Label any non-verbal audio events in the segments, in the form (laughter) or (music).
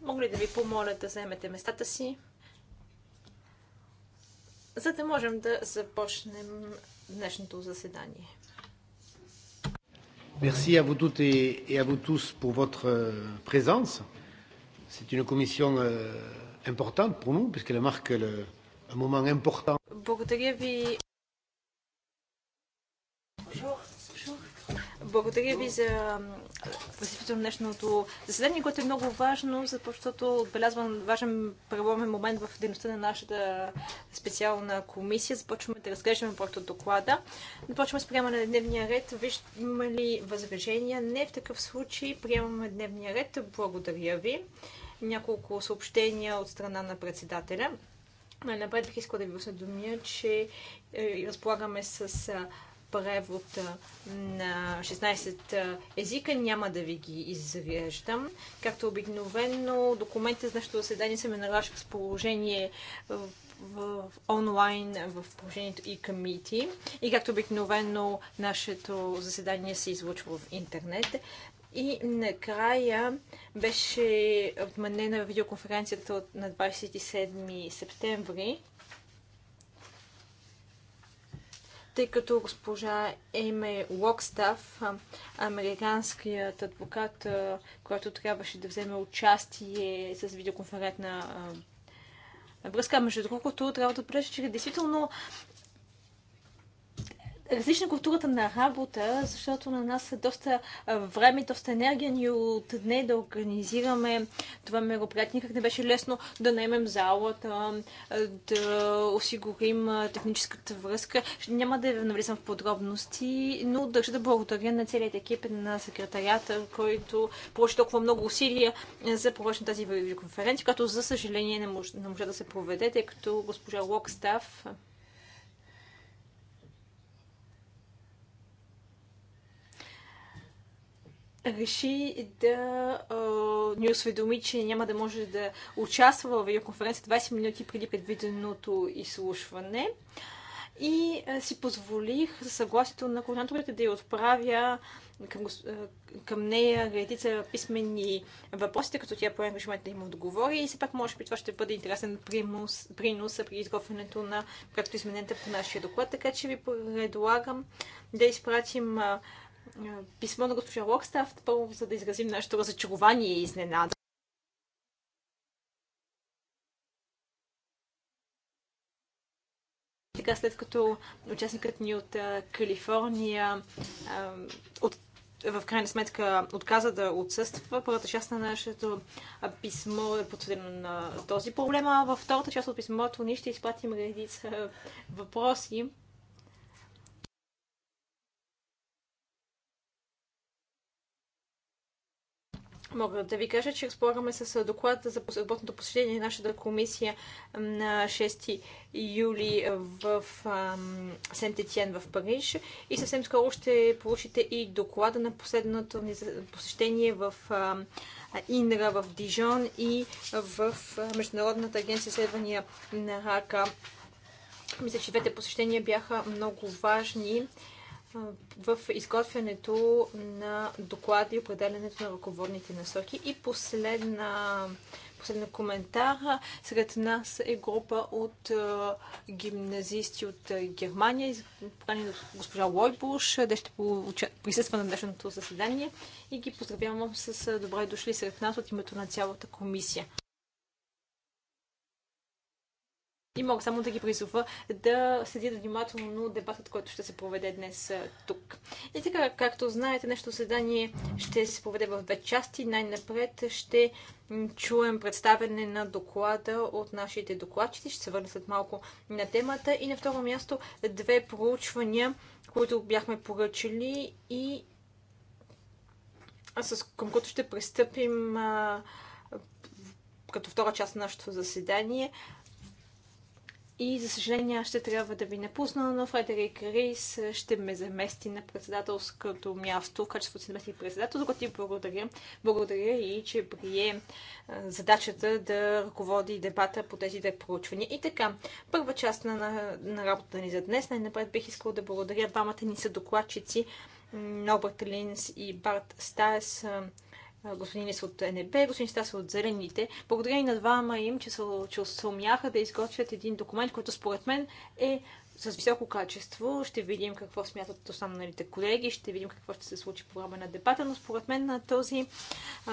Мога ли да ви помоля да заемете местата си, за да можем да започнем днешното заседание? Merci à vous toutes et à vous tous pour votre présence. C'est une commission importante pour nous, puisqu'elle marque le, un moment important. Благодаря ви Благодаря ви за посетително днешното заседание, което е много важно, защото отбелязвам важен преломен момент в дейността на нашата специална комисия. Започваме да разглеждаме проекта доклада. Започваме с приема на дневния ред. Виждаме ли възражения? Не в такъв случай. Приемаме дневния ред. Благодаря ви. Няколко съобщения от страна на председателя. Най-напред бих искала да ви осведомя, че е, разполагаме с превод на 16 езика. Няма да ви ги изреждам. Както обикновено, документите за нашето заседание се на ваше разположение в, в, онлайн в положението и комити. И както обикновено, нашето заседание се излучва в интернет. И накрая беше отменена видеоконференцията на 27 септември тъй като госпожа Ейме Локстав, американският адвокат, който трябваше да вземе участие с видеоконферентна връзка. Между другото, трябва да отбележа, че действително различна културата на работа, защото на нас е доста време, доста енергия ни отне да организираме това мероприятие. Никак не беше лесно да наемем залата, да осигурим техническата връзка. Няма да навлизам в подробности, но държа да благодаря на целият екип на секретарията, който положи толкова много усилия за провеждане тази конференция, която за съжаление не може, не може да се проведе, тъй като госпожа Локстав реши да а, ни осведоми, че няма да може да участва в видеоконференция 20 минути преди предвиденото изслушване. И а, си позволих, за съгласието на координаторите, да я отправя към, към нея редица писмени въпроси, като тя по ангажимент да им отговори. И все пак, може би, това ще бъде интересен принос, принос при изготвянето на проекто измененията по нашия доклад. Така че ви предлагам да изпратим е, писмо на госпожа Локстав, първо за да изразим нашето разочарование и изненада. Така след като участникът ни от е, Калифорния е, от в крайна сметка отказа да отсъства. Първата част на нашето писмо е подсъдено на този проблем, а във втората част от писмото ние ще изплатим редица въпроси, Мога да ви кажа, че разполагаме с доклад за работното посещение на нашата комисия на 6 юли в Сент-Етиен в Париж. И съвсем скоро ще получите и доклада на последното ни посещение в Инра в Дижон и в Международната агенция изследвания на рака. Мисля, че двете посещения бяха много важни в изготвянето на доклада и определенето на ръководните насоки. И последна, последна коментар. Сред нас е група от гимназисти от Германия, избрани от госпожа Лойбуш. Де ще присъства на днешното заседание и ги поздравявам с добре дошли сред нас от името на цялата комисия. И мога само да ги призова да следят внимателно дебатът, който ще се проведе днес тук. И така, както знаете, нещо заседание ще се проведе в две части. Най-напред ще чуем представене на доклада от нашите докладчици. Ще се върна след малко на темата. И на второ място две проучвания, които бяхме поръчали и с, към които ще пристъпим а, като втора част на нашето заседание. И, за съжаление, ще трябва да ви напусна, но Фредерик Рейс ще ме замести на председателското място в качеството си заместник председател, за което ти благодаря. Благодаря и, че прие задачата да ръководи дебата по тези две проучвания. И така, първа част на, на, на работата ни за днес. Най-напред бих искала да благодаря двамата ни са докладчици, Нобърт Линс и Барт Стайс господин Ис от НБ, господин Стас от Зелените. Благодаря и на двама им, че, са, че умяха да изготвят един документ, който според мен е с високо качество. Ще видим какво смятат останалите колеги, ще видим какво ще се случи по време на дебата, но според мен на този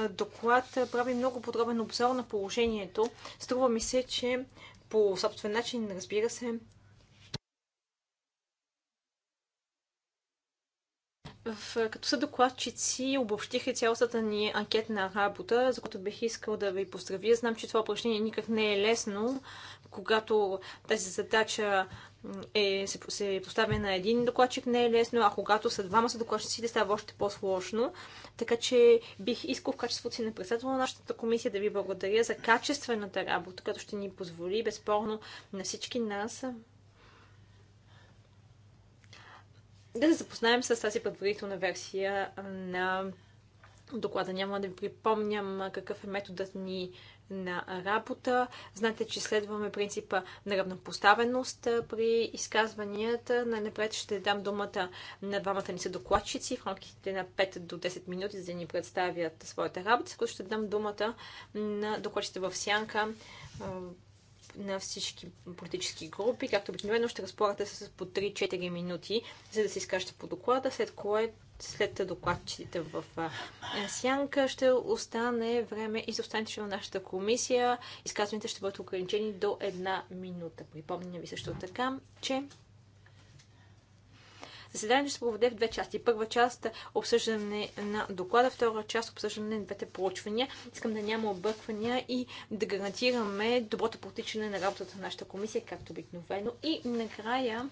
доклад прави много подробен обзор на положението. Струва ми се, че по собствен начин, разбира се, в, като са докладчици, обобщиха цялостата ни анкетна работа, за която бих искал да ви поздравя. Знам, че това упражнение никак не е лесно, когато тази задача е, се, се поставя на един докладчик, не е лесно, а когато са двама са докладчици, да става още по-сложно. Така че бих искал в качеството си на председател на нашата комисия да ви благодаря за качествената работа, която ще ни позволи безспорно на всички нас да се запознаем с тази предварителна версия на доклада. Няма да ви припомням какъв е методът ни на работа. Знаете, че следваме принципа на равнопоставеност при изказванията. Най-напред ще дам думата на двамата ни са докладчици в рамките на 5 до 10 минути, за да ни представят своята работа, с ще дам думата на докладчите в сянка на всички политически групи. Както обикновено ще разполагате с по 3-4 минути, за да се изкажете по доклада, след което след докладчите в Сянка ще остане време и за останалите на нашата комисия. Изказваните ще бъдат ограничени до една минута. Припомням ви също така, че Заседанието ще се проведе в две части. Първа част обсъждане на доклада, втора част обсъждане на двете проучвания. Искам да няма обърквания и да гарантираме доброто протичане на работата на нашата комисия, както обикновено. И накрая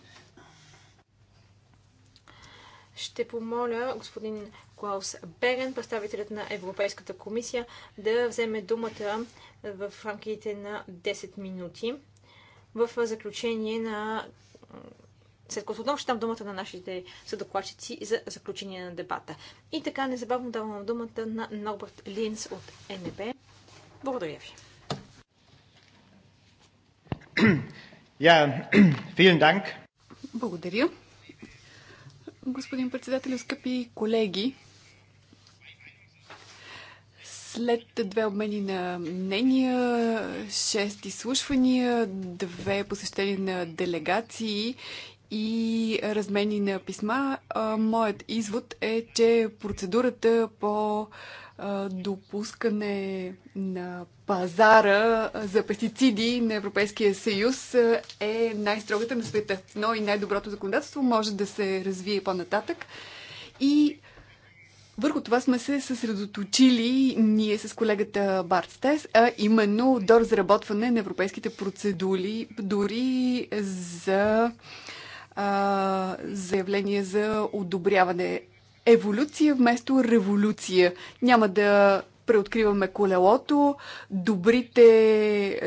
ще помоля господин Клаус Берен, представителят на Европейската комисия, да вземе думата в рамките на 10 минути в заключение на след което отново ще дам думата на нашите съдокладчици за заключение на дебата. И така незабавно давам думата на Норберт Линс от НБ. Благодаря ви. Dank. Благодаря. Господин председател, скъпи колеги, след две обмени на мнения, шест изслушвания, две посещения на делегации и размени на писма. Моят извод е, че процедурата по допускане на пазара за пестициди на Европейския съюз е най-строгата на света, но и най-доброто законодателство може да се развие по-нататък. И върху това сме се съсредоточили ние с колегата Барт Стес, а именно до разработване на европейските процедури дори за а, заявление за одобряване. Еволюция вместо революция. Няма да преоткриваме колелото. Добрите е,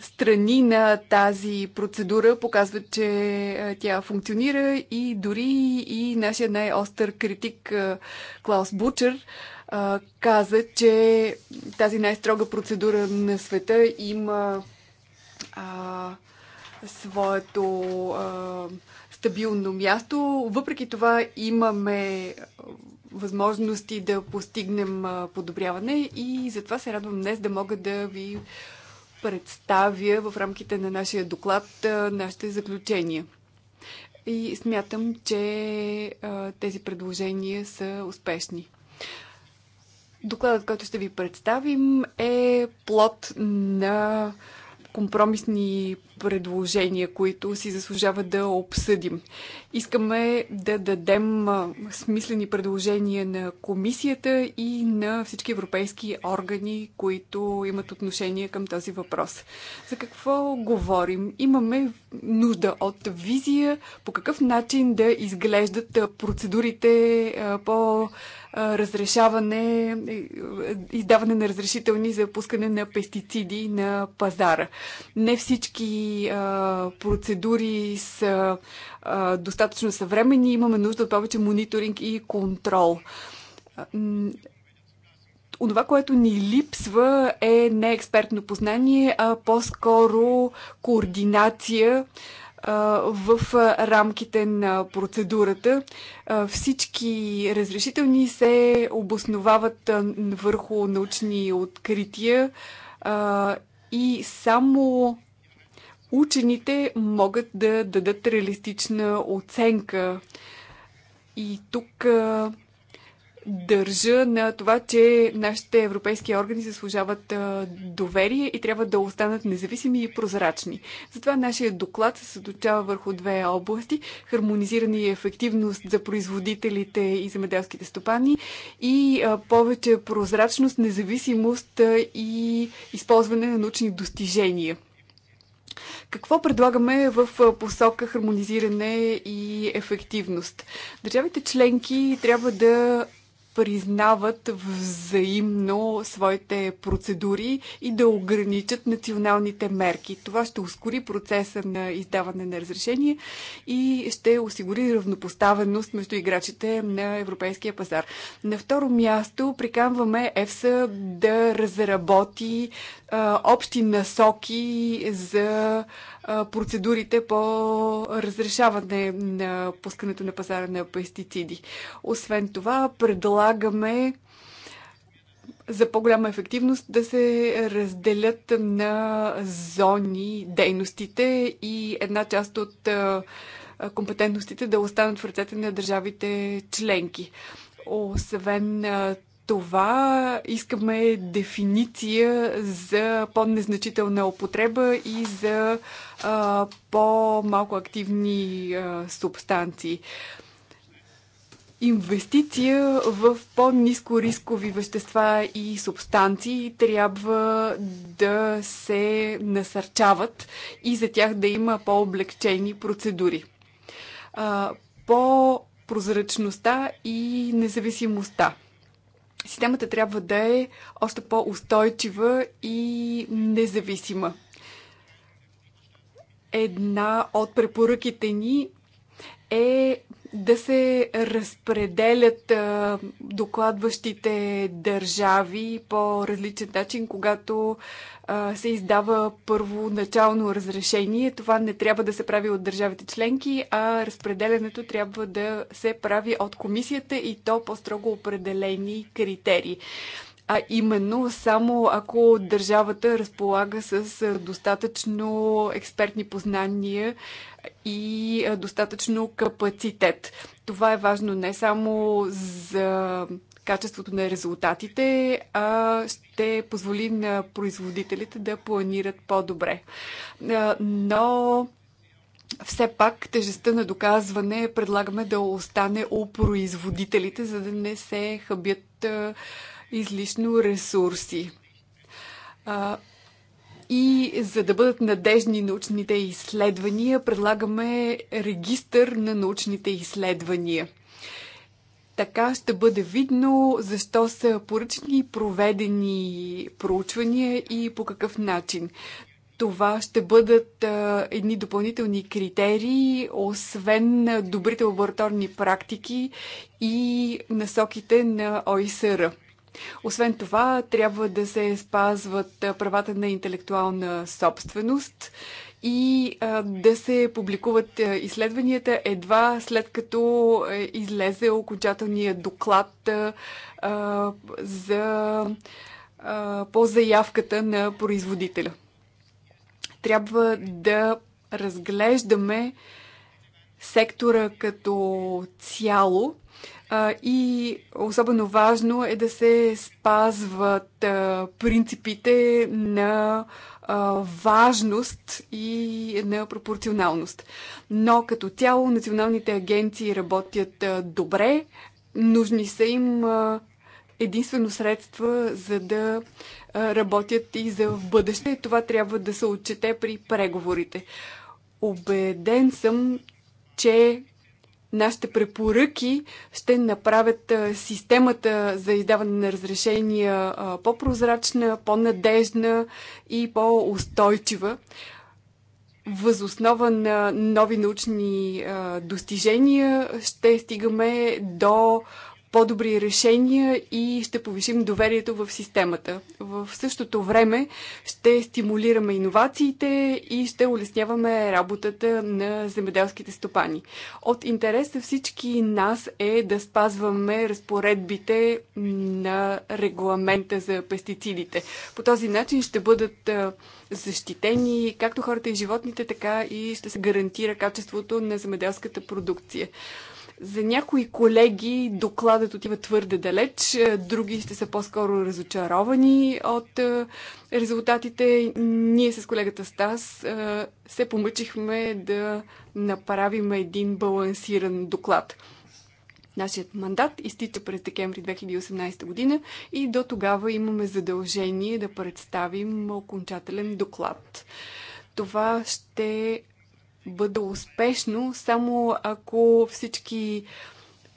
страни на тази процедура показват, че е, тя функционира и дори и нашия най-остър критик е, Клаус Бучер е, каза, че тази най-строга процедура на света има а, своето а, стабилно място. Въпреки това имаме възможности да постигнем подобряване и затова се радвам днес да мога да ви представя в рамките на нашия доклад нашите заключения. И смятам, че а, тези предложения са успешни. Докладът, който ще ви представим, е плод на компромисни предложения, които си заслужава да обсъдим. Искаме да дадем смислени предложения на комисията и на всички европейски органи, които имат отношение към този въпрос. За какво говорим? Имаме нужда от визия по какъв начин да изглеждат процедурите по разрешаване издаване на разрешителни за пускане на пестициди на пазара. Не всички процедури са достатъчно съвремени. Имаме нужда от повече мониторинг и контрол. Онова, което ни липсва е не експертно познание, а по-скоро координация в рамките на процедурата. Всички разрешителни се обосновават върху научни открития и само учените могат да дадат реалистична оценка. И тук държа на това, че нашите европейски органи заслужават доверие и трябва да останат независими и прозрачни. Затова нашия доклад се съдочава върху две области хармонизиране и ефективност за производителите и земеделските стопани и повече прозрачност, независимост и използване на научни достижения. Какво предлагаме в посока хармонизиране и ефективност? Държавите членки трябва да признават взаимно своите процедури и да ограничат националните мерки. Това ще ускори процеса на издаване на разрешение и ще осигури равнопоставеност между играчите на европейския пазар. На второ място приканваме ЕФСА да разработи общи насоки за процедурите по разрешаване на пускането на пазара на пестициди. Освен това, предлагаме за по-голяма ефективност да се разделят на зони дейностите и една част от компетентностите да останат в ръцете на държавите членки. Освен това искаме дефиниция за по-незначителна употреба и за по-малко активни а, субстанции. Инвестиция в по-низко рискови вещества и субстанции трябва да се насърчават и за тях да има по-облегчени процедури. А, по прозрачността и независимостта. Системата трябва да е още по-устойчива и независима. Една от препоръките ни е да се разпределят докладващите държави по различен начин, когато се издава първоначално разрешение. Това не трябва да се прави от държавите членки, а разпределянето трябва да се прави от комисията и то по-строго определени критерии. А именно само ако държавата разполага с достатъчно експертни познания и достатъчно капацитет. Това е важно не само за качеството на резултатите, а ще позволи на производителите да планират по-добре. Но все пак тежестта на доказване предлагаме да остане у производителите, за да не се хабят излишно ресурси. И за да бъдат надежни научните изследвания, предлагаме регистър на научните изследвания – така ще бъде видно защо са поръчни проведени проучвания и по какъв начин. Това ще бъдат а, едни допълнителни критерии, освен добрите лабораторни практики и насоките на ОИСР. Освен това, трябва да се спазват правата на интелектуална собственост и а, да се публикуват а, изследванията едва след като е, а, излезе окончателния доклад а, за, а, по заявката на производителя. Трябва да разглеждаме сектора като цяло а, и особено важно е да се спазват а, принципите на важност и на пропорционалност. Но като цяло националните агенции работят добре, нужни са им единствено средства, за да работят и за в бъдеще. Това трябва да се отчете при преговорите. Обеден съм, че нашите препоръки ще направят системата за издаване на разрешения по-прозрачна, по-надежна и по-устойчива. Възоснова на нови научни достижения ще стигаме до по-добри решения и ще повишим доверието в системата. В същото време ще стимулираме иновациите и ще улесняваме работата на земеделските стопани. От интерес за всички нас е да спазваме разпоредбите на регламента за пестицидите. По този начин ще бъдат защитени както хората и животните, така и ще се гарантира качеството на земеделската продукция. За някои колеги докладът отива твърде далеч, други ще са по-скоро разочаровани от резултатите. Ние с колегата Стас се помъчихме да направим един балансиран доклад. Нашият мандат изтича през декември 2018 година и до тогава имаме задължение да представим окончателен доклад. Това ще бъде успешно, само ако всички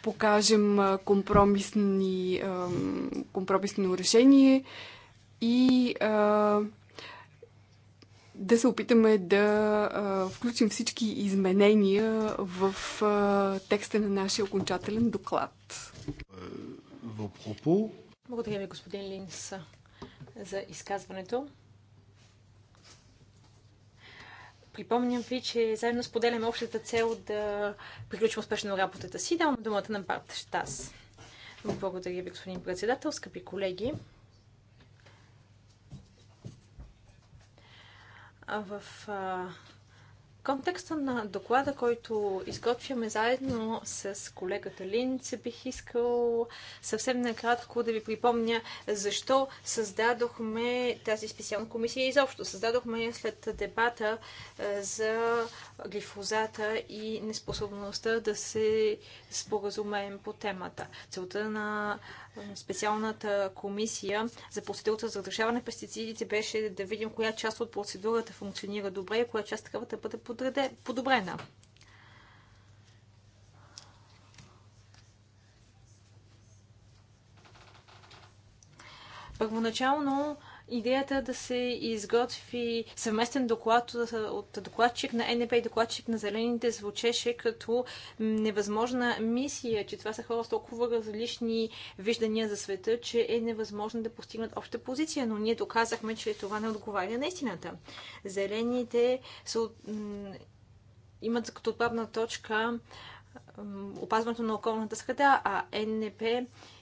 покажем компромисни, компромисно решение и да се опитаме да включим всички изменения в текста на нашия окончателен доклад. Благодаря ви, господин Линс, за изказването. Припомням ви, че заедно споделяме общата цел да приключим успешно работата си. Давам думата на Барт Штас. Благодаря ви, господин председател, скъпи колеги. В контекста на доклада, който изготвяме заедно с колегата Линц, бих искал съвсем накратко да ви припомня защо създадохме тази специална комисия изобщо. Създадохме я след дебата е, за глифозата и неспособността да се споразумеем по темата. Целта на специалната комисия за процедурата за разрешаване на пестицидите беше да видим коя част от процедурата функционира добре и коя част трябва да бъде подобрена. Първоначално идеята да се изготви съвместен доклад от докладчик на НП и докладчик на Зелените звучеше като невъзможна мисия, че това са хора с толкова различни виждания за света, че е невъзможно да постигнат обща позиция, но ние доказахме, че това не отговаря на истината. Зелените са, имат като отправна точка опазването на околната среда, а НП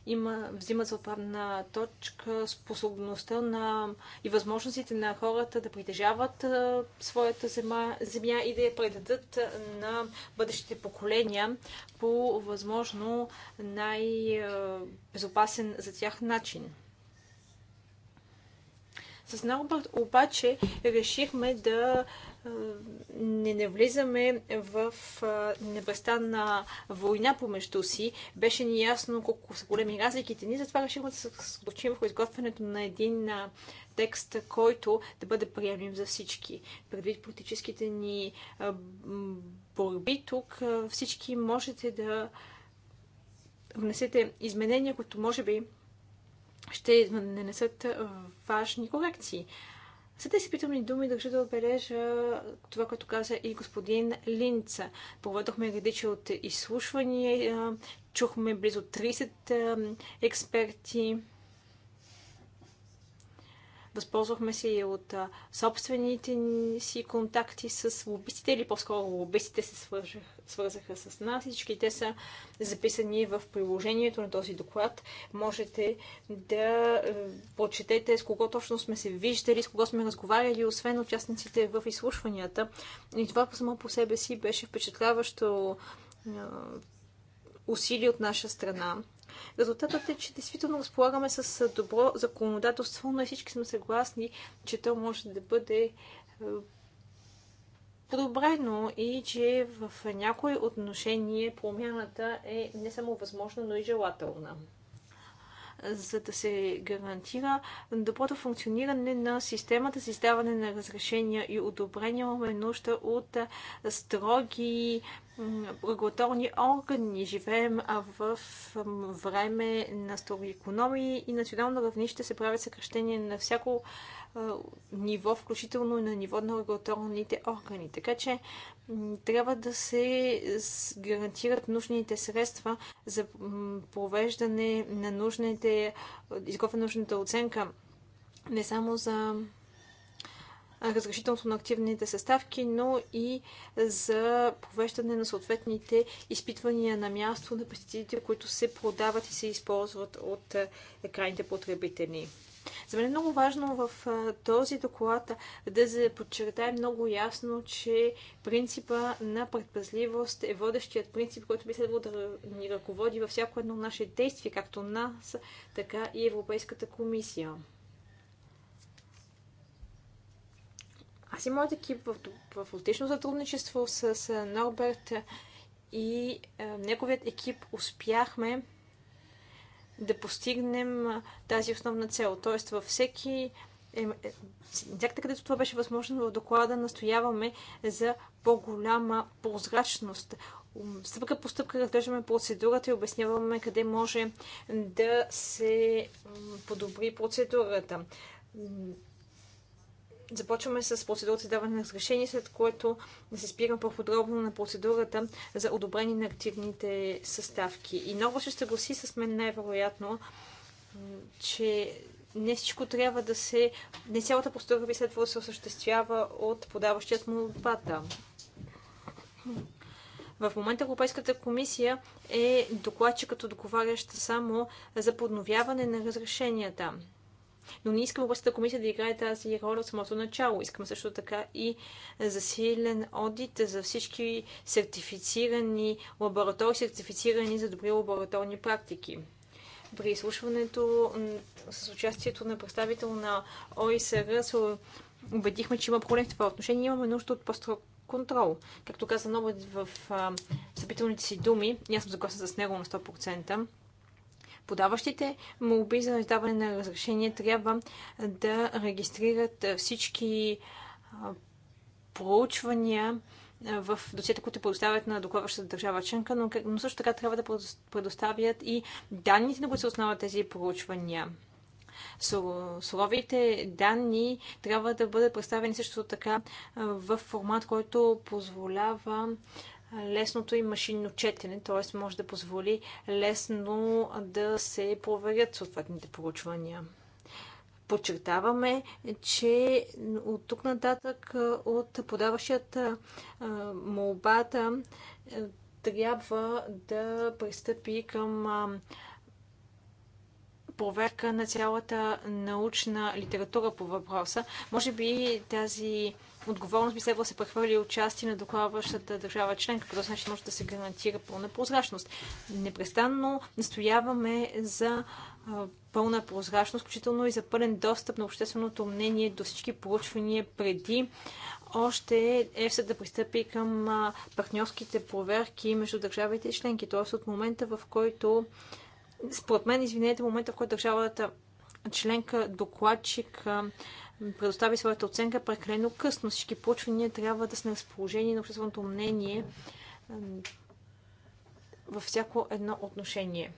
има, взима за отправна точка способността на, и възможностите на хората да притежават а, своята земя, земя и да я предадат на бъдещите поколения по възможно най-безопасен за тях начин. С Норбърт обаче решихме да не навлизаме в небеста на война помежду си. Беше ни ясно колко са големи разликите ни, затова решихме да се случим в изготвянето на един текст, който да бъде приемлив за всички. Предвид политическите ни борби тук, всички можете да внесете изменения, които може би ще нанесат важни корекции. След тези питомни думи държа да отбележа това, което каза и господин Линца. Проведохме редичи от изслушвания, чухме близо 30 експерти Възползвахме се и от а, собствените си контакти с лобистите, или по-скоро лобистите се свържах, свързаха с нас. Всички те са записани в приложението на този доклад. Можете да е, почетете с кого точно сме се виждали, с кого сме разговаряли, освен участниците в изслушванията. И това само по себе си беше впечатляващо е, усилие от наша страна. Резултатът е, че действително разполагаме с добро законодателство, но всички сме съгласни, че то може да бъде подобрено и че в някои отношение промяната е не само възможна, но и желателна за да се гарантира доброто функциониране на системата за издаване на разрешения и одобрения. Имаме нужда от строги регулаторни органи. Живеем в време на строги економии и национално равнище се правят съкръщения на всяко ниво, включително и на ниво на регулаторните органи. Така че трябва да се гарантират нужните средства за провеждане на нужните, на нужната оценка не само за разрешителното на активните съставки, но и за провеждане на съответните изпитвания на място на пестицидите, които се продават и се използват от крайните потребители. За мен е много важно в този доклад да се подчертае много ясно, че принципа на предпазливост е водещият принцип, който би следвало да ни ръководи във всяко едно наше действие, както нас, така и Европейската комисия. Аз и моят екип в, в отлично сътрудничество с, с Норберт и е, неговият екип успяхме да постигнем тази основна цел. Тоест във всеки Някъде е, е, където това беше възможно в доклада, настояваме за по-голяма прозрачност. Стъпка по стъпка разглеждаме процедурата и обясняваме къде може да се подобри процедурата Започваме с процедурата за даване на разрешение, след което да се спирам по-подробно на процедурата за одобрение на активните съставки. И много ще се гласи с мен най-вероятно, че не всичко трябва да се... Не цялата процедура би следвало да се осъществява от подаващият му лопата. В момента Европейската комисия е докладчикът отговаряща само за подновяване на разрешенията. Но не искам областната комисия да играе тази роля от самото начало. Искам също така и засилен одит за всички сертифицирани лаборатории, сертифицирани за добри лабораторни практики при изслушването с участието на представител на ОИСР се убедихме, че има проблем в това отношение. Имаме нужда от по-строг контрол. Както каза много в съпителните си думи, аз съм съгласна с него на 100%, подаващите молби за издаване на разрешение трябва да регистрират всички проучвания в досията, които предоставят на докладващата държава членка, но, но също така трябва да предоставят и данните, на които се основат тези проучвания. Словите данни трябва да бъдат представени също така в формат, който позволява лесното и машинно четене, т.е. може да позволи лесно да се проверят съответните проучвания. Подчертаваме, че от тук нататък от подаващата молбата трябва да пристъпи към проверка на цялата научна литература по въпроса. Може би тази отговорност би следвало да се прехвърли участие на докладващата държава членка, по този начин може да се гарантира пълна прозрачност. Непрестанно настояваме за пълна прозрачност, включително и за пълен достъп на общественото мнение до всички проучвания преди още ЕФСА да пристъпи към партньорските проверки между държавите и членки. Т.е. от момента, в който, според мен, извинете, момента, в който държавата членка, докладчик предостави своята оценка прекалено късно. Всички почвания трябва да са на разположение на общественото мнение във всяко едно отношение.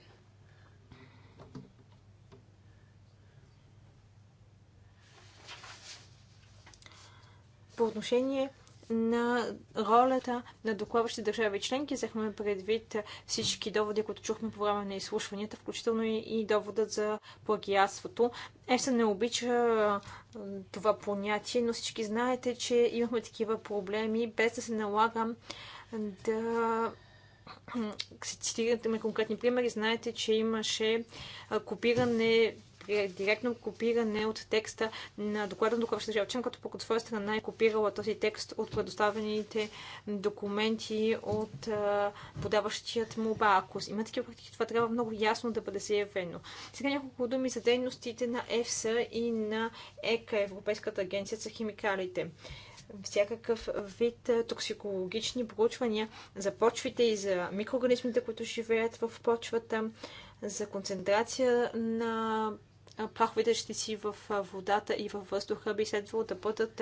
По отношение на ролята на докладващи държави членки. Взехме предвид всички доводи, които чухме по време на изслушванията, включително и доводът за плагиатството. ЕСА не обича това понятие, но всички знаете, че имахме такива проблеми, без да се налагам (clears throat) да се цитирате ме конкретни примери, знаете, че имаше копиране е директно копиране от текста на доклада на ще държава, като пък от своя страна е копирала този текст от предоставените документи от подаващият му бакус. има такива практики, това трябва много ясно да бъде заявено. Сега няколко думи за дейностите на ЕФСА и на ЕКА, Европейската агенция за химикалите всякакъв вид токсикологични проучвания за почвите и за микроорганизмите, които живеят в почвата, за концентрация на праховите си в водата и във въздуха би следвало да бъдат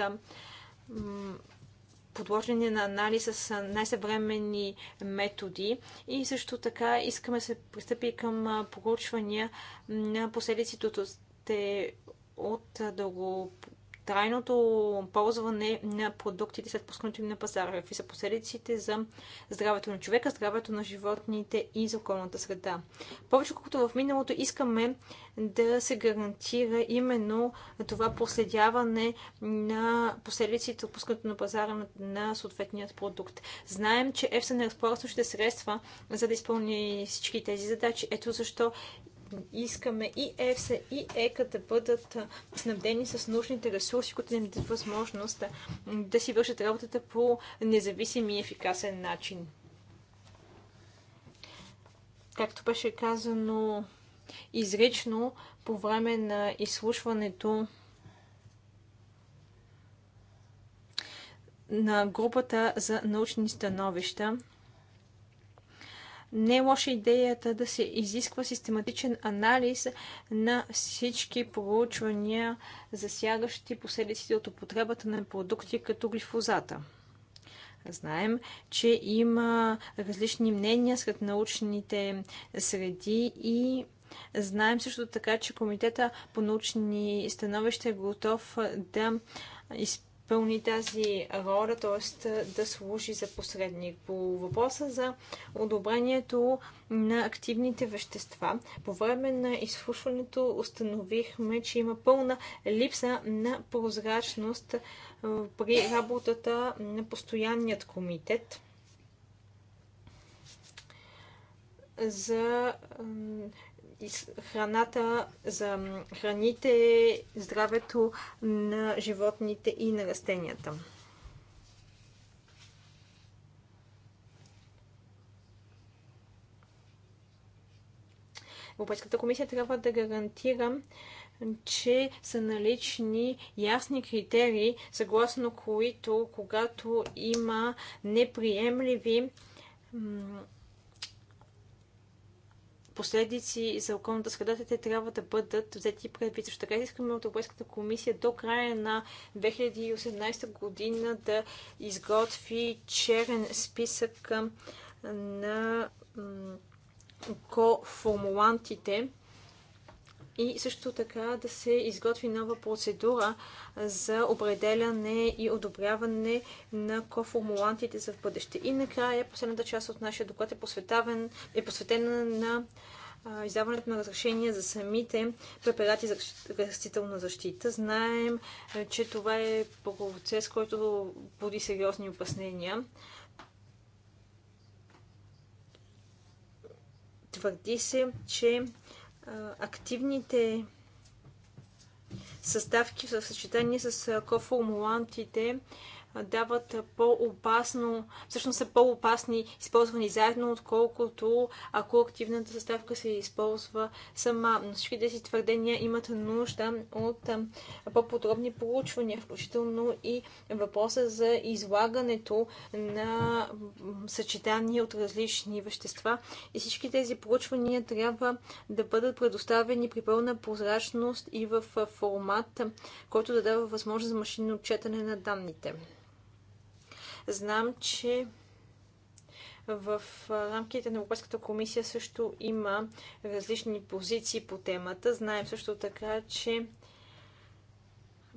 подложени на анализ с най-съвременни методи и също така искаме да се пристъпи към проучвания на последиците от, от дълго трайното ползване на продуктите след пускането им на пазара. Какви са последиците за здравето на човека, здравето на животните и за околната среда. Повече колкото в миналото искаме да се гарантира именно това последяване на последиците от пускането на пазара на съответният продукт. Знаем, че ЕФСА не разполага същите средства, за да изпълни всички тези задачи. Ето защо искаме и ЕФСА, и ЕКА e да бъдат снабдени с нужните ресурси, които им дадат възможност да си вършат работата по независим и ефикасен начин. Както беше казано изрично по време на изслушването на групата за научни становища, не е лоша идеята да се изисква систематичен анализ на всички проучвания, засягащи последиците от употребата на продукти като глифозата. Знаем, че има различни мнения сред научните среди и знаем също така, че Комитета по научни становища е готов да изпълнява пълни тази роля, т.е. да служи за посредник. По въпроса за одобрението на активните вещества, по време на изслушването установихме, че има пълна липса на прозрачност при работата на постоянният комитет за храната, за храните, здравето на животните и на растенията. Европейската комисия трябва да гарантира, че са налични ясни критерии, съгласно които, когато има неприемливи последици за околната среда, те трябва да бъдат взети предвид. Също така искаме от Европейската комисия до края на 2018 година да изготви черен списък на коформулантите, и също така да се изготви нова процедура за определяне и одобряване на коформулантите за в бъдеще. И накрая последната част от нашия доклад е, е посветена на издаването на разрешения за самите препарати за растителна защита. Знаем, че това е процес, който буди сериозни опаснения. Твърди се, че активните съставки в съчетание с коформулантите дават по-опасно, всъщност са по-опасни използвани заедно, отколкото ако активната съставка се използва сама. Но всички тези твърдения имат нужда от по-подробни проучвания, включително и въпроса за излагането на съчетания от различни вещества. И всички тези проучвания трябва да бъдат предоставени при пълна прозрачност и в формат, който да дава възможност за машинно отчетане на данните. Знам, че в рамките на Европейската комисия също има различни позиции по темата. Знаем също така, че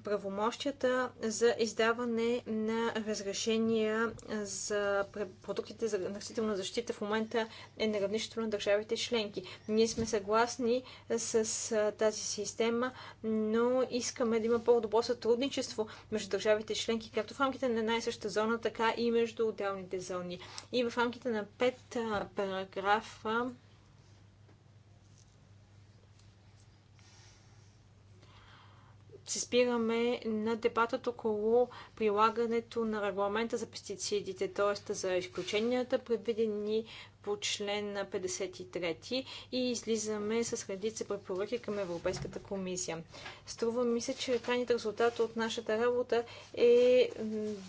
правомощията за издаване на разрешения за продуктите за растителна защита в момента е на равнището на държавите членки. Ние сме съгласни с тази система, но искаме да има по-добро сътрудничество между държавите членки, както в рамките на една и съща зона, така и между отделните зони. И в рамките на пет параграфа се спираме на дебатът около прилагането на регламента за пестицидите, т.е. за изключенията, предвидени по член 53 и излизаме с редица препоръки към Европейската комисия. Струва ми се, че крайният резултат от нашата работа е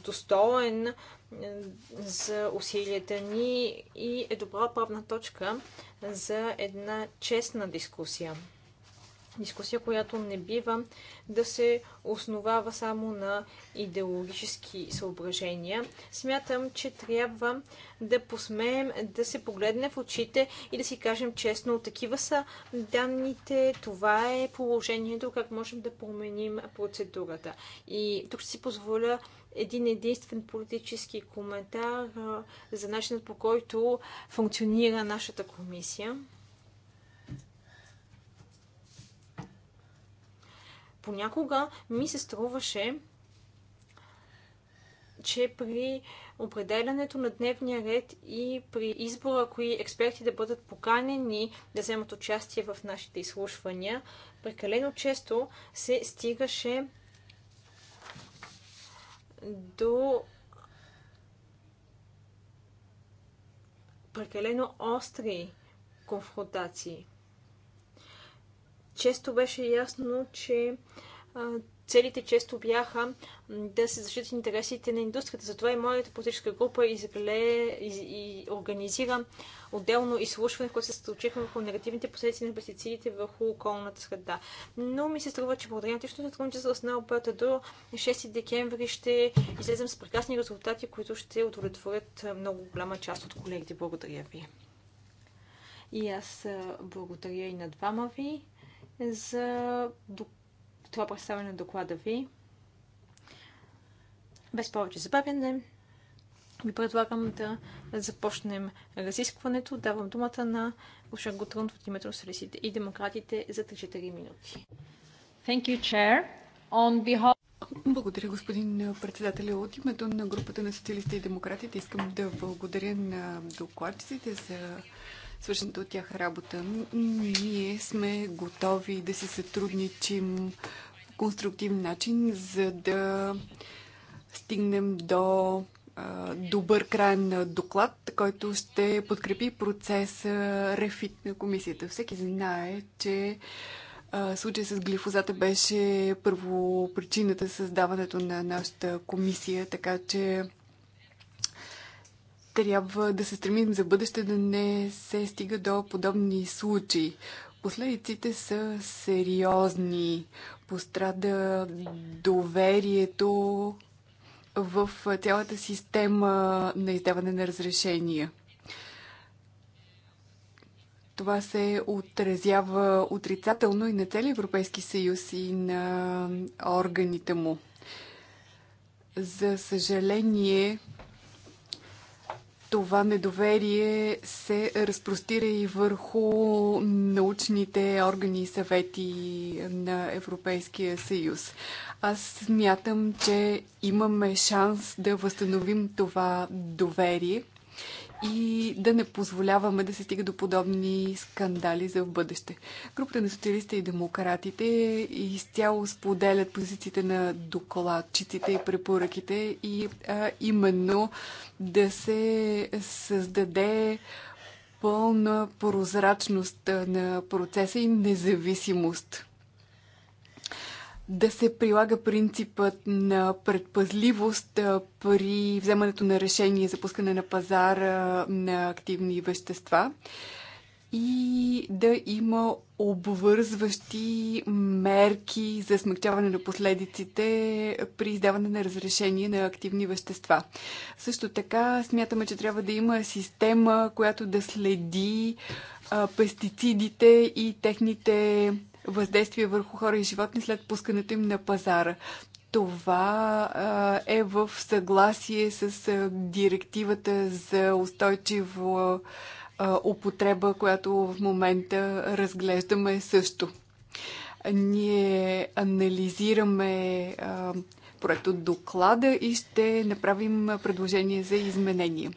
достоен за усилията ни и е добра правна точка за една честна дискусия дискусия, която не бива да се основава само на идеологически съображения. Смятам, че трябва да посмеем да се погледне в очите и да си кажем честно, такива са данните, това е положението, как можем да променим процедурата. И тук ще си позволя един единствен политически коментар за начинът по който функционира нашата комисия. понякога ми се струваше, че при определянето на дневния ред и при избора, кои експерти да бъдат поканени да вземат участие в нашите изслушвания, прекалено често се стигаше до прекалено остри конфронтации често беше ясно, че целите често бяха да се защитят интересите на индустрията. Затова и моята политическа група изгле из, и организира отделно изслушване, в което се случиха върху негативните последици на пестицидите върху околната среда. Но ми се струва, че благодаря на сътрудничество с Наопата до 6 декември ще излезем с прекрасни резултати, които ще удовлетворят много голяма част от колегите. Благодаря ви. И аз благодаря и на двама ви за това представяне на доклада ви. Без повече забавяне, ви предлагам да започнем разискването. Давам думата на Гоша Гутрун от името на Солисите и демократите за 3-4 минути. Thank you, Chair. On behalf... Благодаря, господин председател. От името на групата на социалистите и демократите искам да благодаря на докладчиците за свършената от тях работа. Ние сме готови да си сътрудничим по конструктивен начин, за да стигнем до добър на доклад, който ще подкрепи процеса рефит на комисията. Всеки знае, че случай с глифозата беше първо причината създаването на нашата комисия, така че трябва да се стремим за бъдеще да не се стига до подобни случаи. Последиците са сериозни. Пострада доверието в цялата система на издаване на разрешения. Това се отразява отрицателно и на целия Европейски съюз и на органите му. За съжаление, това недоверие се разпростира и върху научните органи и съвети на Европейския съюз. Аз смятам, че имаме шанс да възстановим това доверие и да не позволяваме да се стига до подобни скандали за в бъдеще. Групата на социалистите и демократите изцяло споделят позициите на докладчиците и препоръките и а, именно да се създаде пълна прозрачност на процеса и независимост да се прилага принципът на предпазливост при вземането на решение за пускане на пазара на активни вещества и да има обвързващи мерки за смягчаване на последиците при издаване на разрешение на активни вещества. Също така смятаме, че трябва да има система, която да следи а, пестицидите и техните въздействие върху хора и животни след пускането им на пазара. Това а, е в съгласие с а, директивата за устойчиво а, употреба, която в момента разглеждаме също. Ние анализираме а, от доклада и ще направим предложение за изменение.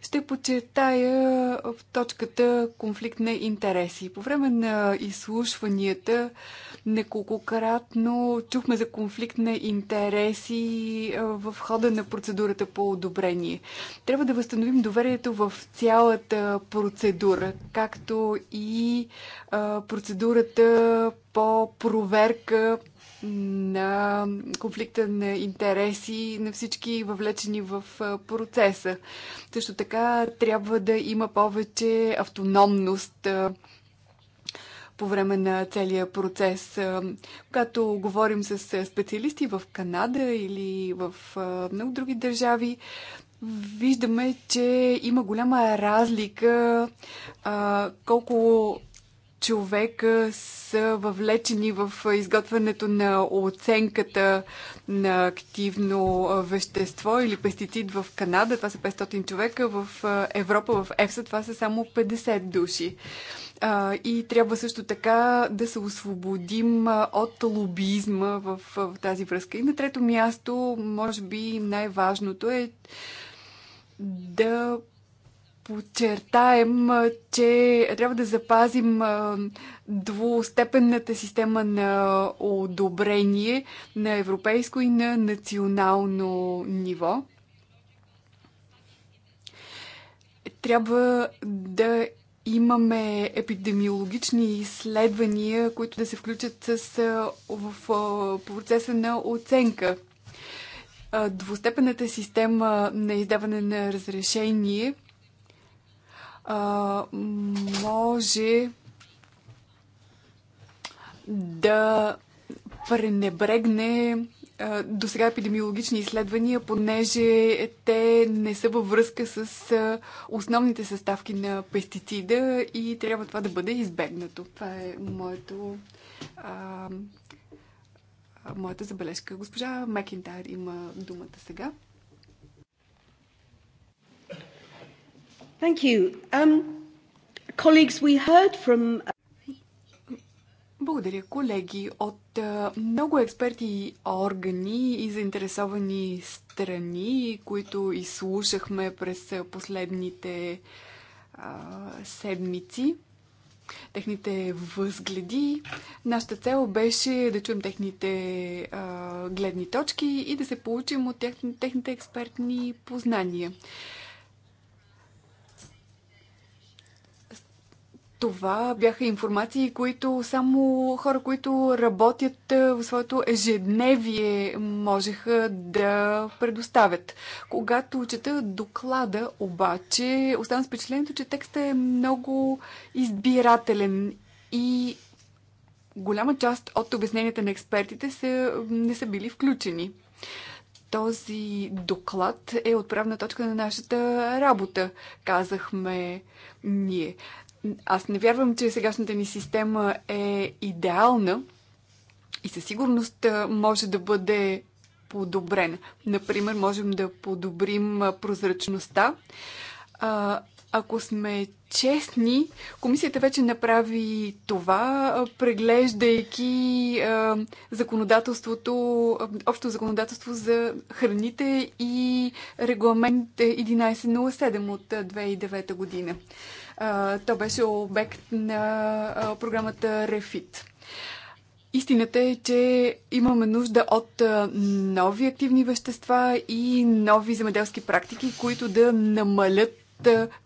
Ще почетая в точката конфликт на интереси. По време на изслушванията неколкократно чухме за конфликт на интереси в хода на процедурата по одобрение. Трябва да възстановим доверието в цялата процедура, както и процедурата по проверка на конфликта на интереси на всички въвлечени в процеса. Също така трябва да има повече автономност по време на целия процес. Когато говорим с специалисти в Канада или в много други държави, виждаме, че има голяма разлика колко човека са въвлечени в изготвянето на оценката на активно вещество или пестицид в Канада. Това са 500 човека. В Европа, в ЕФСА, това са само 50 души. И трябва също така да се освободим от лобизма в, в тази връзка. И на трето място, може би най-важното е да подчертаем, че трябва да запазим двустепенната система на одобрение на европейско и на национално ниво. Трябва да имаме епидемиологични изследвания, които да се включат с, в процеса на оценка. Двустепенната система на издаване на разрешение – а, може да пренебрегне а, до сега епидемиологични изследвания, понеже те не са във връзка с а, основните съставки на пестицида и трябва това да бъде избегнато. Това е моето, а, моята забележка. Госпожа Макентайр има думата сега. Thank you. Um, colleagues, we heard from... Uh, Благодаря, колеги. От много експерти органи и заинтересовани страни, които изслушахме през последните а, седмици, техните възгледи. Нашата цел беше да чуем техните а, гледни точки и да се получим от техните експертни познания. Това бяха информации, които само хора, които работят е, в своето ежедневие, можеха да предоставят. Когато чета доклада, обаче, оставам с впечатлението, че текстът е много избирателен и голяма част от обясненията на експертите са, не са били включени. Този доклад е отправна точка на нашата работа, казахме ние. Аз не вярвам, че сегашната ни система е идеална и със сигурност може да бъде подобрена. Например, можем да подобрим прозрачността. Ако сме честни, комисията вече направи това, преглеждайки законодателството, общо законодателство за храните и регламент 1107 от 2009 година. То беше обект на програмата Рефит. Истината е, че имаме нужда от нови активни вещества и нови земеделски практики, които да намалят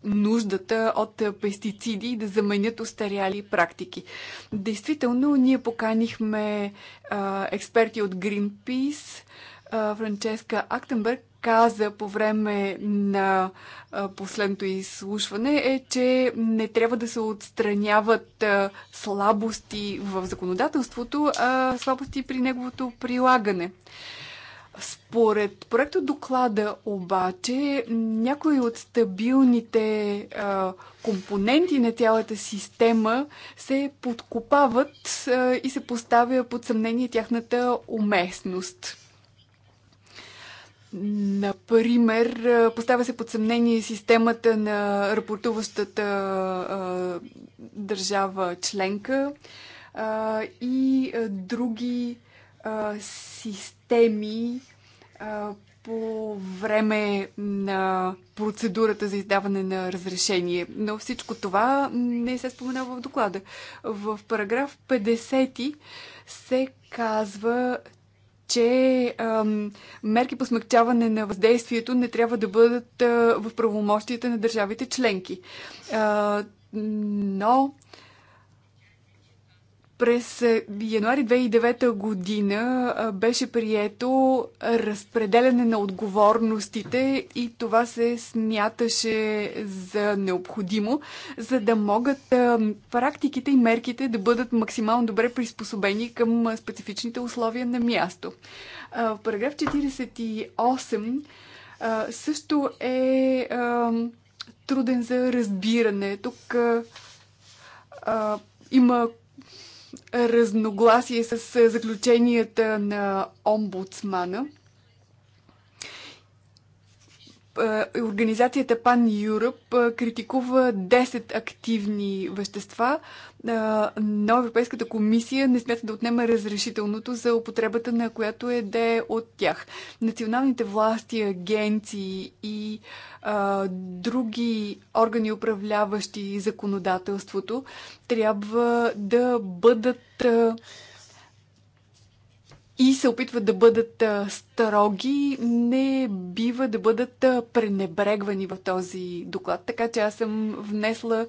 нуждата от пестициди и да заменят устаряли практики. Действително, ние поканихме а, експерти от Greenpeace, а, Франческа Актенберг, каза по време на последното изслушване е, че не трябва да се отстраняват слабости в законодателството, а слабости при неговото прилагане. Според проекта доклада обаче някои от стабилните а, компоненти на цялата система се подкопават а, и се поставя под съмнение тяхната уместност. Например, поставя се под съмнение системата на рапортуващата държава членка и други системи по време на процедурата за издаване на разрешение. Но всичко това не се споменава в доклада. В параграф 50 се казва, че ам, мерки по смъкчаване на въздействието не трябва да бъдат а, в правомощията на държавите членки. А, но през е, януари 2009 година беше прието разпределяне на отговорностите и това се смяташе за необходимо, за да могат практиките и мерките да бъдат максимално добре приспособени към специфичните условия на място. В параграф 48 също е труден за разбиране. Тук има разногласие с е, заключенията на омбудсмана – е, организацията Pan Europe е, критикува 10 активни вещества, е, но Европейската комисия не смята да отнема разрешителното за употребата на която е де от тях. Националните власти, агенции и други органи, управляващи законодателството, трябва да бъдат и се опитват да бъдат строги, не бива да бъдат пренебрегвани в този доклад. Така че аз съм внесла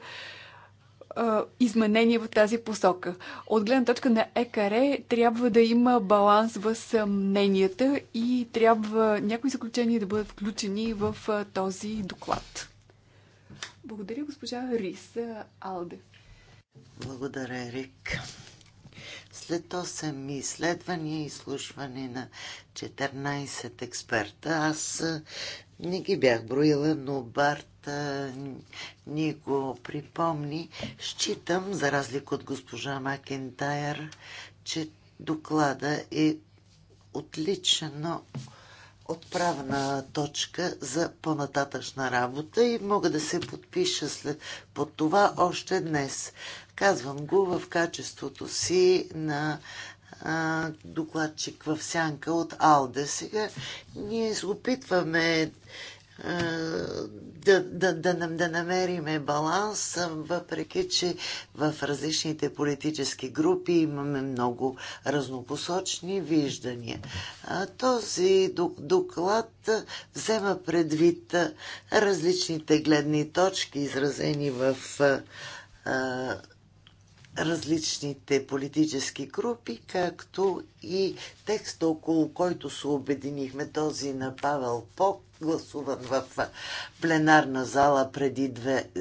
изменения в тази посока. От гледна точка на ЕКАРЕ трябва да има баланс в мненията и трябва някои заключения да бъдат включени в този доклад. Благодаря, госпожа Рис Алде. Благодаря, Рик. След 8 изследвания и изслушване на 14 експерта, аз не ги бях броила, но Барт ни го припомни. Считам, за разлика от госпожа Макентайр, че доклада е отлично отправна точка за по-нататъчна работа и мога да се подпиша след, под това още днес. Казвам го в качеството си на а, докладчик в сянка от Алде. Сега ние се опитваме да, да, да, да намериме баланс, въпреки че в различните политически групи имаме много разнопосочни виждания. Този доклад взема предвид различните гледни точки, изразени в различните политически групи, както и текста, около който се обединихме, този на Павел Пок, гласуван в пленарна зала преди две е,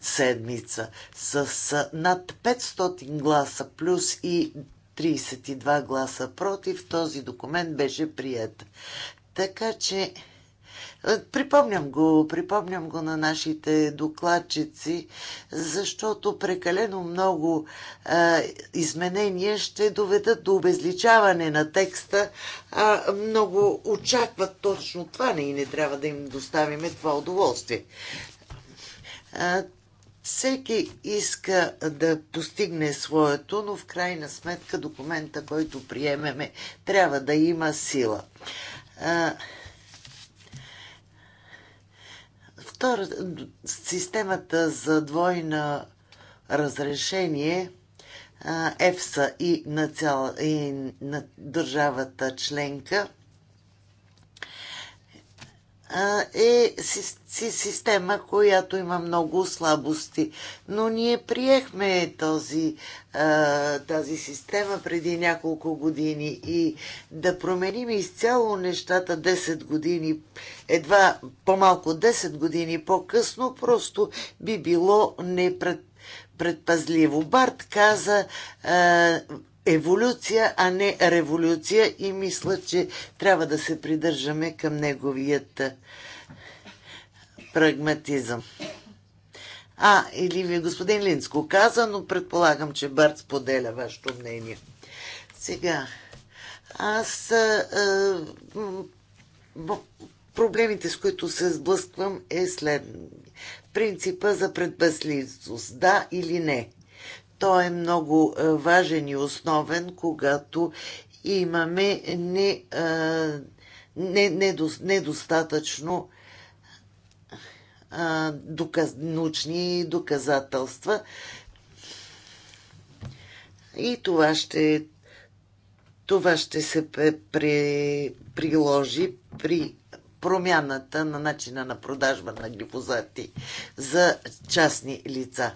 седмица, с над 500 гласа плюс и 32 гласа против, този документ беше прият. Така че е, припомням го, припомням го на нашите докладчици, защото прекалено много а, е, изменения ще доведат до обезличаване на текста. А, много очакват точно това не и не трябва да им доставиме това удоволствие. А, е, всеки иска да постигне своето, но в крайна сметка документа, който приемеме, трябва да има сила. А, Втора, системата за двойна разрешение ЕФСА и на, цяла, и на държавата членка – е система, която има много слабости. Но ние приехме този, тази система преди няколко години и да променим изцяло нещата 10 години, едва по-малко 10 години по-късно, просто би било непредпазливо. Барт каза еволюция, а не революция и мисля, че трябва да се придържаме към неговият прагматизъм. А, или ви господин Линско каза, но предполагам, че Бърт споделя вашето мнение. Сега, аз а, а, проблемите, с които се сблъсквам е след принципа за предпазливост. Да или не? Той е много е, важен и основен, когато имаме не, е, не, не, недостатъчно е, доказ, научни доказателства. И това ще, това ще се при, приложи при промяната на начина на продажба на глифозати за частни лица.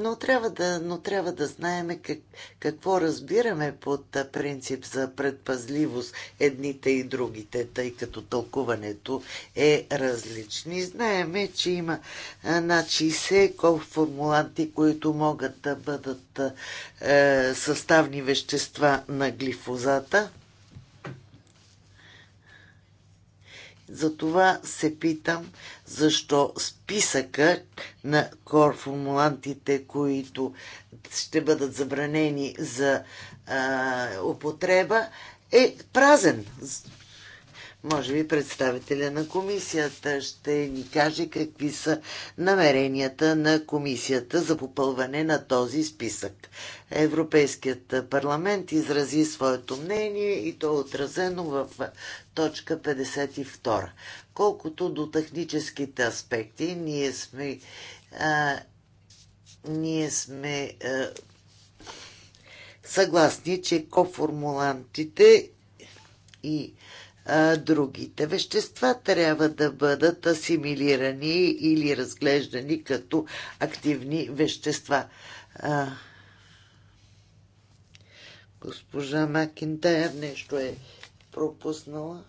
но трябва да, но трябва да знаем как, какво разбираме под принцип за предпазливост едните и другите, тъй като тълкуването е различни. Знаеме, че има над значи, 60 формуланти, които могат да бъдат е, съставни вещества на глифозата. Затова се питам защо списъка на корформулантите, които ще бъдат забранени за а, употреба, е празен. Може би представителя на комисията ще ни каже какви са намеренията на комисията за попълване на този списък. Европейският парламент изрази своето мнение и то е отразено в точка 52. Колкото до техническите аспекти, ние сме а, ние сме а, съгласни, че коформулантите и другите вещества трябва да бъдат асимилирани или разглеждани като активни вещества. А, госпожа Макинтайр нещо е пропуснала.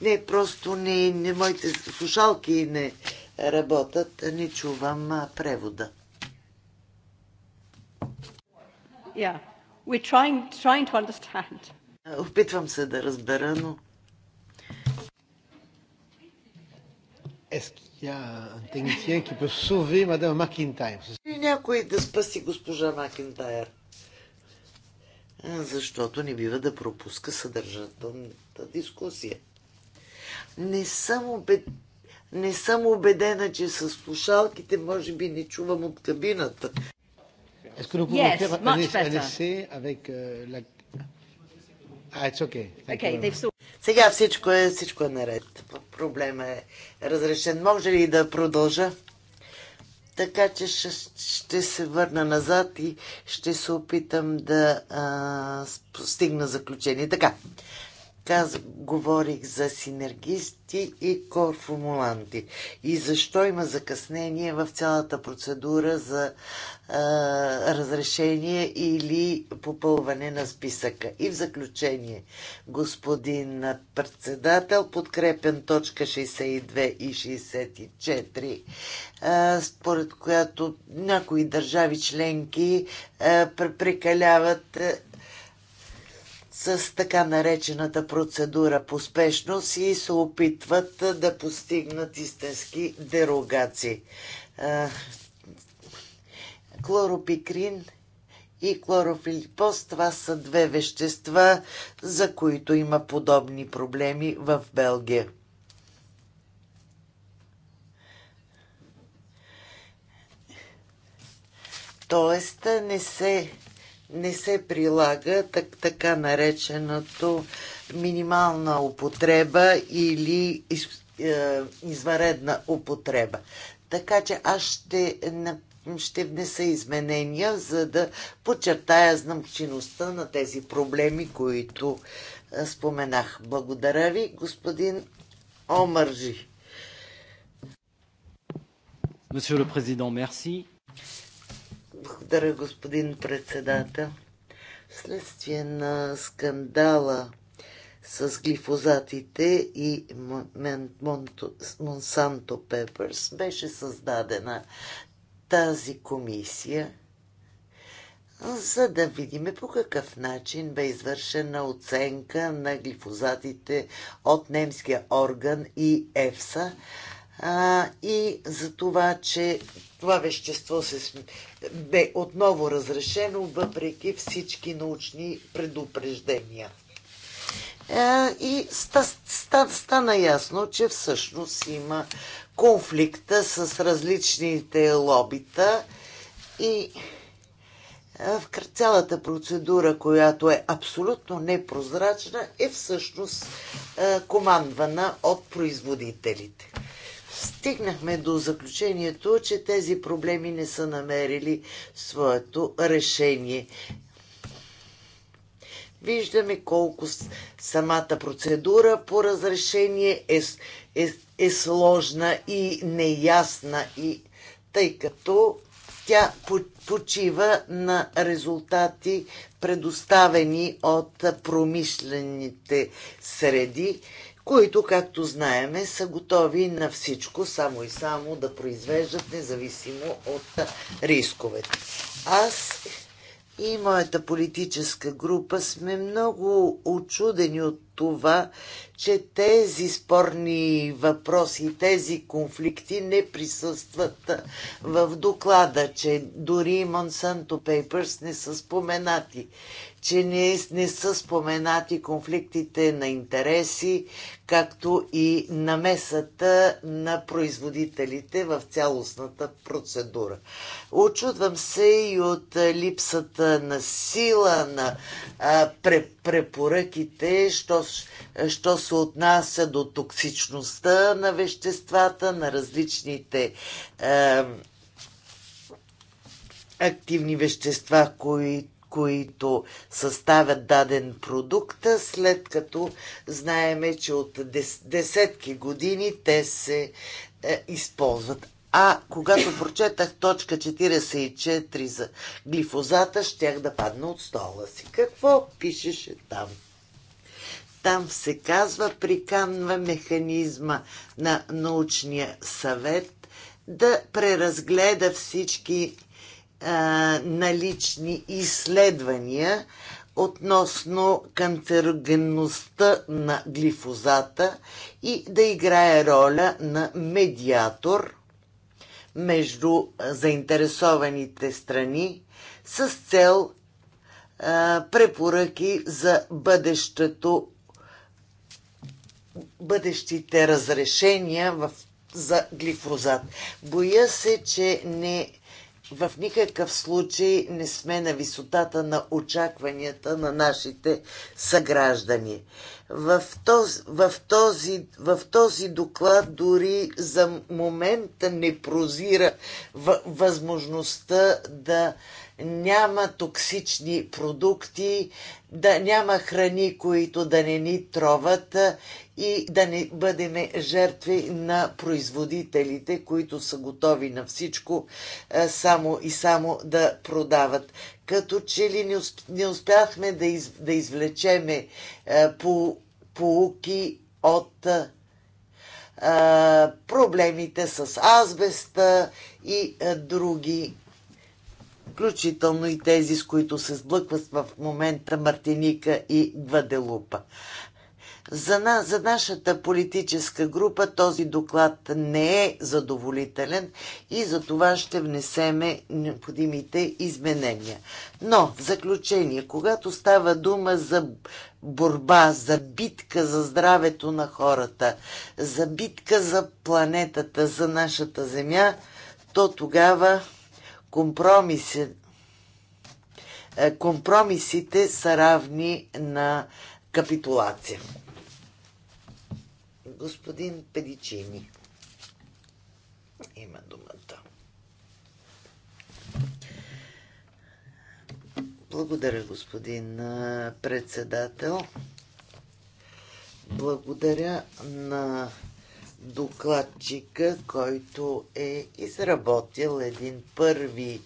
Не, просто не, не моите слушалки не работят, не чувам превода. Yeah, we're trying, trying to understand. Опитвам се да разбера, но... някой да спаси госпожа Макинтайр. Защото не бива да пропуска съдържателната дискусия. Не съм, убед... не съм убедена, че с слушалките може би не чувам от кабината. yes, much better. avec euh, la а, ah, okay. okay Сега всичко е, всичко е наред. Проблема е разрешен. Може ли да продължа? Така че ще, ще се върна назад и ще се опитам да стигна заключение. Така, каз, говорих за синергисти и корформуланти. И защо има закъснение в цялата процедура за разрешение или попълване на списъка. И в заключение, господин председател, подкрепен точка 62 и 64, а, според която някои държави членки прекаляват с така наречената процедура по спешност и се опитват да постигнат истински дерогации Клоропикрин и клорофилипоз, това са две вещества, за които има подобни проблеми в Белгия. Тоест не се, не се прилага так, така нареченото минимална употреба или из, е, изваредна употреба. Така че аз ще ще внеса изменения, за да подчертая значимостта на тези проблеми, които споменах. Благодаря ви, господин Омържи. Monsieur le Président, merci. Благодаря, господин председател. Следствие на скандала с глифозатите и Монсанто Пепърс беше създадена тази комисия, за да видим по какъв начин бе извършена оценка на глифозатите от немския орган и ЕФСА а, и за това, че това вещество се, бе отново разрешено, въпреки всички научни предупреждения. А, и ста, ста, стана ясно, че всъщност има конфликта с различните лобита и в цялата процедура, която е абсолютно непрозрачна, е всъщност командвана от производителите. Стигнахме до заключението, че тези проблеми не са намерили своето решение. Виждаме колко самата процедура по разрешение е е, е сложна и неясна, и, тъй като тя почива на резултати, предоставени от промишлените среди, които, както знаеме, са готови на всичко, само и само да произвеждат независимо от рисковете. Аз и моята политическа група сме много очудени от това, че тези спорни въпроси, тези конфликти не присъстват в доклада, че дори Monsanto Papers не са споменати, че не, не са споменати конфликтите на интереси, както и намесата на производителите в цялостната процедура. Очудвам се и от липсата на сила на а, препоръките, що, що се отнася до токсичността на веществата, на различните а, активни вещества, които които съставят даден продукт, след като знаеме, че от десетки години те се е, използват. А когато прочетах точка 44 за глифозата, щях да падна от стола си. Какво пишеше там? Там се казва, приканва механизма на научния съвет да преразгледа всички налични изследвания относно канцерогенността на глифозата и да играе роля на медиатор между заинтересованите страни с цел а, препоръки за бъдещето бъдещите разрешения в, за глифозат. Боя се, че не в никакъв случай не сме на висотата на очакванията на нашите съграждани. В този, в този, в този доклад дори за момента не прозира възможността да няма токсични продукти, да няма храни, които да не ни троват и да не бъдем жертви на производителите, които са готови на всичко е, само и само да продават. Като че ли не успяхме да, из, да извлечеме е, по, поуки от а, е, проблемите с азбеста и а, други включително и тези, с които се сблъкват в момента Мартиника и Гваделупа. За, на, за нашата политическа група този доклад не е задоволителен и за това ще внесеме необходимите изменения. Но, в заключение, когато става дума за борба, за битка за здравето на хората, за битка за планетата, за нашата земя, то тогава компромиси, е, компромисите са равни на капитулация. Господин Педичини има думата. Благодаря, господин председател. Благодаря на докладчика, който е изработил един първи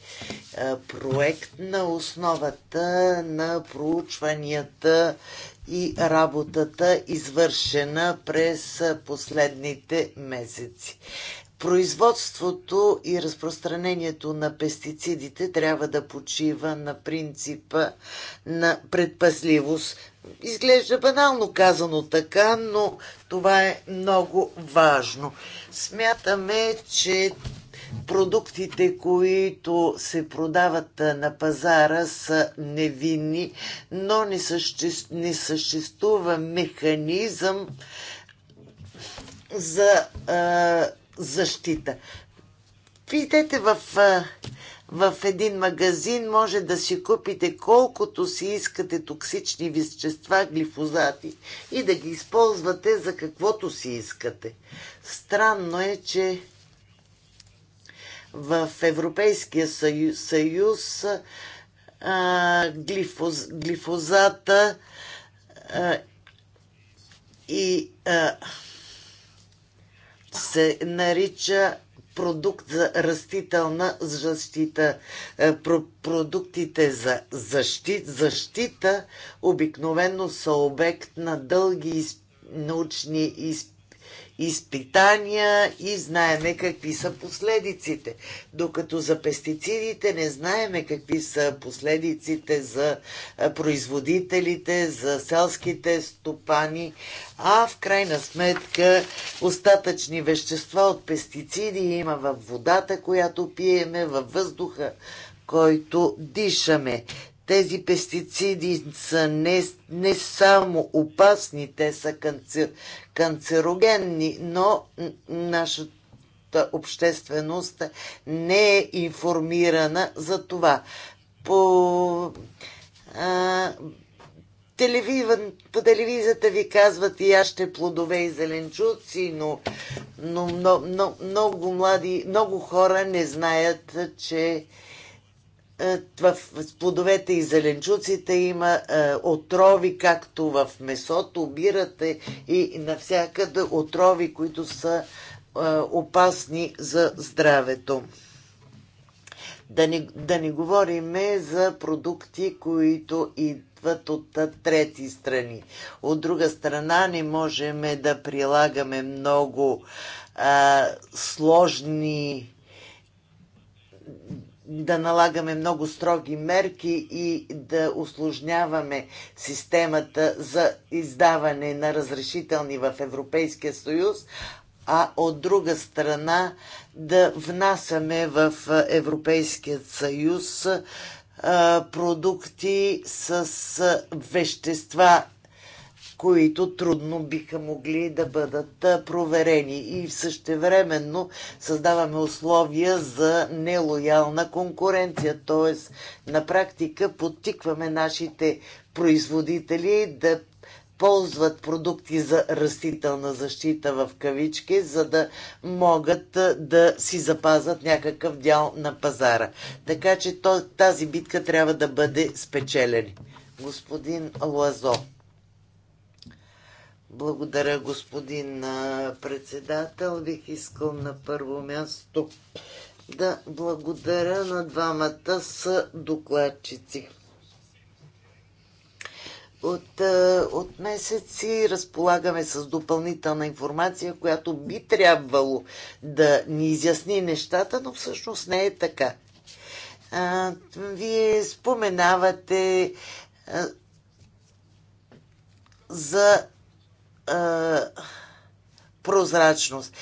проект на основата на проучванията и работата, извършена през последните месеци. Производството и разпространението на пестицидите трябва да почива на принципа на предпазливост. Изглежда банално казано така, но това е много важно. Смятаме, че продуктите, които се продават на пазара са невинни, но не, съществ... не съществува механизъм за а, защита. Видете в, в един магазин, може да си купите колкото си искате токсични вещества, глифозати и да ги използвате за каквото си искате. Странно е, че в Европейския съюз, съюз а, глифоз, глифозата а, и а, се нарича продукт за растителна защита. Е, продуктите за защита, защита обикновено са обект на дълги научни изпитания изпитания и знаеме какви са последиците. Докато за пестицидите не знаеме какви са последиците за производителите, за селските стопани, а в крайна сметка остатъчни вещества от пестициди има в водата, която пиеме, във въздуха, който дишаме тези пестициди са не, не само опасни, те са канцер, канцерогенни, но нашата общественост не е информирана за това. По а, телевизия, по телевизията ви казват и ще плодове и зеленчуци, но, но, но, но много млади, много хора не знаят, че е, в плодовете и зеленчуците има е, отрови, както в месото, бирате и навсякъде отрови, които са е, опасни за здравето. Да не, да не говориме за продукти, които идват от трети страни. От друга страна не можем да прилагаме много а, сложни да налагаме много строги мерки и да осложняваме системата за издаване на разрешителни в Европейския съюз, а от друга страна да внасяме в Европейския съюз продукти с вещества които трудно биха могли да бъдат проверени. И същевременно създаваме условия за нелоялна конкуренция, т.е. на практика подтикваме нашите производители да ползват продукти за растителна защита в кавички, за да могат да си запазят някакъв дял на пазара. Така че тази битка трябва да бъде спечелена. Господин Лазо. Благодаря, господин председател. Бих искал на първо място да благодаря на двамата с докладчици. От, от месеци разполагаме с допълнителна информация, която би трябвало да ни изясни нещата, но всъщност не е така. А, вие споменавате а, за прозрачност.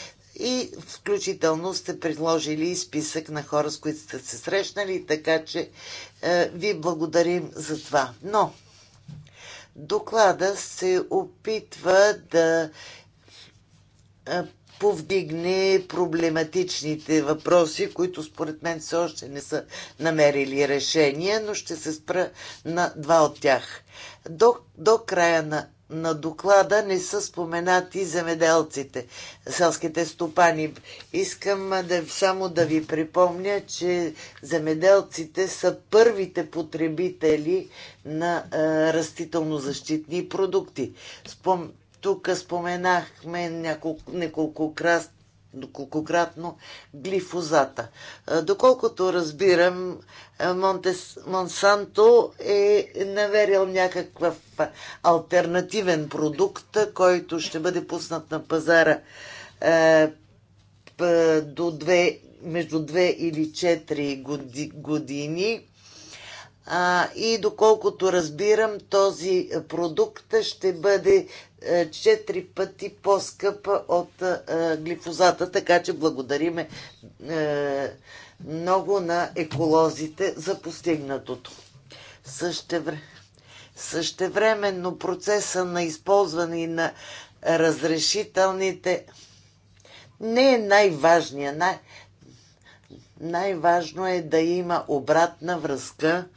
И включително сте предложили и списък на хора, с които сте се срещнали, така че е, ви благодарим за това. Но доклада се опитва да е, повдигне проблематичните въпроси, които според мен все още не са намерили решение, но ще се спра на два от тях. До, до края на на доклада не са споменати земеделците, селските стопани. Искам да, само да ви припомня, че земеделците са първите потребители на а, растителнозащитни продукти. Спом... Тук споменахме няколко, краст доколкократно глифозата. Доколкото разбирам, Монтес, Монсанто е наверил някакъв альтернативен продукт, който ще бъде пуснат на пазара е, до две, между 2 или 4 години. А, и доколкото разбирам, този продукт ще бъде е, четири пъти по-скъпа от е, е, глифозата, така че благодариме много на еколозите за постигнатото. Същевременно Същевременно процеса на използване на разрешителните не е най-важния. Най- най-важно е да има обратна връзка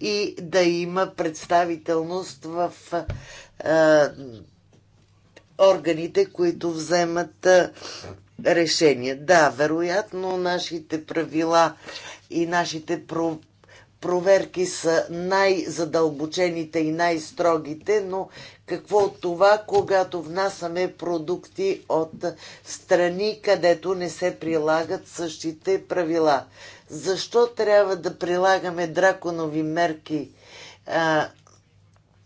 и да има представителност в е, органите, които вземат решения. Да, вероятно нашите правила и нашите про проверки са най-задълбочените и най-строгите, но какво от това, когато внасяме продукти от страни, където не се прилагат същите правила? Защо трябва да прилагаме драконови мерки а,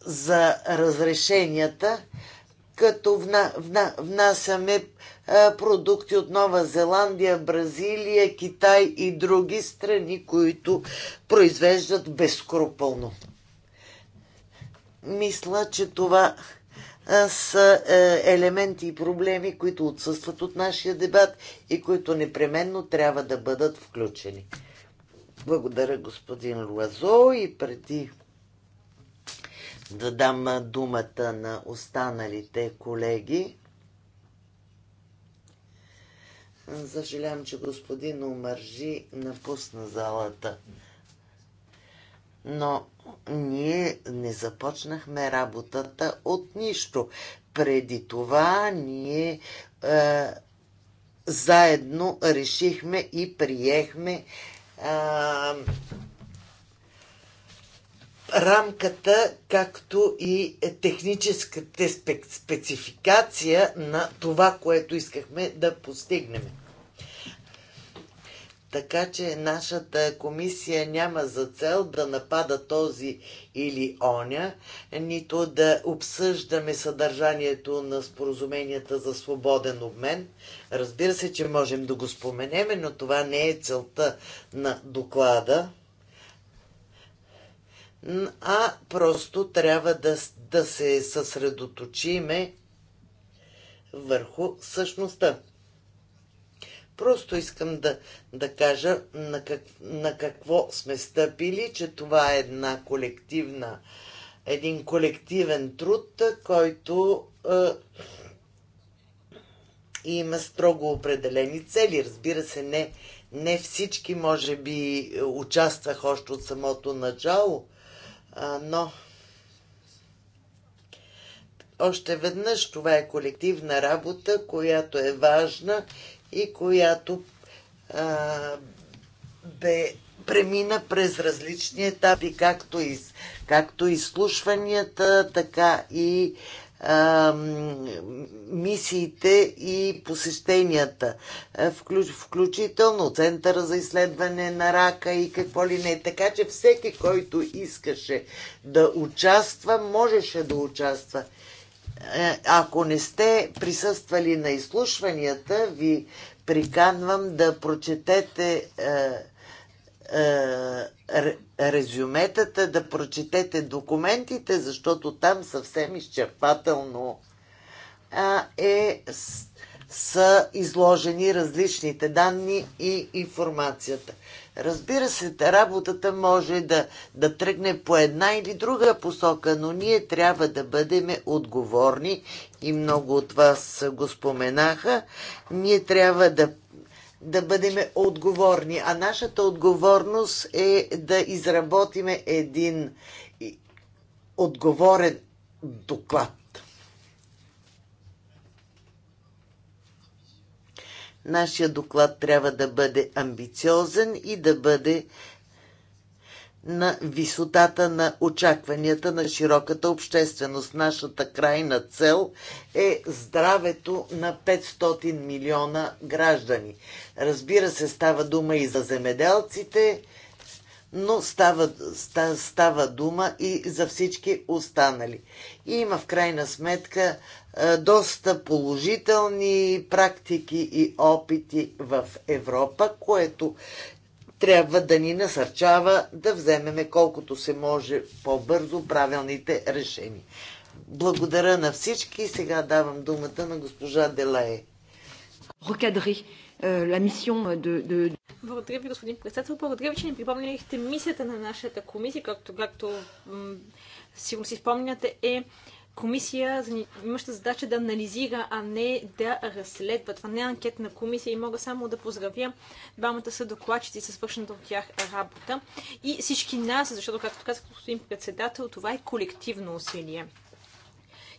за разрешенията, като вна, вна, внасяме а, е, продукти от Нова Зеландия, Бразилия, Китай и други страни, които произвеждат безкрупълно. Мисля, че това а, е, са а, е, елементи и проблеми, които отсъстват от нашия дебат и които непременно трябва да бъдат включени. Благодаря, господин Луазо, и преди да дам думата на останалите колеги. Съжалявам, че господин Омържи напусна залата. Но ние не започнахме работата от нищо. Преди това ние е, заедно решихме и приехме е, рамката, както и техническата спецификация на това, което искахме да постигнем. Така че нашата комисия няма за цел да напада този или оня, нито да обсъждаме съдържанието на споразуменията за свободен обмен. Разбира се, че можем да го споменеме, но това не е целта на доклада а просто трябва да, да се съсредоточиме върху същността. Просто искам да, да кажа на, как, на какво сме стъпили, че това е една колективна, един колективен труд, който е, има строго определени цели. Разбира се, не, не всички, може би, участвах още от самото начало, но още веднъж това е колективна работа, която е важна и която а, бе премина през различни етапи, както и, както и слушванията, така и мисиите и посещенията, включително Центъра за изследване на рака и какво ли не. Така че всеки, който искаше да участва, можеше да участва. Е, ако не сте присъствали на изслушванията, ви приканвам да прочетете е, е, резюметата, да прочетете документите, защото там съвсем изчерпателно е, са изложени различните данни и информацията. Разбира се, работата може да, да тръгне по една или друга посока, но ние трябва да бъдем отговорни и много от вас го споменаха. Ние трябва да да бъдем отговорни. А нашата отговорност е да изработиме един отговорен доклад. Нашия доклад трябва да бъде амбициозен и да бъде на висотата на очакванията на широката общественост. Нашата крайна цел е здравето на 500 милиона граждани. Разбира се, става дума и за земеделците, но става, става дума и за всички останали. И има в крайна сметка е, доста положителни практики и опити в Европа, което трябва да ни насърчава да вземеме колкото се може по-бързо правилните решения. Благодаря на всички. Сега давам думата на госпожа Делае. Рокадри la mission de, de... Благодаря ви, господин председател. Благодаря ви, че ни припомнихте мисията на нашата комисия, както, както сигурно си спомняте, е комисия, имаща задача да анализира, а не да разследва. Това не е анкетна комисия и мога само да поздравя двамата са докладчици с свършената от тях работа и всички нас, защото, както казах, господин председател, това е колективно усилие.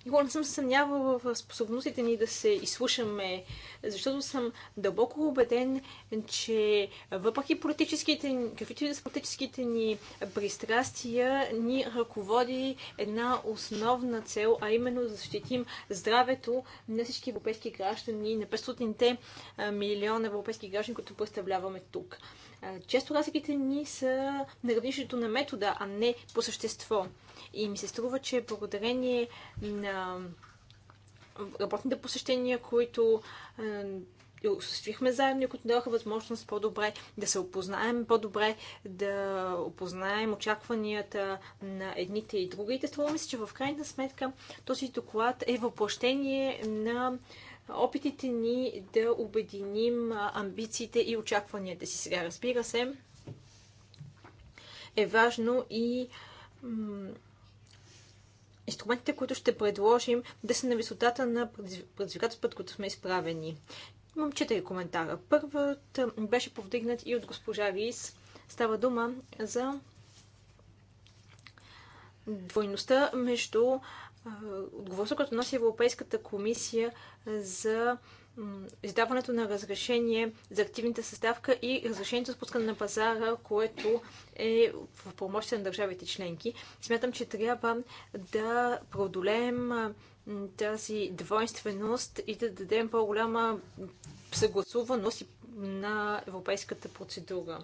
Никога не съм се съмнявала в способностите ни да се изслушаме, защото съм дълбоко убеден, че въпреки политическите, каквито и да са политическите ни пристрастия, ни ръководи една основна цел, а именно да защитим здравето на всички европейски граждани, на 500-те милиона европейски граждани, които представляваме тук. Често разликите ни са на равнището на метода, а не по същество. И ми се струва, че благодарение на работните посещения, които осъществихме заедно, които дадаха възможност по-добре да се опознаем, по-добре да опознаем очакванията на едните и другите. Струва ми се, че в крайна сметка този доклад е въплъщение на опитите ни да обединим амбициите и очакванията си. Сега, разбира се, е важно и инструментите, които ще предложим, да са на висотата на предизвикателствата, които сме изправени. Имам четири коментара. Първът беше повдигнат и от госпожа Рис. Става дума за двойността между отговорността, която носи Европейската комисия за издаването на разрешение за активната съставка и разрешението за пускане на пазара, което е в помощ на държавите членки. Смятам, че трябва да преодолеем тази двойственост и да дадем по-голяма съгласуваност на европейската процедура.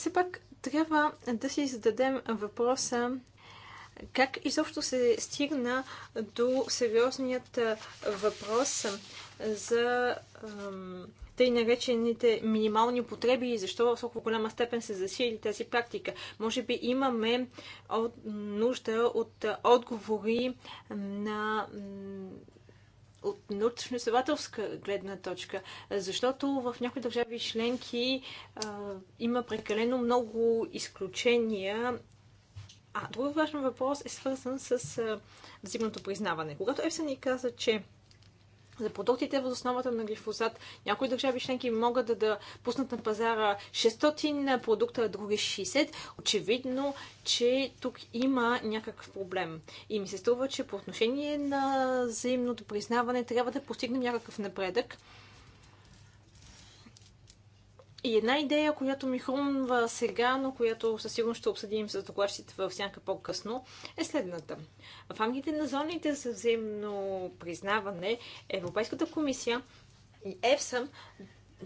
все пак трябва да си зададем въпроса как изобщо се стигна до сериозният въпрос за тъй наречените минимални потреби и защо в толкова голяма степен се засили тази практика. Може би имаме от, нужда от отговори на от научно-изследователска гледна точка, защото в някои държави членки а, има прекалено много изключения. А друг важен въпрос е свързан с а, взаимното признаване. Когато Евсен ни каза, че за продуктите в основата на глифозат. Някои държави членки могат да, да пуснат на пазара 600 продукта, други 60. Очевидно, че тук има някакъв проблем. И ми се струва, че по отношение на взаимното признаване трябва да постигнем някакъв напредък. И една идея, която ми хрумва сега, но която със сигурност ще обсъдим с докладчите в сянка по-късно, е следната. В рамките на зоните за взаимно признаване, Европейската комисия и ЕФСА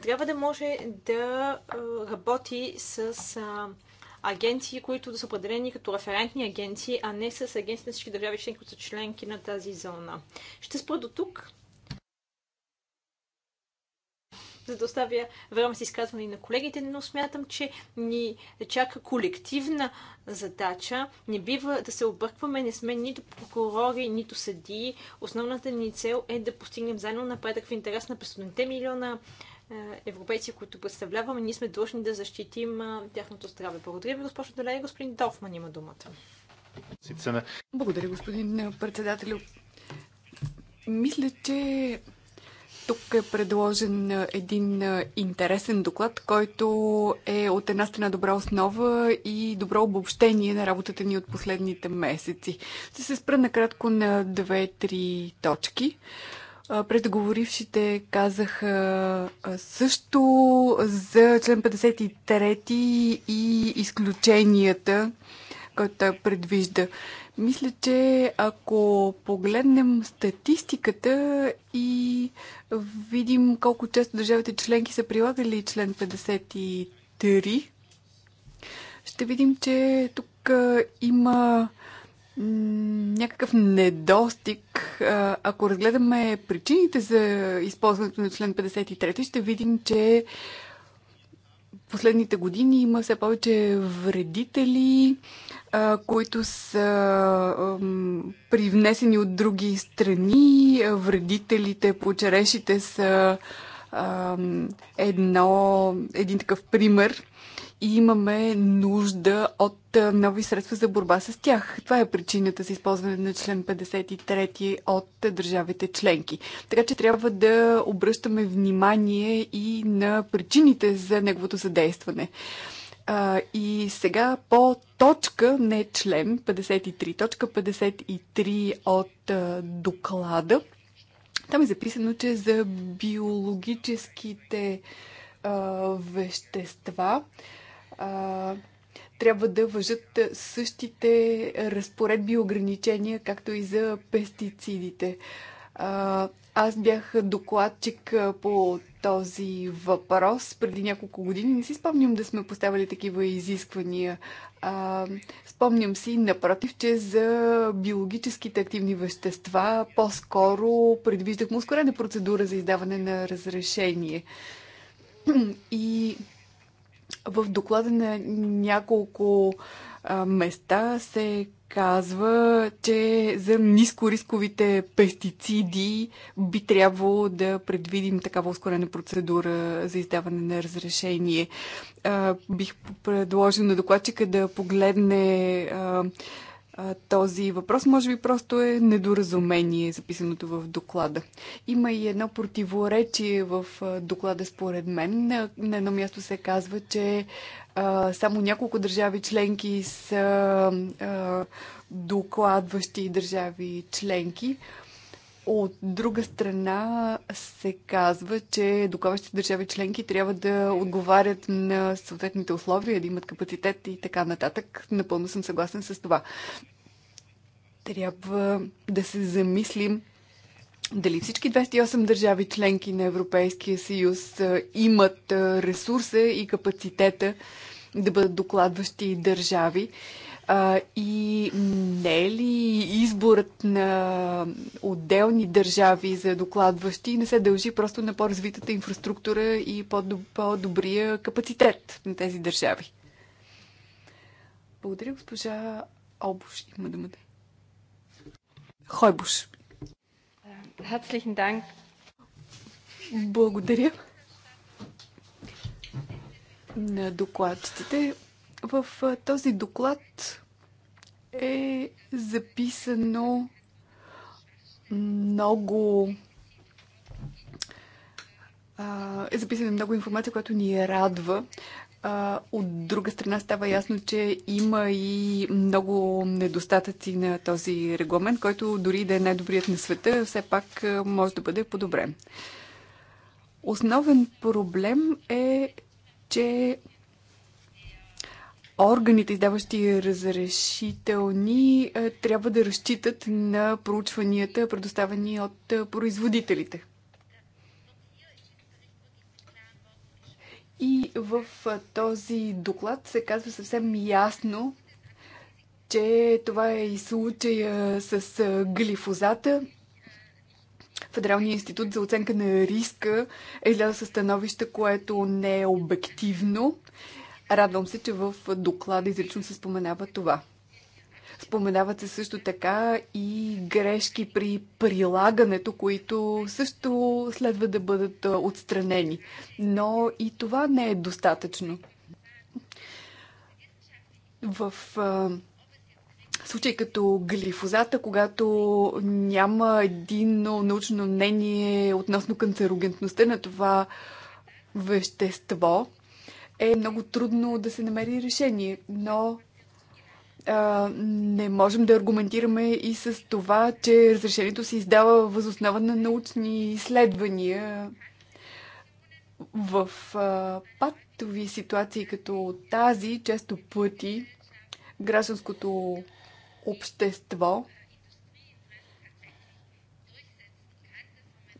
трябва да може да работи с агенции, които да са определени като референтни агенции, а не с агенции на всички държави членки, които са членки на тази зона. Ще спра до тук за да оставя време за изказване и на колегите, но смятам, че ни чака колективна задача. Не бива да се объркваме, не сме нито прокурори, нито съдии. Основната ни цел е да постигнем заедно напредък в интерес на 500 милиона е, европейци, които представляваме, ние сме длъжни да защитим тяхното здраве. Благодаря ви, госпожо Далей. Господин Дофман има думата. Благодаря, господин председател. Мисля, че тук е предложен един интересен доклад, който е от една страна добра основа и добро обобщение на работата ни от последните месеци. Ще се спра накратко на две-три точки. Предговорившите казаха също за член 53 и изключенията, който предвижда. Мисля, че ако погледнем статистиката и видим колко често държавите членки са прилагали член 53, ще видим, че тук има някакъв недостиг. Ако разгледаме причините за използването на член 53, ще видим, че последните години има все повече вредители, които са привнесени от други страни. Вредителите по черешите са едно, един такъв пример имаме нужда от нови средства за борба с тях. Това е причината за използване на член 53 от държавите членки. Така че трябва да обръщаме внимание и на причините за неговото задействане. и сега по точка, не член 53, точка 53 от доклада. Там е записано, че за биологическите а, вещества а, а, трябва да въжат същите разпоредби и ограничения, както и за пестицидите. А, аз бях докладчик по този въпрос преди няколко години. Не си спомням да сме поставили такива изисквания. А, спомням си, напротив, че за биологическите активни вещества по-скоро предвиждахме ускорена процедура за издаване на разрешение. И в доклада на няколко места се казва, че за нискорисковите пестициди би трябвало да предвидим такава ускорена процедура за издаване на разрешение. Бих предложил на докладчика да погледне а, този въпрос. Може би просто е недоразумение записаното в доклада. Има и едно противоречие в а, доклада според мен. На, на едно място се казва, че а, само няколко държави членки са а, докладващи държави членки. От друга страна се казва, че доковещите държави членки трябва да отговарят на съответните условия, да имат капацитет и така нататък. Напълно съм съгласен с това. Трябва да се замислим дали всички 28 държави членки на Европейския съюз имат ресурса и капацитета да бъдат докладващи държави а, и не е ли изборът на отделни държави за докладващи не се дължи просто на по-развитата инфраструктура и по-добрия капацитет на тези държави? Благодаря, госпожа Обуш. Има думата. Хойбуш. Herzlichen Dank. Благодаря на докладчиците. В този доклад е записано много е записана много информация, която ни е радва. От друга страна става ясно, че има и много недостатъци на този регламент, който дори да е най-добрият на света, все пак може да бъде подобрен. Основен проблем е, че органите, издаващи разрешителни, е, трябва да разчитат на проучванията, предоставени от е, производителите. И в е, този доклад се казва съвсем ясно, че това е и случая с глифозата. Федералният институт за оценка на риска е излязъл със становище, което не е обективно. Радвам се, че в доклада изрично се споменава това. Споменават се също така и грешки при прилагането, които също следва да бъдат отстранени. Но и това не е достатъчно. В случай като глифозата, когато няма едно научно мнение относно канцерогентността на това вещество, е много трудно да се намери решение, но а, не можем да аргументираме и с това, че разрешението се издава възоснова на научни изследвания. В а, патови ситуации като тази, често пъти гражданското общество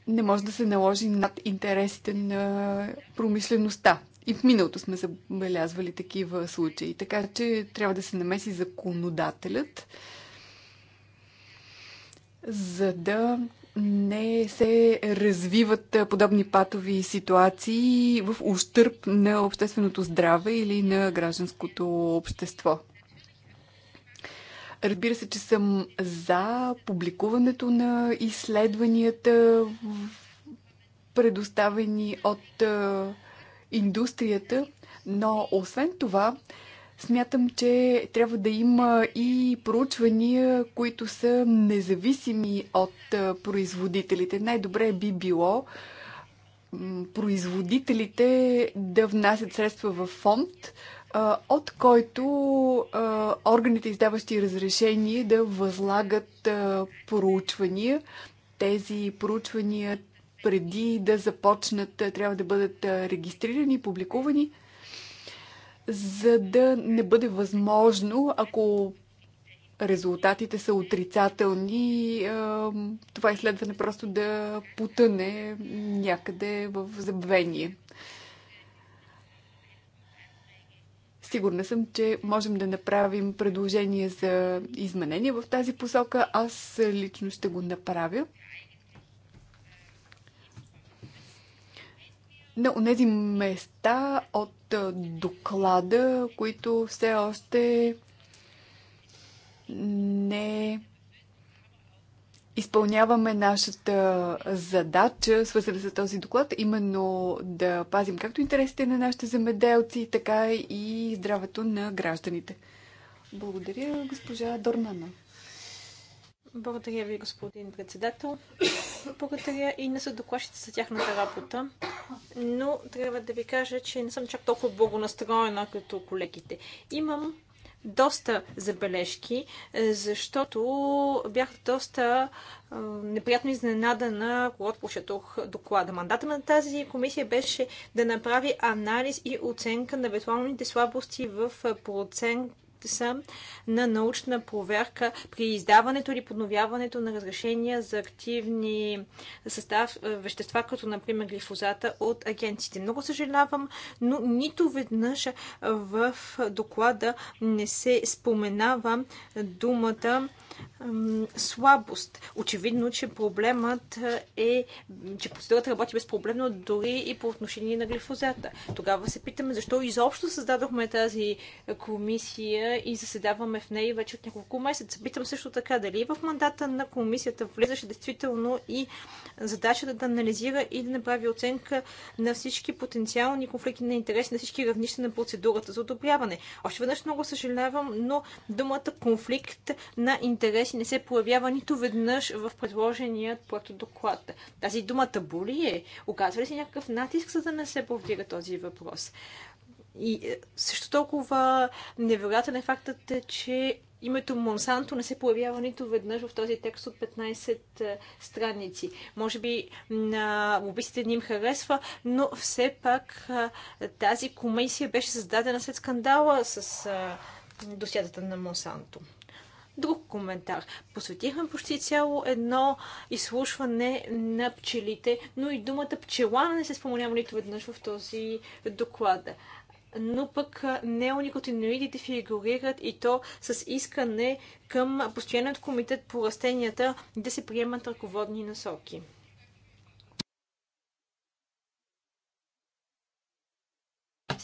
не може да се наложи над интересите на промишлеността. И в миналото сме забелязвали такива случаи. Така че трябва да се намеси законодателят, за да не се развиват подобни патови ситуации в ущърп на общественото здраве или на гражданското общество. Разбира се, че съм за публикуването на изследванията, предоставени от индустрията, но освен това, смятам, че трябва да има и проучвания, които са независими от производителите. Най-добре би било производителите да внасят средства в фонд, от който органите, издаващи разрешение, да възлагат проучвания. Тези проучвания преди да започнат, трябва да бъдат регистрирани публикувани, за да не бъде възможно, ако резултатите са отрицателни, това изследване просто да потъне някъде в забвение. Сигурна съм, че можем да направим предложение за изменение в тази посока. Аз лично ще го направя. на тези места от доклада, които все още не изпълняваме нашата задача, свързана с този доклад, именно да пазим както интересите на нашите земеделци, така и здравето на гражданите. Благодаря, госпожа Дорнана. Благодаря ви, господин председател. Благодаря и не са докладчите за тяхната работа, но трябва да ви кажа, че не съм чак толкова благонастроена като колегите. Имам доста забележки, защото бях доста неприятно изненадана, когато прочетох доклада. Мандата на тази комисия беше да направи анализ и оценка на евентуалните слабости в процент са на научна проверка при издаването или подновяването на разрешения за активни състав, е, вещества, като например глифозата от агенците. Много съжалявам, но нито веднъж в доклада не се споменава думата слабост. Очевидно, че проблемът е, че процедурата работи безпроблемно дори и по отношение на глифозата. Тогава се питаме защо изобщо създадохме тази комисия и заседаваме в нея вече от няколко месеца. Питам също така дали в мандата на комисията влизаше действително и задачата да анализира и да направи оценка на всички потенциални конфликти на интереси на всички равнища на процедурата за одобряване. Още веднъж много съжалявам, но думата конфликт на интерес и не се появява нито веднъж в предложеният протодоклад. доклад. Тази дума табу ли е? Оказва ли се някакъв натиск, за да не се повдига този въпрос? И е, също толкова невероятен е фактът, е, че името Монсанто не се появява нито веднъж в този текст от 15 е, страници. Може би на лобистите ни им харесва, но все пак тази комисия беше създадена след скандала с досядата на Монсанто друг коментар. Посветихме почти цяло едно изслушване на пчелите, но и думата пчела не се споменява нито веднъж в този доклад но пък неоникотиноидите фигурират и то с искане към Постоянният комитет по растенията да се приемат ръководни насоки.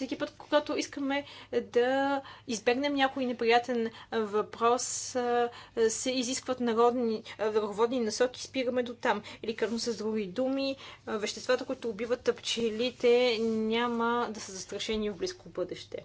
всеки път, когато искаме да избегнем някой неприятен въпрос, се изискват народни, ръководни насоки, спираме до там. Или като с други думи, веществата, които убиват пчелите, няма да са застрашени в близко бъдеще.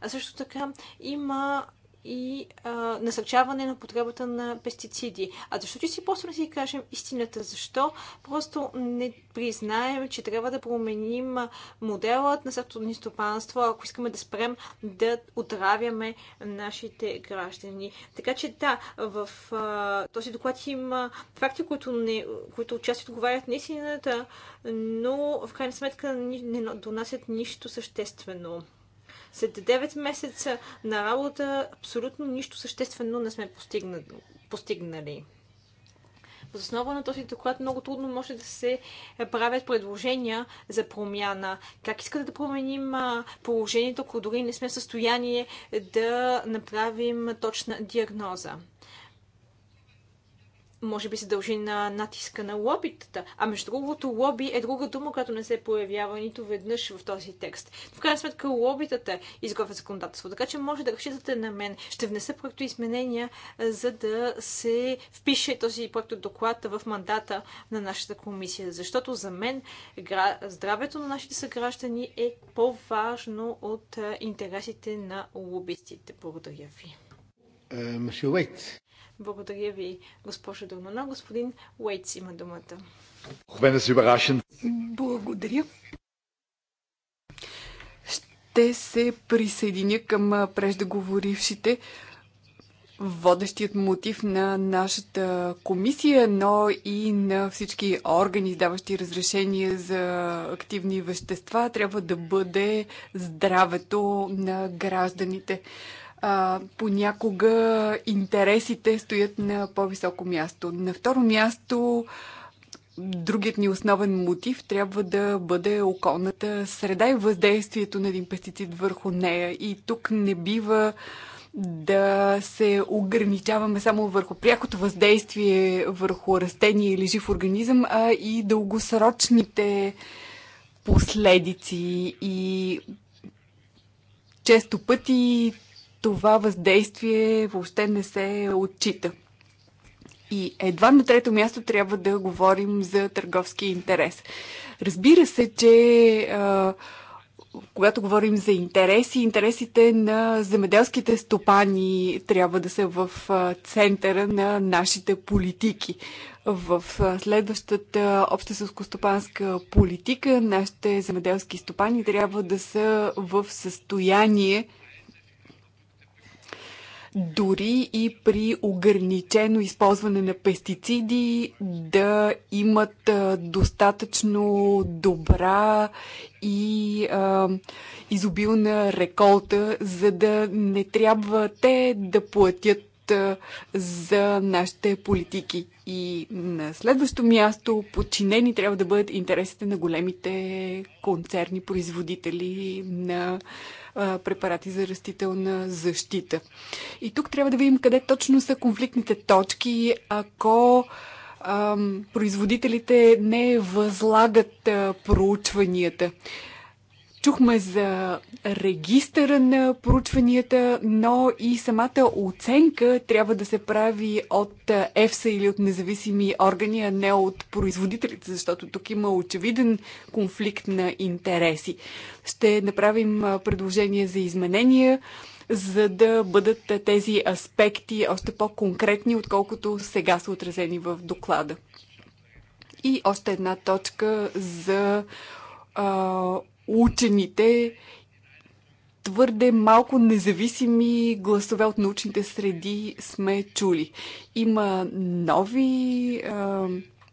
А също така има и а, насърчаване на потребата на пестициди. А защото си просто не си кажем истината? Защо просто не признаем, че трябва да променим моделът на сектор ни стопанство, ако искаме да спрем да отравяме нашите граждани. Така че да, в а, този доклад има факти, които, не, които отчасти отговарят на истината, но в крайна сметка не, не донасят нищо съществено. След 9 месеца на работа абсолютно нищо съществено не сме постигнали. Въз основа на този доклад много трудно може да се правят предложения за промяна. Как искате да променим положението, ако дори не сме в състояние да направим точна диагноза? може би се дължи на натиска на лобитата. А между другото, лоби е друга дума, която не се появява нито веднъж в този текст. В крайна сметка, лобитата изготвя законодателство, така че може да разчитате на мен. Ще внеса проекто изменения, за да се впише този от доклад в мандата на нашата комисия. Защото за мен здравето на нашите съграждани е по-важно от интересите на лобистите. Благодаря ви. Е, Мисио Уейт. Благодаря ви, госпожо Дурнана. Господин Уейтс има думата. Благодаря. Ще се присъединя към преждеговорившите. Водещият мотив на нашата комисия, но и на всички органи, издаващи разрешение за активни вещества, трябва да бъде здравето на гражданите а, понякога интересите стоят на по-високо място. На второ място, другият ни основен мотив трябва да бъде околната среда и въздействието на един пестицид върху нея. И тук не бива да се ограничаваме само върху прякото въздействие върху растение или жив организъм, а и дългосрочните последици и често пъти това въздействие въобще не се отчита. И едва на трето място трябва да говорим за търговски интерес. Разбира се, че а, когато говорим за интереси, интересите на земеделските стопани трябва да са в центъра на нашите политики. В следващата обща селскостопанска политика нашите земеделски стопани трябва да са в състояние дори и при ограничено използване на пестициди да имат достатъчно добра и а, изобилна реколта, за да не трябва те да платят за нашите политики. И на следващо място подчинени трябва да бъдат интересите на големите концерни производители на препарати за растителна защита. И тук трябва да видим къде точно са конфликтните точки, ако производителите не възлагат проучванията. Чухме за регистъра на проучванията, но и самата оценка трябва да се прави от ЕФСА или от независими органи, а не от производителите, защото тук има очевиден конфликт на интереси. Ще направим предложение за изменения, за да бъдат тези аспекти още по-конкретни, отколкото сега са отразени в доклада. И още една точка за учените, твърде малко независими гласове от научните среди сме чули. Има нови а,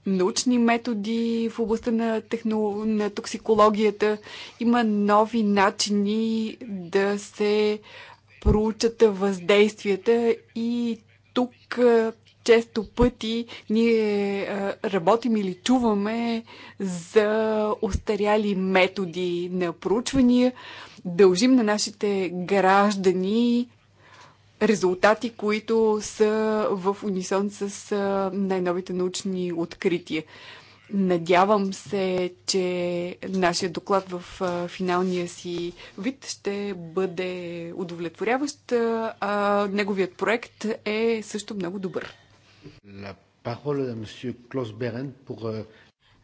научни методи в областта на, техно, на токсикологията, има нови начини да се проучат въздействията и тук често пъти ние работим или чуваме за устаряли методи на проучвания, дължим на нашите граждани резултати, които са в унисон с най-новите научни открития. Надявам се, че нашия доклад в финалния си вид ще бъде удовлетворяващ, а неговият проект е също много добър. La parole на месье Клос Берен pour... Euh,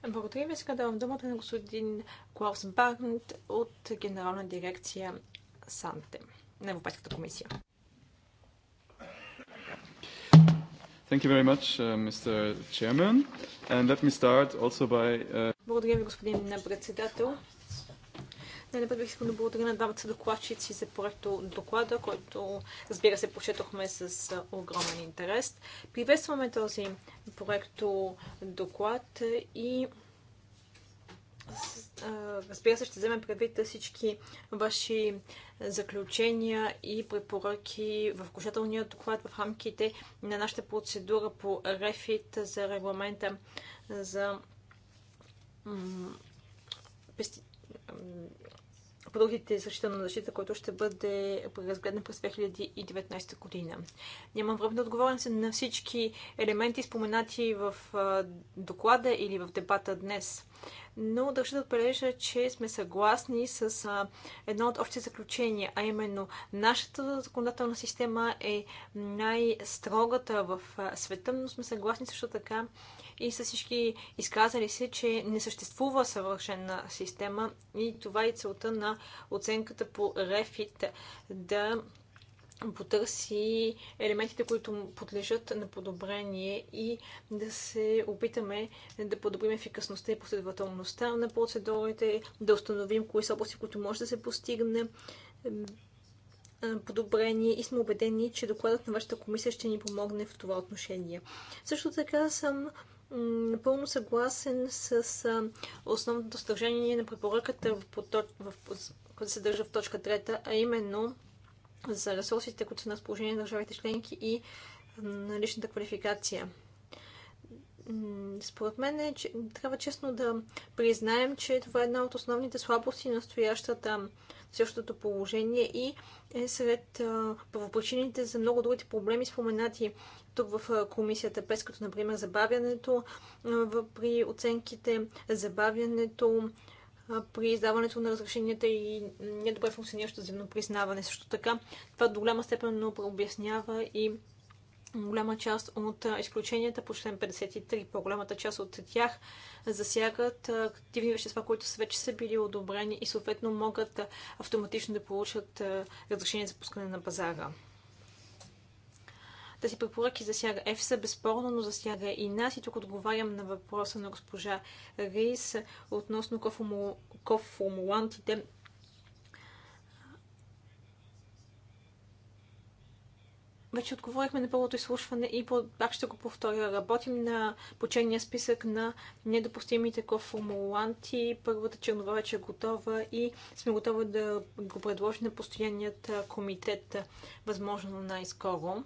Благодаря ви. Сега да вам думата на господин Клаус Барнт от Генерална дирекция Санте на Европейската комисия. Thank you very much, uh, Mr. Chairman. And let me start also by... Uh... Благодаря ви, господин председател. Не напред бих искал да благодаря на двамата докладчици за проекто доклада, който разбира се прочетохме с огромен интерес. Приветстваме този проекто доклад и разбира се, ще вземем предвид всички ваши заключения и препоръки в окончателния доклад в рамките на нашата процедура по рефит за регламента за другите на защита, който ще бъде разгледан през 2019 година. Нямам време да отговоря на всички елементи, споменати в доклада или в дебата днес. Но държа да отбележа, че сме съгласни с едно от общите заключения, а именно нашата законодателна система е най-строгата в света, но сме съгласни също така, и са всички изказали се, че не съществува съвършена система и това е целта на оценката по Рефит да потърси елементите, които подлежат на подобрение и да се опитаме да подобрим ефикасността и последователността на процедурите, да установим кои са области, които може да се постигне подобрение и сме убедени, че докладът на вашата комисия ще ни помогне в това отношение. Също така съм напълно съгласен с основното съдържание на препоръката в, която се държа в точка трета, а именно за ресурсите, които са на разположение на държавите членки и на личната квалификация. Според мен е, че трябва честно да признаем, че това е една от основните слабости на стоящата същото положение и е сред първопричините за много другите проблеми, споменати тук в комисията ПЕС, като например забавянето при оценките, забавянето при издаването на разрешенията и недобре функциониращо земно признаване. Също така, това до голяма степен обяснява и голяма част от изключенията по член 53. По-голямата част от тях засягат активни вещества, които вече са били одобрени и съответно могат автоматично да получат разрешение за пускане на пазара. Тези препоръки засяга ЕФСА, безспорно, но засяга и нас. И тук отговарям на въпроса на госпожа Рис относно коформулантите Вече отговорихме на първото изслушване и пак ще го повторя. Работим на почения списък на недопустимите коформуланти. Първата чернова вече е готова и сме готови да го предложим на постоянният комитет, възможно най-скоро.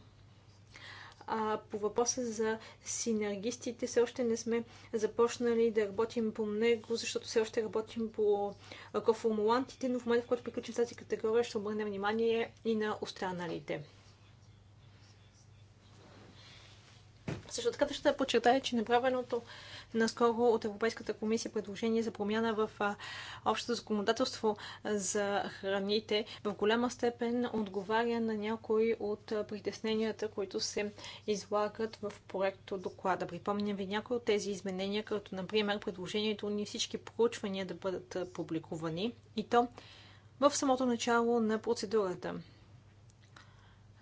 А по въпроса за синергистите все още не сме започнали да работим по него, защото все още работим по коформулантите, но в момента, в който приключим тази категория, ще обърнем внимание и на останалите. Също така ще да подчертая, че направеното наскоро от Европейската комисия предложение за промяна в общото законодателство за храните в голяма степен отговаря на някои от притесненията, които се излагат в проекто доклада. Припомням ви някои от тези изменения, като например предложението ни всички проучвания да бъдат публикувани и то в самото начало на процедурата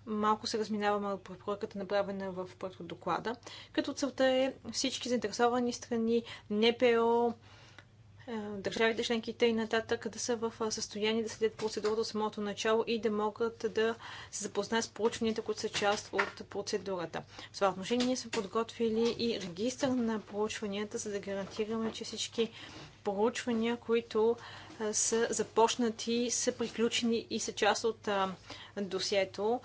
малко се разминаваме от препоръката, направена в първо доклада, като целта е всички заинтересовани страни, НПО, е, държавите членките и нататък да са в е, състояние да следят процедурата от самото начало и да могат да се запознаят с проучванията, които са част от процедурата. В това отношение ние сме подготвили и регистър на проучванията, за да гарантираме, че всички проучвания, които е, са започнати, са приключени и са част от досието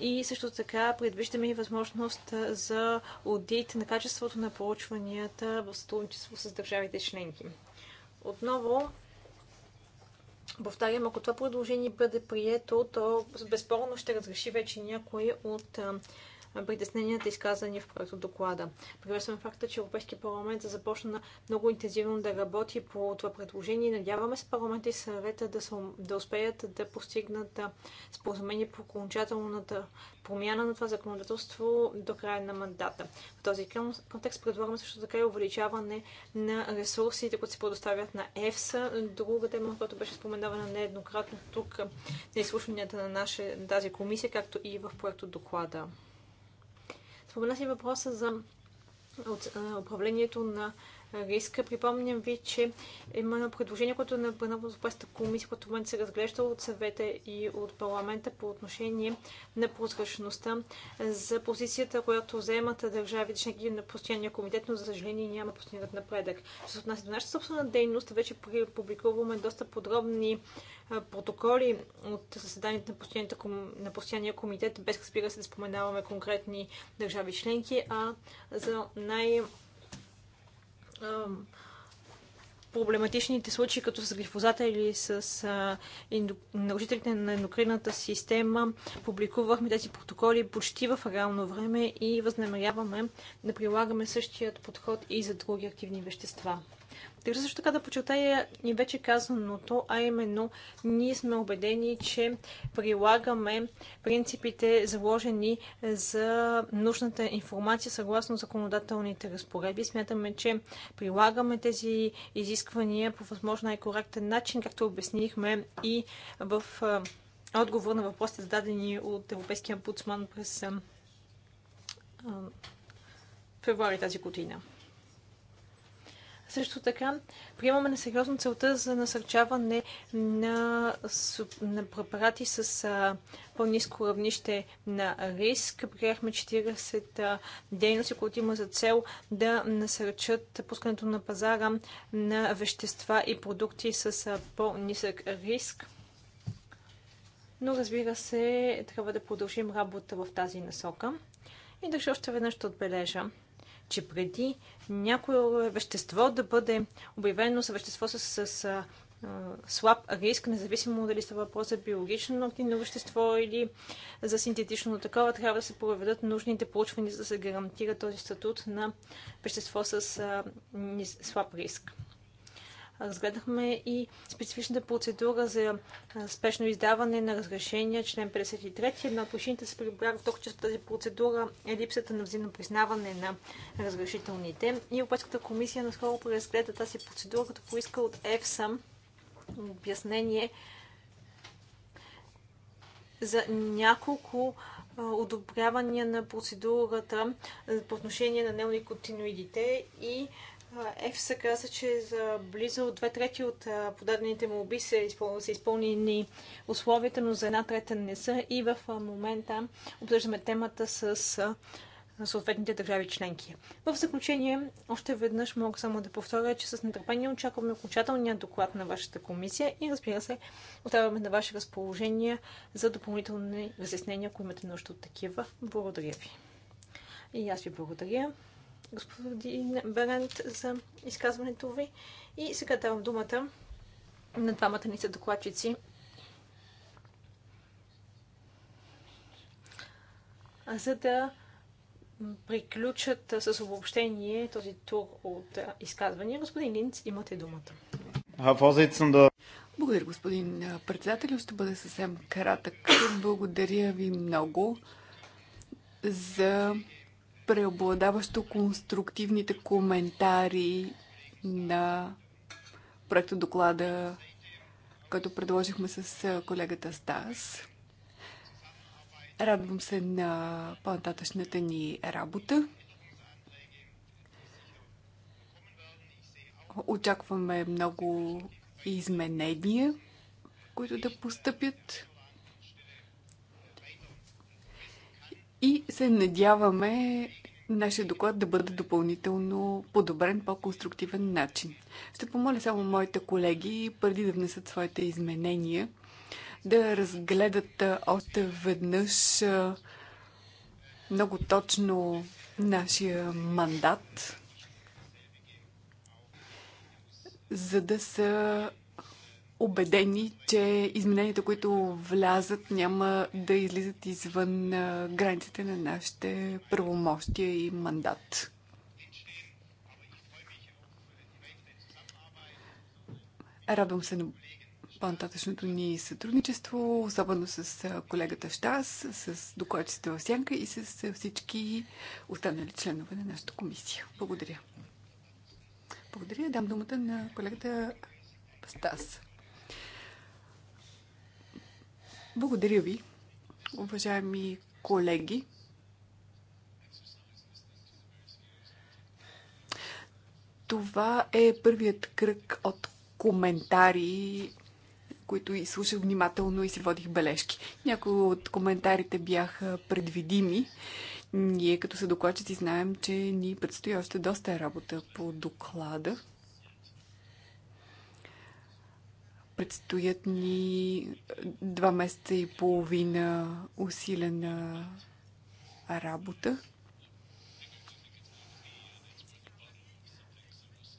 и също така предвиждаме и възможност за аудит на качеството на проучванията в сътрудничество с държавите членки. Отново, повтарям, ако това предложение бъде прието, то безспорно ще разреши вече някои от притесненията, изказани в проекта доклада. Приветствам факта, че Европейския парламент започна много интензивно да работи по това предложение. Надяваме се парламента и съвета да, съм, да успеят да постигнат споразумение по окончателната промяна на това законодателство до края на мандата. В този контекст предлагаме също така и увеличаване на ресурсите, които се предоставят на ЕФСА. Друга тема, която беше споменавана нееднократно тук на изслушванията на наша, тази комисия, както и в проекто доклада. Спомена си въпроса за управлението на риска. Припомням ви, че има едно предложение, което на е на Европейската комисия, което в момента се разглежда от съвета и от парламента по отношение на прозрачността за позицията, която вземат държави държавите ги на постоянния комитет, но за съжаление няма постигнат напредък. Що се отнася до нашата собствена дейност, вече публикуваме доста подробни протоколи от заседанията на, на постоянния комитет, без разбира се да споменаваме конкретни държави членки, а за най- проблематичните случаи, като с глифозата или с а, инду... нарушителите на ендокринната система, публикувахме тези протоколи почти в реално време и възнамеряваме да прилагаме същият подход и за други активни вещества. Държа също така да почертая и вече казаното, а именно ние сме убедени, че прилагаме принципите заложени за нужната информация съгласно законодателните разпоредби. Смятаме, че прилагаме тези изисквания по възможно най-коректен начин, както обяснихме и в отговор на въпросите, зададени от Европейския омбудсман през февруари тази година. Също така приемаме на сериозно целта за насърчаване на, на препарати с по-низко равнище на риск. Приехме 40 дейности, които има за цел да насърчат пускането на пазара на вещества и продукти с по-нисък риск. Но разбира се, трябва да продължим работа в тази насока. И държа още веднъж ще отбележа, че преди някое вещество да бъде обявено за вещество с, с, с слаб риск, независимо дали става въпрос за биологично активно вещество или за синтетично такова, трябва да се проведат нужните получвания, за да се гарантира този статут на вещество с слаб риск разгледахме и специфичната процедура за спешно издаване на разрешения, член 53. Една от причините се прибрага толкова често тази процедура е липсата на взаимно признаване на разрешителните. И Европейската комисия наскоро преразгледа тази процедура, като поиска от ЕФСА обяснение за няколко одобрявания на процедурата по отношение на неоникотиноидите и се каза, че за близо две трети от подадените му оби са изпълнени условията, но за една трета не са. И в момента обсъждаме темата с съответните държави членки. В заключение, още веднъж мога само да повторя, че с нетърпение очакваме окончателния доклад на вашата комисия и разбира се, оставяме на ваше разположение за допълнителни разяснения, ако имате нужда от такива. Благодаря ви. И аз ви благодаря господин Берент, за изказването ви. И сега давам думата на двамата ни са докладчици. За да приключат с обобщение този тур от изказвания. Господин Линц, имате думата. Благодаря, господин председател. Ще бъде съвсем кратък. Благодаря ви много за преобладаващо конструктивните коментари на проекта доклада, който предложихме с колегата Стас. Радвам се на по-нататъчната ни работа. Очакваме много изменения, които да постъпят. и се надяваме нашия доклад да бъде допълнително подобрен по конструктивен начин. Ще помоля само моите колеги, преди да внесат своите изменения, да разгледат още веднъж много точно нашия мандат, за да са убедени, че измененията, които влязат, няма да излизат извън границите на нашите правомощия и мандат. Радвам се на по-нататъчното ни сътрудничество, особено с колегата Штас, с докладчите в Сянка и с всички останали членове на нашата комисия. Благодаря. Благодаря. Дам думата на колегата Стас. Благодаря ви, уважаеми колеги. Това е първият кръг от коментари, които изслушах внимателно и си водих бележки. Някои от коментарите бяха предвидими. Ние като се докладчици знаем, че ни предстои още доста работа по доклада. Предстоят ни два месеца и половина усилена работа.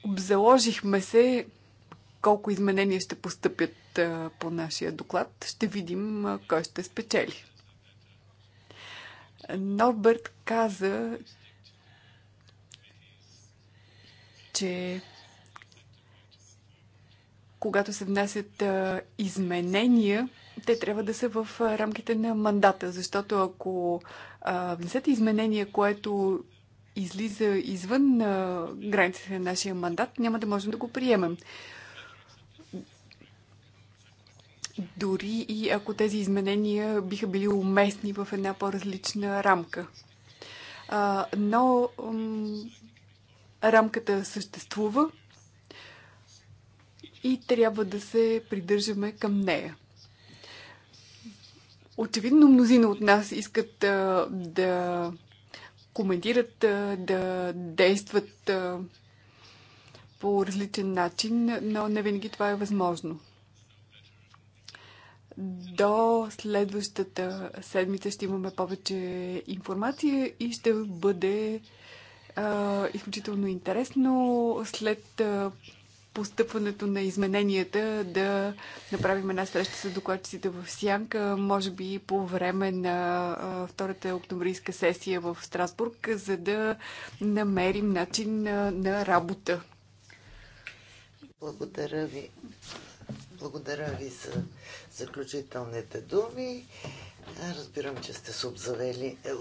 Обзаложихме се колко изменения ще постъпят по нашия доклад. Ще видим кой ще спечели. Норберт каза, че когато се внасят изменения, те трябва да са в рамките на мандата, защото ако внесете изменения, което излиза извън границите на нашия мандат, няма да можем да го приемем. Дори и ако тези изменения биха били уместни в една по-различна рамка. но рамката съществува, и трябва да се придържаме към нея. Очевидно мнозина от нас искат а, да коментират, а, да действат а, по различен начин, но не винаги това е възможно. До следващата седмица ще имаме повече информация и ще бъде а, изключително интересно след а, постъпването на измененията да направим една среща с докладчиците в Сянка, може би по време на втората октомврийска сесия в Страсбург, за да намерим начин на, на работа. Благодаря ви. Благодаря ви за заключителните думи. Разбирам, че сте се обзавели е,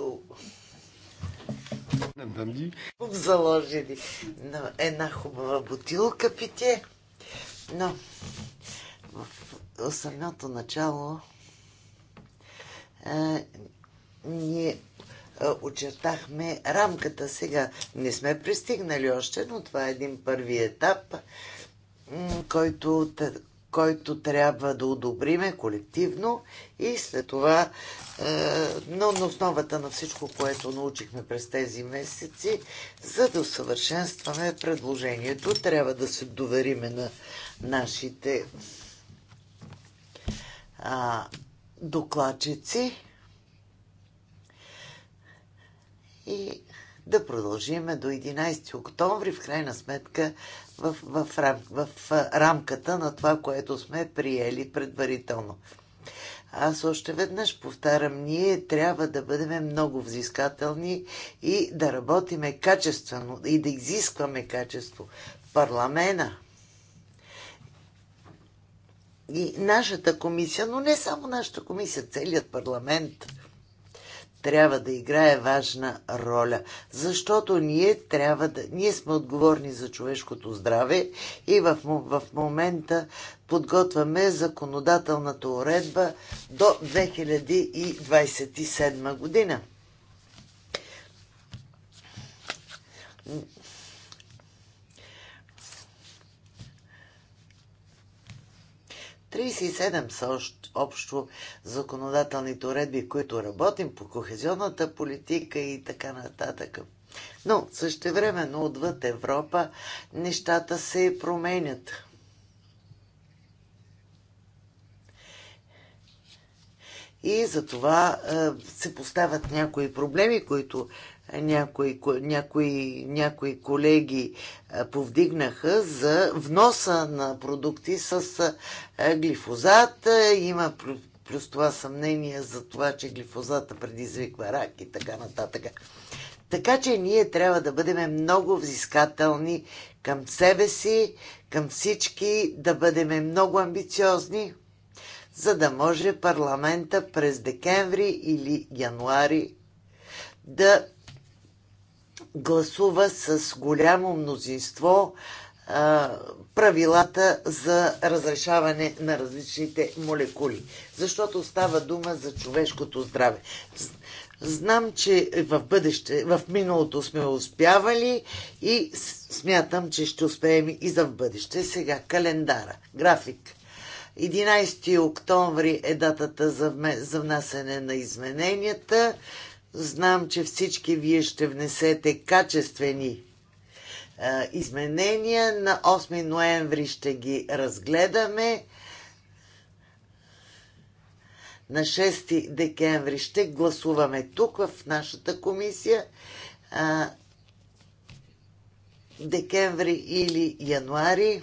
Заложили на една хубава бутилка питие, но в самото начало а, е, ние е, очертахме рамката сега. Не сме пристигнали още, но това е един първи етап, който който трябва да одобриме колективно и след това е, но на основата на всичко, което научихме през тези месеци, за да усъвършенстваме предложението, трябва да се довериме на нашите а, докладчици и да продължиме до 11 октомври, в крайна сметка в, в, в, в рамката на това, което сме приели предварително. Аз още веднъж повтарям, ние трябва да бъдем много взискателни и да работиме качествено и да изискваме качество. Парламена и нашата комисия, но не само нашата комисия, целият парламент – трябва да играе важна роля, защото ние трябва да... Ние сме отговорни за човешкото здраве и в, в момента подготвяме законодателната уредба до 2027 година. Тридцать седем още общо законодателните уредби, които работим, по кохезионната политика и така нататък. Но същевременно отвъд Европа нещата се променят. И за това е, се поставят някои проблеми, които някои, някои, някои колеги повдигнаха за вноса на продукти с глифозат. Има плюс това съмнение за това, че глифозата предизвиква рак и така нататък. Така че ние трябва да бъдем много взискателни към себе си, към всички, да бъдем много амбициозни, за да може парламента през декември или януари да гласува с голямо мнозинство правилата за разрешаване на различните молекули. Защото става дума за човешкото здраве. Знам, че в бъдеще, в миналото сме успявали и смятам, че ще успеем и за в бъдеще. Сега календара, график. 11 октомври е датата за внасене на измененията. Знам, че всички вие ще внесете качествени а, изменения. На 8 ноември ще ги разгледаме. На 6 декември ще гласуваме тук в нашата комисия. А, декември или януари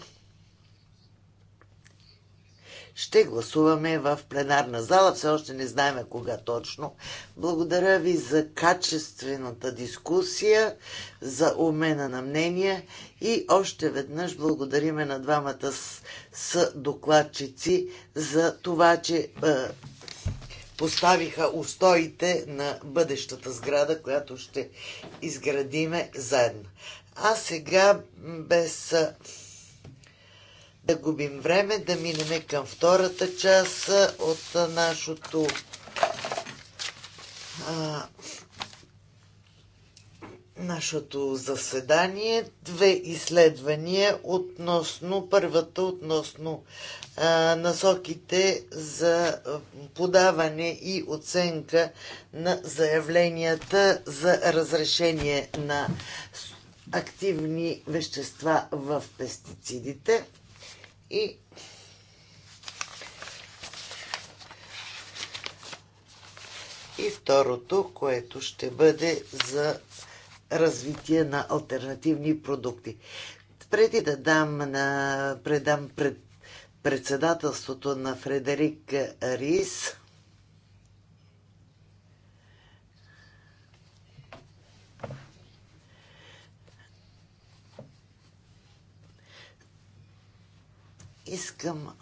ще гласуваме в пленарна зала. Все още не знаем кога точно. Благодаря ви за качествената дискусия, за умена на мнения и още веднъж благодариме на двамата с, с докладчици за това, че е, поставиха устоите на бъдещата сграда, която ще изградиме заедно. А сега без да губим време, да минем към втората част от нашото а, нашето заседание. Две изследвания относно първата, относно а, насоките за подаване и оценка на заявленията за разрешение на активни вещества в пестицидите. И И второто, което ще бъде за развитие на альтернативни продукти. Преди да дам на, предам пред председателството на Фредерик Рис, Искам.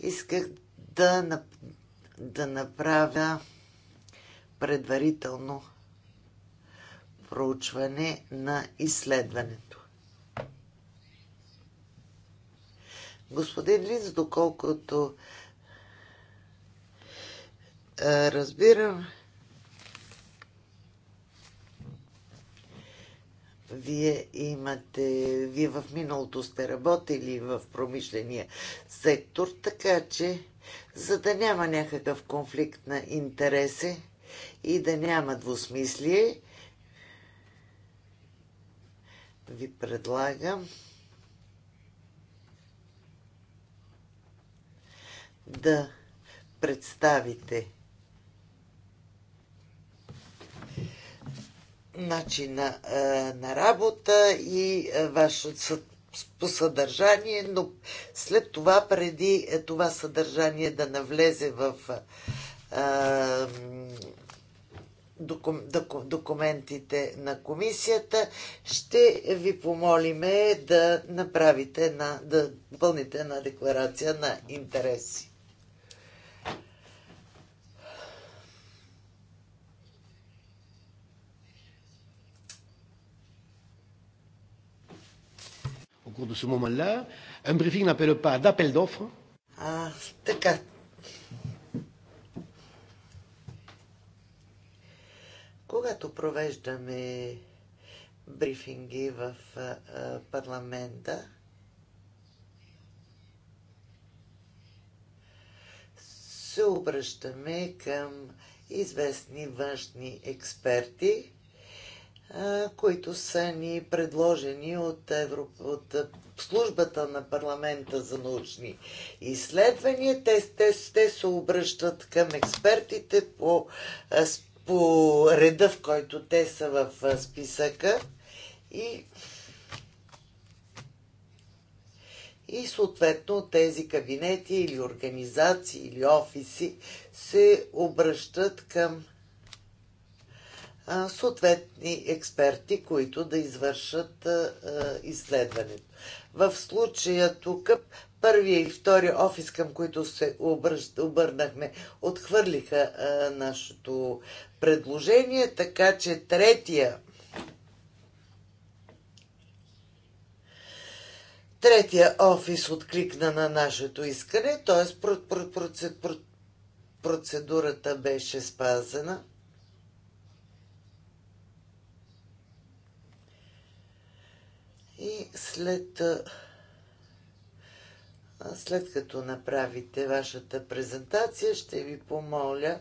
Исках да, да направя предварително проучване на изследването. Господин Линц, доколкото разбирам, Вие имате, вие в миналото сте работили в промишления сектор, така че за да няма някакъв конфликт на интереси и да няма двусмислие, ви предлагам да представите начина е, на работа и е, вашето по съдържание, но след това, преди е, това съдържание да навлезе в а, докум, документите на комисията, ще ви помолиме да направите да пълните една декларация на интереси. cours de ce moment-là. Un briefing n'appelle pas d'appel d'offres. А, ah, така. Когато провеждаме брифинги в парламента, се обръщаме към известни външни експерти, които са ни предложени от, Европ... от службата на парламента за научни изследвания. Те, те, те се обръщат към експертите по, по реда, в който те са в списъка и и съответно тези кабинети или организации или офиси се обръщат към съответни експерти, които да извършат изследването. В случая тук първия и втори офис, към които се обърнахме, отхвърлиха нашето предложение, така че третия Третия офис откликна на нашето искане, т.е. процедурата беше спазена. И след, след като направите вашата презентация, ще ви помоля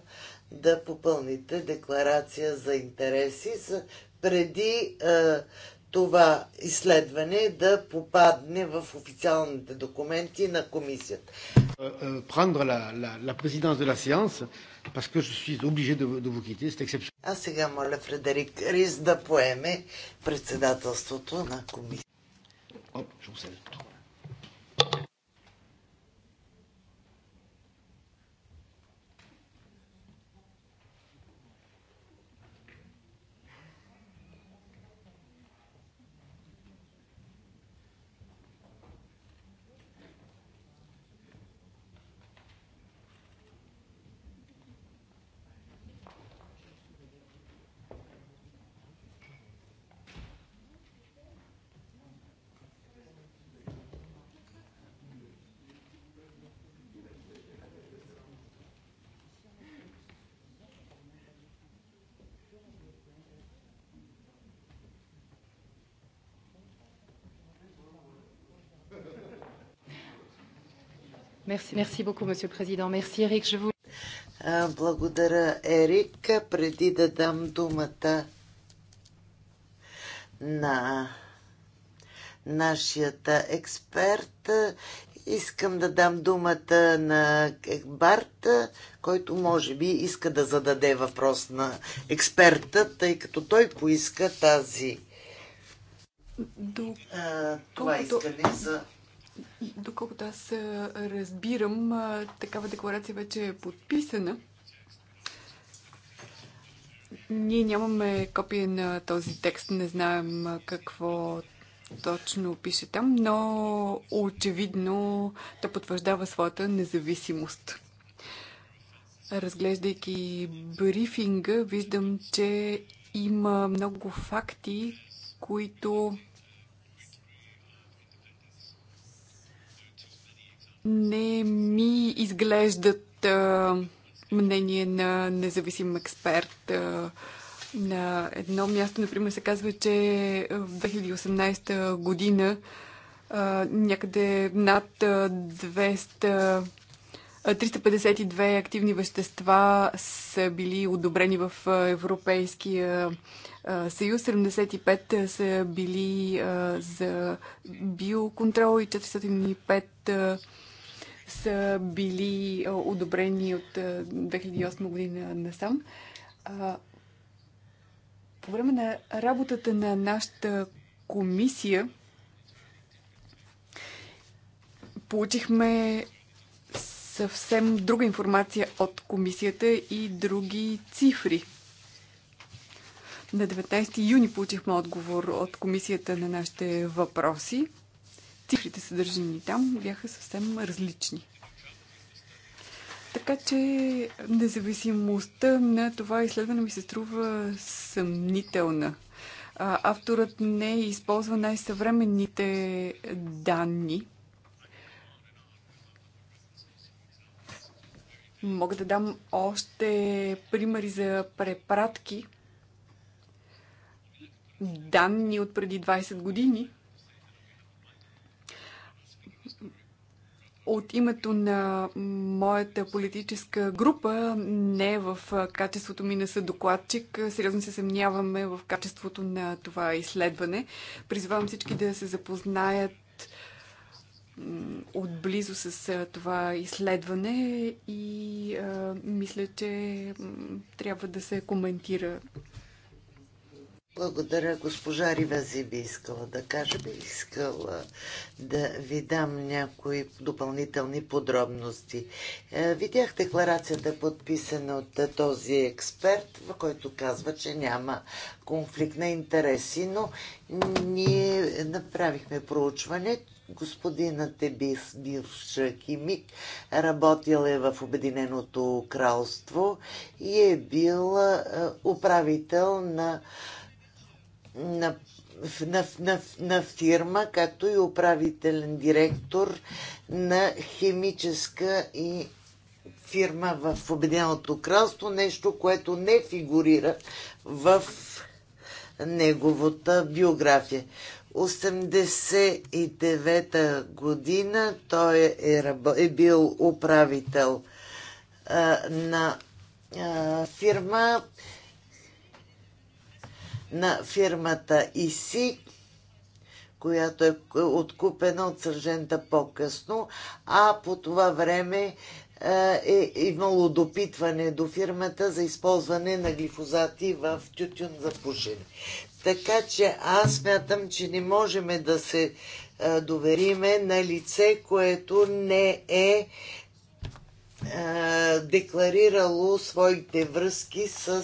да попълните декларация за интереси преди това изследване да попадне в официалните документи на комисията. Prendre е, е, la, la, la présidence de la séance, parce que je suis obligé de, de vous quitter, c'est exceptionnel. А сега моля Фредерик Рис да поеме председателството на комисията hop, je vous sers Merci, merci beaucoup, monsieur président. Merci, Ерик. Je vous... Благодаря, Ерик. Преди да дам думата на нашият експерт, искам да дам думата на Барт, който може би иска да зададе въпрос на експерта, тъй като той поиска тази До... а, това искане за Доколкото аз разбирам, такава декларация вече е подписана. Ние нямаме копие на този текст, не знаем какво точно пише там, но очевидно да потвърждава своята независимост. Разглеждайки брифинга, виждам, че има много факти, които не ми изглеждат а, мнение на независим експерт. А, на едно място, например, се казва, че в 2018 година а, някъде над 200 352 активни вещества са били одобрени в Европейския съюз, 75 са били за биоконтрол и 405 са били одобрени от 2008 година насам. По време на работата на нашата комисия получихме съвсем друга информация от комисията и други цифри. На 19 юни получихме отговор от комисията на нашите въпроси цифрите съдържани там бяха съвсем различни. Така че независимостта на това изследване ми се струва съмнителна. Авторът не използва най-съвременните данни. Мога да дам още примери за препратки. Данни от преди 20 години – От името на моята политическа група, не в качеството ми не съдокладчик, сериозно се съмняваме в качеството на това изследване. Призвавам всички да се запознаят отблизо с това изследване и а, мисля, че трябва да се коментира благодаря, госпожа Ривази би искала да кажа, би искала да ви дам някои допълнителни подробности. Е, видях декларацията, подписана от е, този експерт, в който казва, че няма конфликт на интереси, но ние направихме проучване, Господинът е бивш химик, работил е в Обединеното кралство и е бил е, управител на на, на, на, на фирма, както и управителен директор на химическа и фирма в Обединеното кралство, нещо, което не фигурира в неговата биография. 89-та година той е, е бил управител а, на а, фирма, на фирмата ИСИ, която е откупена от сържента по-късно, а по това време е, е имало допитване до фирмата за използване на глифозати в тютюн за пушене. Така че аз смятам, че не можем да се е, довериме на лице, което не е, е декларирало своите връзки с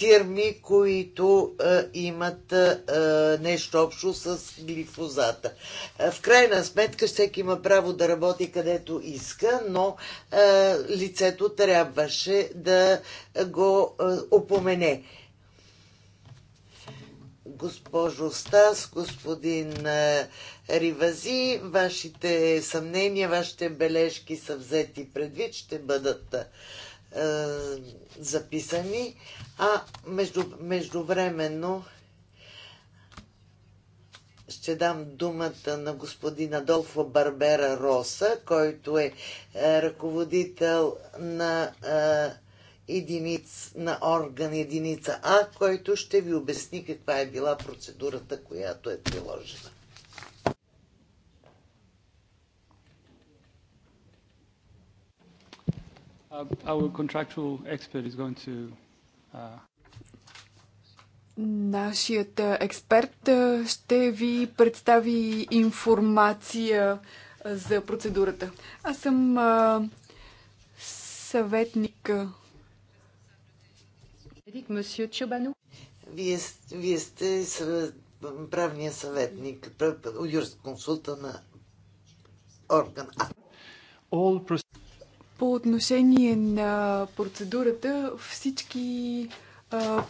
фирми, които а, имат а, нещо общо с глифозата. А, в крайна сметка всеки има право да работи където иска, но а, лицето трябваше да го а, опомене. Госпожо Стас, господин а, Ривази, вашите съмнения, вашите бележки са взети предвид, ще бъдат е, записани, а между, междувременно ще дам думата на господин Адолфо Барбера Роса, който е, е ръководител на е, единиц, на орган единица А, който ще ви обясни каква е била процедурата, която е приложена. Uh, our contractual expert is going to uh... Нашият е, експерт е, ще ви представи информация е, за процедурата. Аз съм съветник. Вие, вие сте правния съветник, юрист консулта на орган. All по отношение на процедурата, всички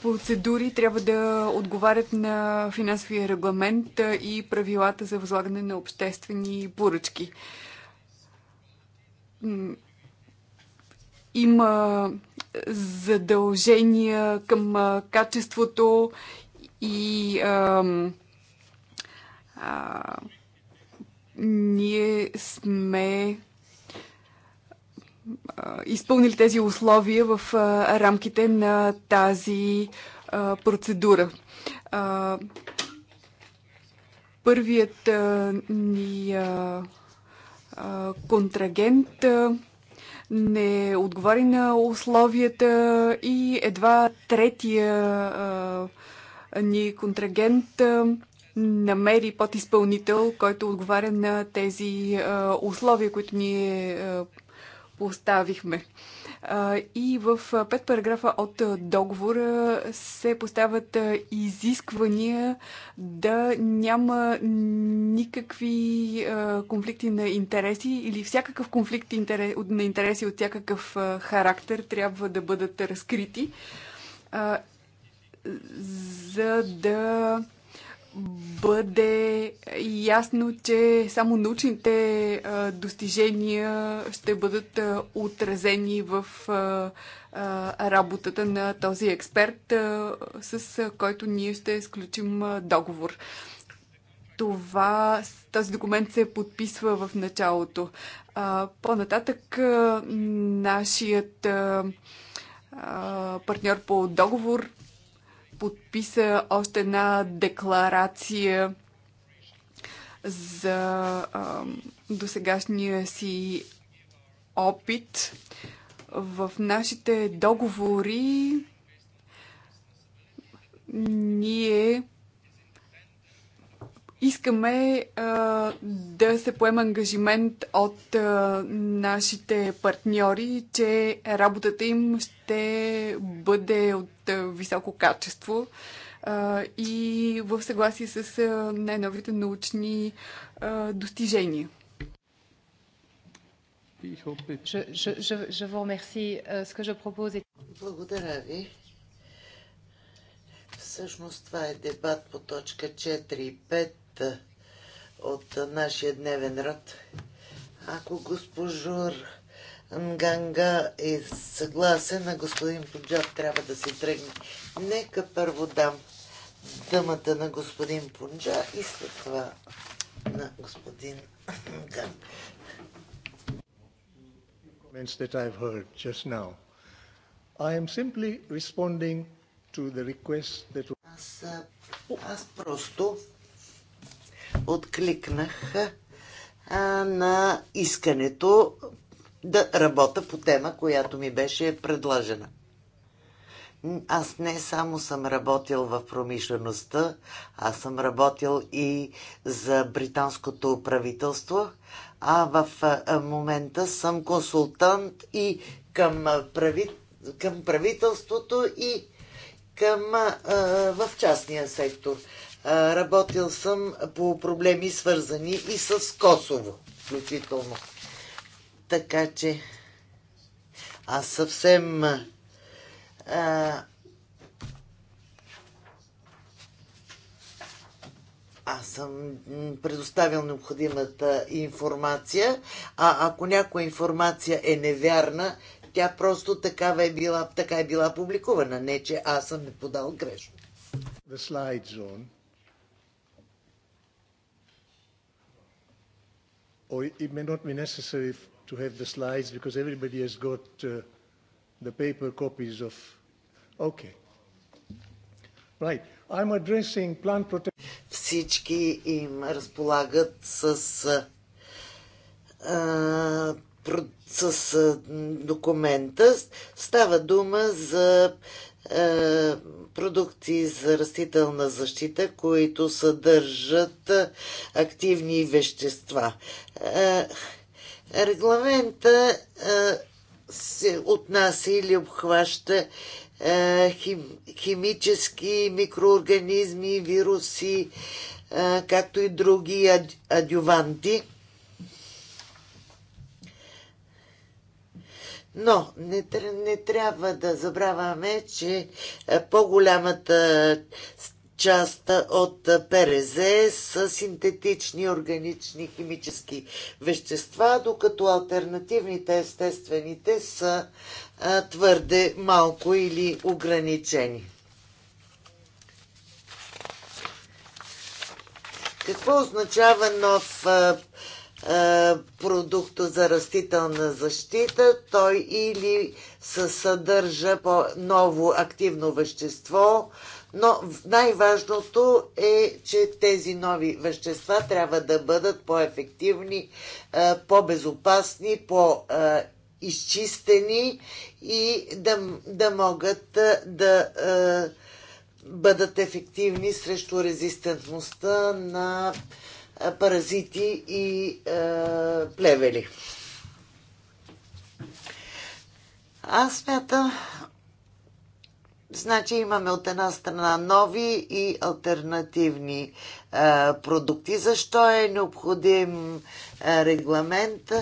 процедури трябва да отговарят на финансовия регламент и правилата за възлагане на обществени поръчки. Има задължения към качеството и а, а, ние сме изпълнили тези условия в рамките на тази процедура. Първият ни контрагент не отговори на условията и едва третия ни контрагент намери подизпълнител, който отговаря на тези условия, които ние оставихме. И в пет параграфа от договора се поставят изисквания да няма никакви конфликти на интереси или всякакъв конфликт на интереси от всякакъв характер трябва да бъдат разкрити, за да бъде ясно, че само научните достижения ще бъдат отразени в работата на този експерт, с който ние ще изключим договор. Това, този документ се подписва в началото. По-нататък нашият партньор по договор подписа още една декларация за а, досегашния си опит. В нашите договори ние Искаме а, да се поема ангажимент от а, нашите партньори, че работата им ще бъде от а, високо качество а, и в съгласие с а, най-новите научни а, достижения. Euh, Благодаря ви. Всъщност това е дебат по точка 4 и 5 е, от нашия дневен род. Ако госпожо Нганга е съгласен, а господин Пунджаб трябва да се тръгне. Нека първо дам дъмата на господин Пунджа и след това на господин Нганга. That I've heard just now. I am simply responding to the request that... Аз, аз просто откликнах на искането да работя по тема, която ми беше предложена. Аз не само съм работил в промишлеността, аз съм работил и за британското правителство, а в момента съм консултант и към, прави, към правителството и към, а, в частния сектор. Работил съм по проблеми свързани и с Косово, включително. Така че аз съвсем а, аз съм предоставил необходимата информация, а ако някоя информация е невярна, тя просто такава е била, така е била публикувана, не че аз съм не подал грешно. The slide zone. or it may not be necessary to have the slides because everybody has got uh, the paper copies of. Okay. Right. I'm addressing plant protection. Всички им разполагат с, а, с а, документа. Става дума за е, продукти за растителна защита, които съдържат активни вещества. Е, регламента е, се отнася или обхваща химически микроорганизми, вируси, както и други адюванти – Но не, не трябва да забравяме, че е, по-голямата е, част от е, ПРЗ са синтетични органични химически вещества, докато альтернативните естествените са твърде малко или ограничени. Какво означава нов е, продукто за растителна защита, той или се съдържа по ново активно вещество, но най-важното е, че тези нови вещества трябва да бъдат по-ефективни, е, по-безопасни, по-изчистени и да, да могат е, да бъдат ефективни срещу резистентността на паразити и плевели. Аз смята, Значи имаме от една страна нови и альтернативни а, продукти. Защо е необходим а, регламент?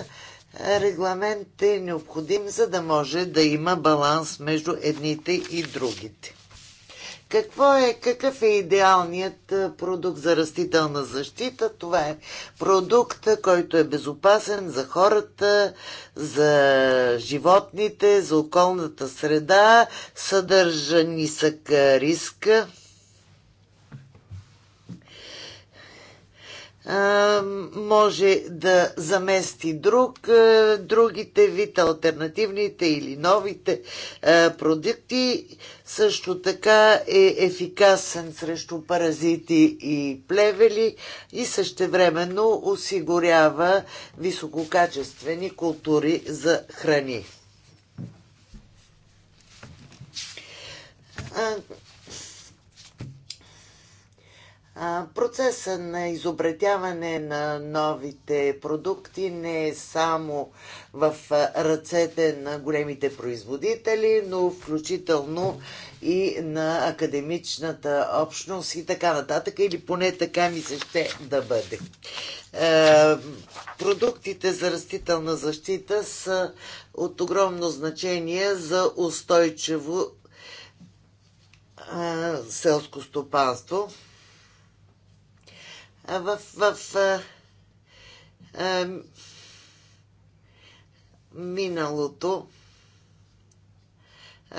Регламент е необходим, за да може да има баланс между едните и другите. Какво е, какъв е идеалният продукт за растителна защита? Това е продукт, който е безопасен за хората, за животните, за околната среда, съдържа нисък риск може да замести друг, другите вид, альтернативните или новите продукти. Също така е ефикасен срещу паразити и плевели и същевременно осигурява висококачествени култури за храни Процеса на изобретяване на новите продукти не е само в ръцете на големите производители, но включително и на академичната общност и така нататък, или поне така ми се ще да бъде. Продуктите за растителна защита са от огромно значение за устойчиво селско стопанство в, в, в е, миналото е,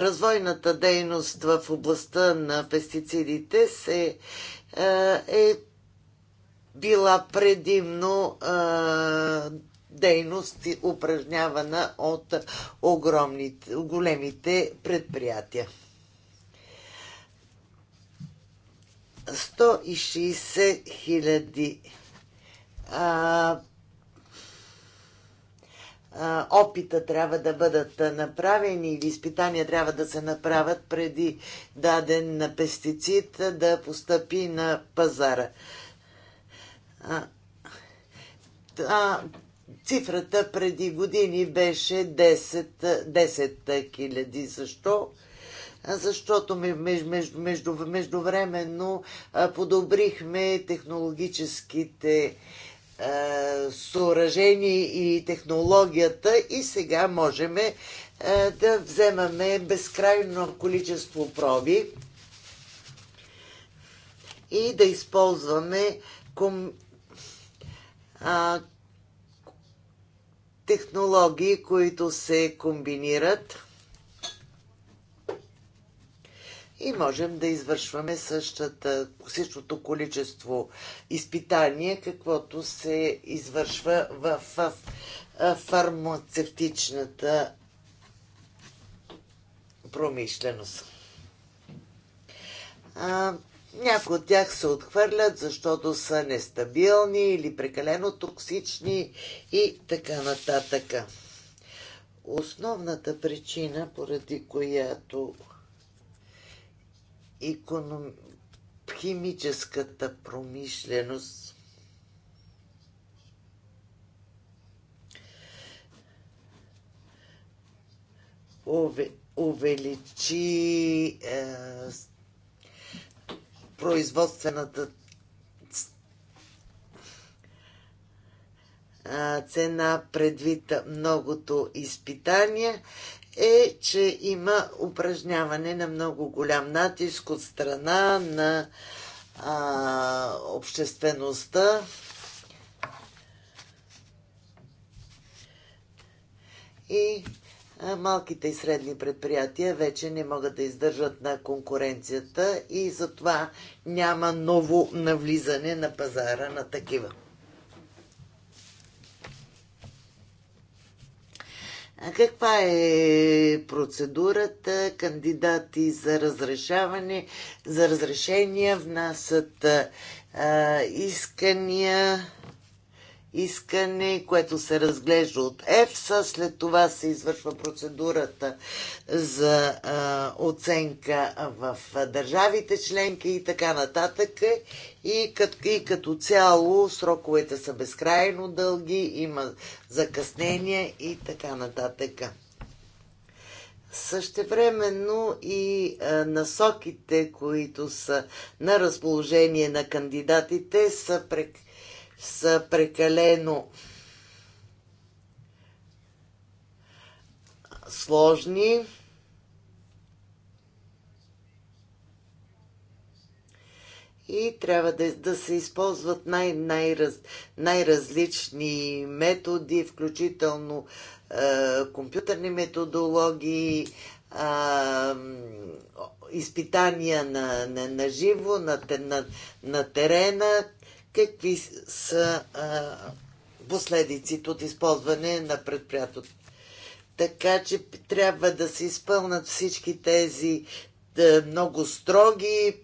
развойната дейност в областта на пестицидите се е, е била предимно е, дейност упражнявана от огромните, големите предприятия. 160 хиляди опита трябва да бъдат направени или изпитания трябва да се направят преди даден пестицид да постъпи на пазара. А, а, цифрата преди години беше 10, 10 000. Защо? защото междувременно подобрихме технологическите съоръжения и технологията и сега можем да вземаме безкрайно количество проби и да използваме ком... а... технологии, които се комбинират и можем да извършваме същата, същото количество изпитания, каквото се извършва в, в, в фармацевтичната промишленост. А, някои от тях се отхвърлят, защото са нестабилни или прекалено токсични и така нататък. Основната причина, поради която економ... химическата промишленост. увеличи е, производствената цена предвид многото изпитания е, че има упражняване на много голям натиск от страна на а, обществеността. И малките и средни предприятия вече не могат да издържат на конкуренцията и затова няма ново навлизане на пазара на такива. Каква е процедурата? Кандидати за разрешаване, за разрешения внасят а, искания искане, което се разглежда от ЕФСА. След това се извършва процедурата за а, оценка в държавите членки и така нататък. И като, и като цяло сроковете са безкрайно дълги, има закъснения и така нататък. Същевременно и насоките, които са на разположение на кандидатите, са прекалено са прекалено сложни. и трябва да, да се използват най, най-раз, най-различни методи, включително е, компютърни методологии, е, изпитания на, на, на живо, на, на, на терена какви са а, последиците от използване на предприятието. Така че трябва да се изпълнат всички тези да, много строги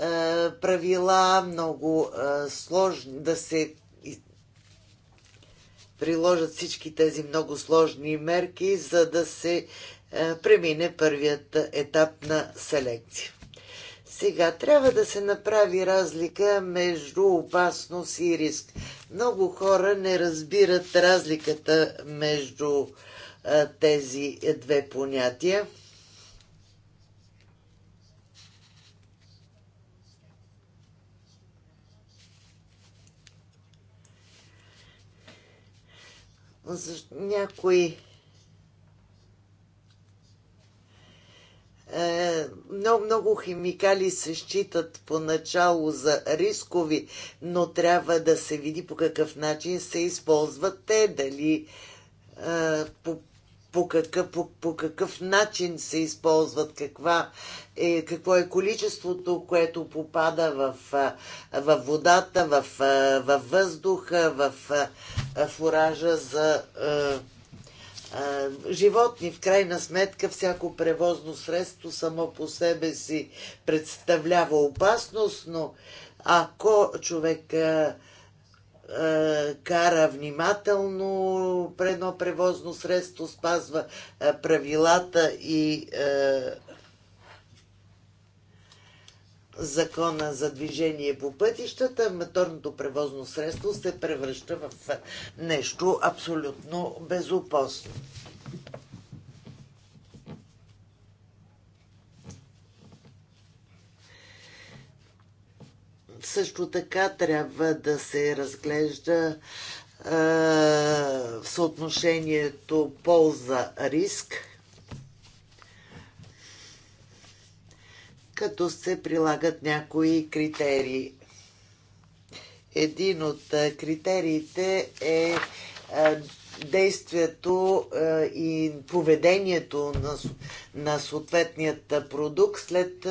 а, правила, много а, сложни, да се приложат всички тези много сложни мерки, за да се премине първият етап на селекция. Сега трябва да се направи разлика между опасност и риск. Много хора не разбират разликата между а, тези две понятия. Защо някои Е, много, много химикали се считат поначало за рискови, но трябва да се види по какъв начин се използват те, дали е, по, по, какъв, по, по какъв начин се използват, каква е, какво е количеството, което попада в, е, в водата, в, в въздуха, в фуража за животни. В крайна сметка всяко превозно средство само по себе си представлява опасност, но ако човек а, а, кара внимателно едно превозно средство, спазва а, правилата и а, закона за движение по пътищата, моторното превозно средство се превръща в нещо абсолютно безопасно. Също така трябва да се разглежда в съотношението полза-риск като се прилагат някои критерии. Един от критериите е действието и поведението на, на съответният продукт след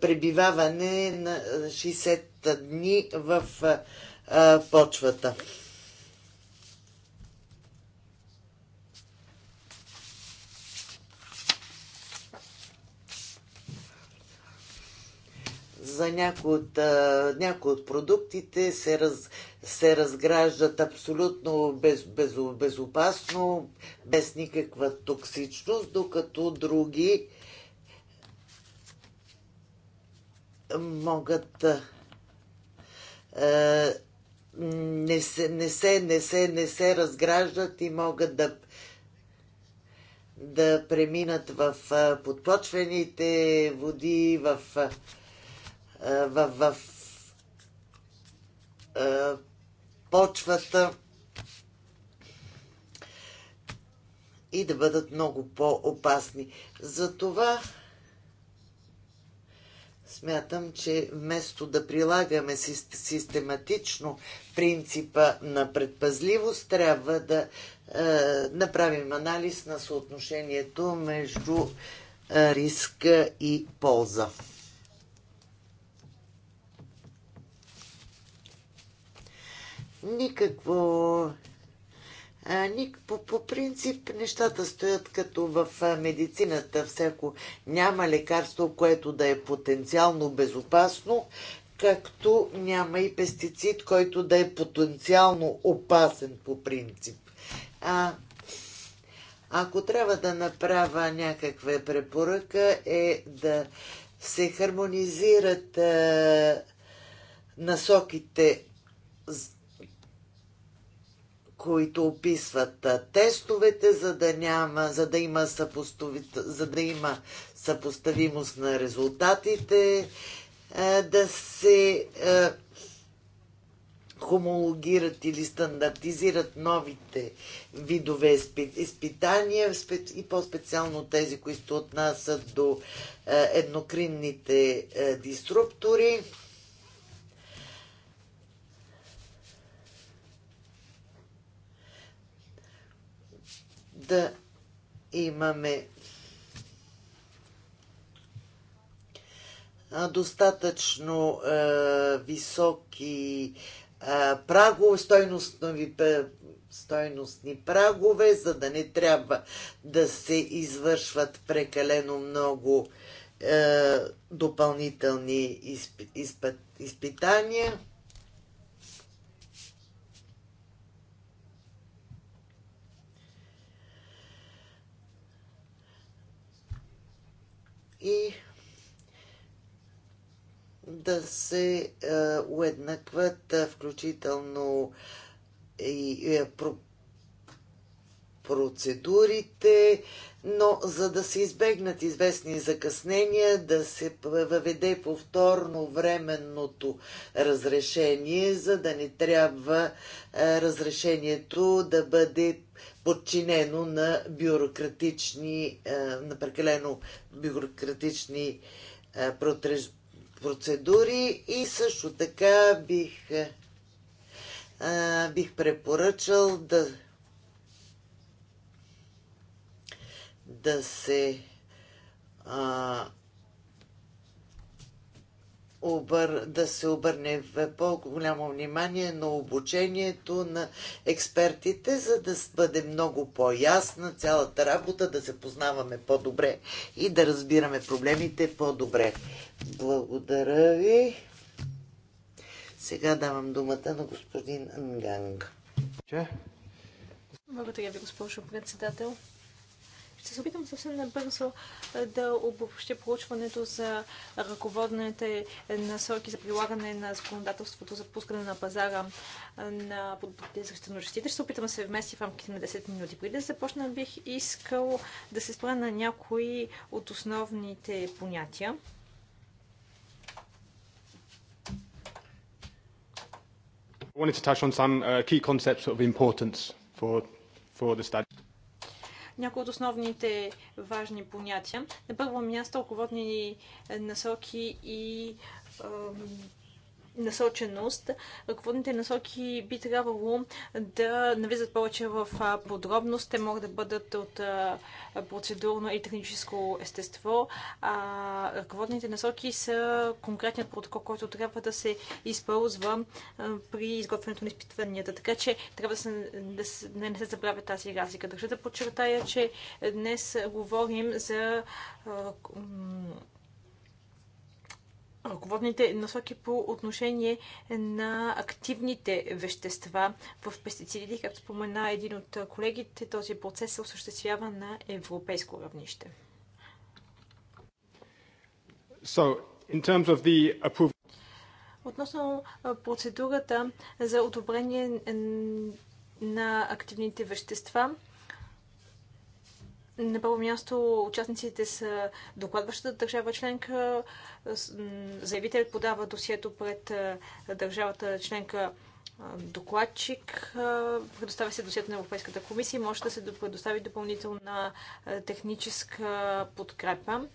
пребиваване на 60 дни в почвата. за някои от, някои от продуктите се, раз, се разграждат абсолютно без, без, безопасно, без никаква токсичност, докато други могат е, не, се, не, се, не, се, не се разграждат и могат да да преминат в подпочвените води, в е, в, в в е, почвата и да бъдат много по-опасни. Затова смятам, че вместо да прилагаме систематично принципа на предпазливост, трябва да е, направим анализ на съотношението между е, риска и полза. никакво Ник, по, по принцип нещата стоят като в медицината. Всяко няма лекарство, което да е потенциално безопасно, както няма и пестицид, който да е потенциално опасен по принцип. А, ако трябва да направя някаква препоръка, е да се хармонизират а, насоките които описват тестовете, за да, няма, за да, има, за да има съпоставимост на резултатите, да се хомологират или стандартизират новите видове изпитания и по-специално тези, които отнасят до еднокринните диструктори. да имаме достатъчно е, високи е, прагове, стойностни, стойностни прагове, за да не трябва да се извършват прекалено много е, допълнителни изп, изп, изпитания. и да се е, уеднакват е, включително и е, процедурите, но за да се избегнат известни закъснения, да се въведе повторно временното разрешение, за да не трябва разрешението да бъде подчинено на бюрократични, е, на прекалено бюрократични е, процедури и също така бих, е, бих препоръчал да да се а, обър, да се обърне в по-голямо внимание на обучението на експертите, за да бъде много по-ясна цялата работа, да се познаваме по-добре и да разбираме проблемите по-добре. Благодаря ви. Сега давам думата на господин Нганг. Благодаря ви, госпожо председател. Ще се опитам съвсем набързо да обобщя проучването за ръководните насоки за прилагане на законодателството за пускане на пазара на продукти за хранителите. Ще се опитам да се вмести в рамките на 10 минути. Преди да започна, бих искал да се спра на някои от основните понятия. I wanted to touch on some uh, key concepts of importance for, for the study някои от основните важни понятия. На първо място, ръководни насоки и насоченост. Ръководните насоки би трябвало да навлизат повече в подробност. Те могат да бъдат от процедурно и техническо естество. А ръководните насоки са конкретният протокол, който трябва да се използва при изготвянето на изпитванията. Така че трябва да, се, да, се, да не се забравя тази разлика. Държа да подчертая, че днес говорим за ръководните насоки по отношение на активните вещества в пестицидите. Както спомена един от колегите, този процес се осъществява на европейско равнище. So, in terms of the approval... Относно процедурата за одобрение на активните вещества, на първо място участниците са докладващата държава членка, заявителят подава досието пред държавата членка докладчик, предоставя се досието на Европейската комисия и може да се предостави допълнителна техническа подкрепа.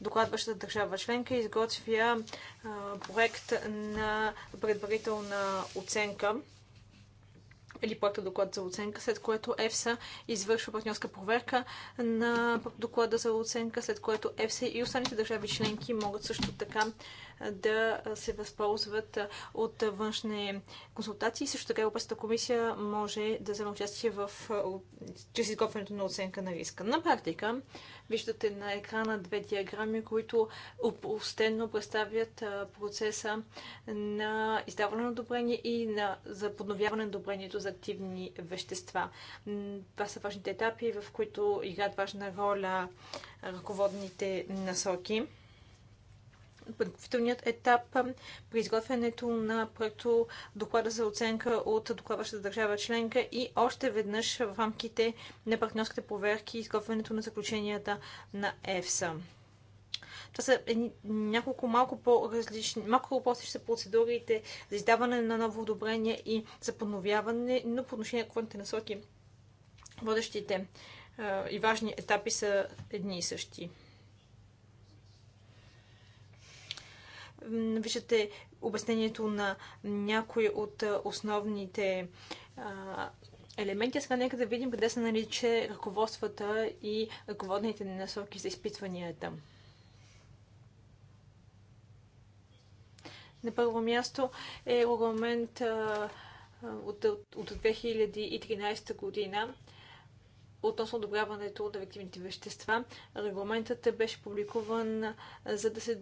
Докладващата държава членка изготвя проект на предварителна оценка или проекта доклад за оценка, след което ЕФСА извършва партньорска проверка на доклада за оценка, след което ЕФСА и останалите държави членки могат също така да се възползват от външни консултации. Също така Европейската комисия може да вземе участие в чрез изготвянето на оценка на риска. На практика виждате на екрана две диаграми, които упростено представят процеса на издаване на одобрение и на, за подновяване на одобрението за активни вещества. Това са важните етапи, в които играят важна роля ръководните насоки подготвителният етап при изготвянето на проекто доклада за оценка от докладващата държава членка и още веднъж в рамките на партньорските проверки и изготвянето на заключенията на ЕФСА. Това са няколко малко по-различни, малко по-различни са процедурите за издаване на ново одобрение и за подновяване, но по отношение на квантите насоки, водещите и важни етапи са едни и същи. виждате обяснението на някои от основните елементи. Сега нека да видим къде са нарича ръководствата и ръководните насоки за изпитванията. На първо място е регламент от 2013 година относно одобряването от активните вещества. Регламентът беше публикуван за да се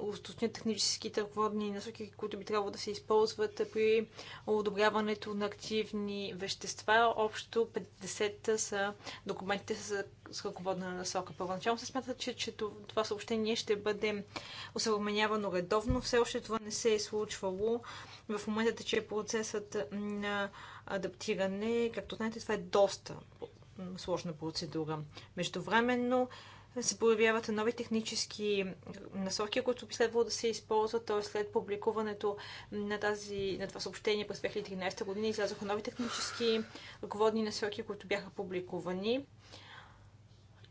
уточнят техническите ръководни насоки, които би трябвало да се използват при одобряването на активни вещества. Общо 50 са документите за с ръководна насока. Първоначално се смята, че, че това съобщение ще бъде осъвременявано редовно. Все още това не се е случвало. В момента че е процесът на адаптиране. Както знаете, това е доста сложна процедура. Междувременно се появяват нови технически насоки, които би следвало да се използват, т.е. след публикуването на, тази, на това съобщение през 2013 година излязоха нови технически ръководни насоки, които бяха публикувани.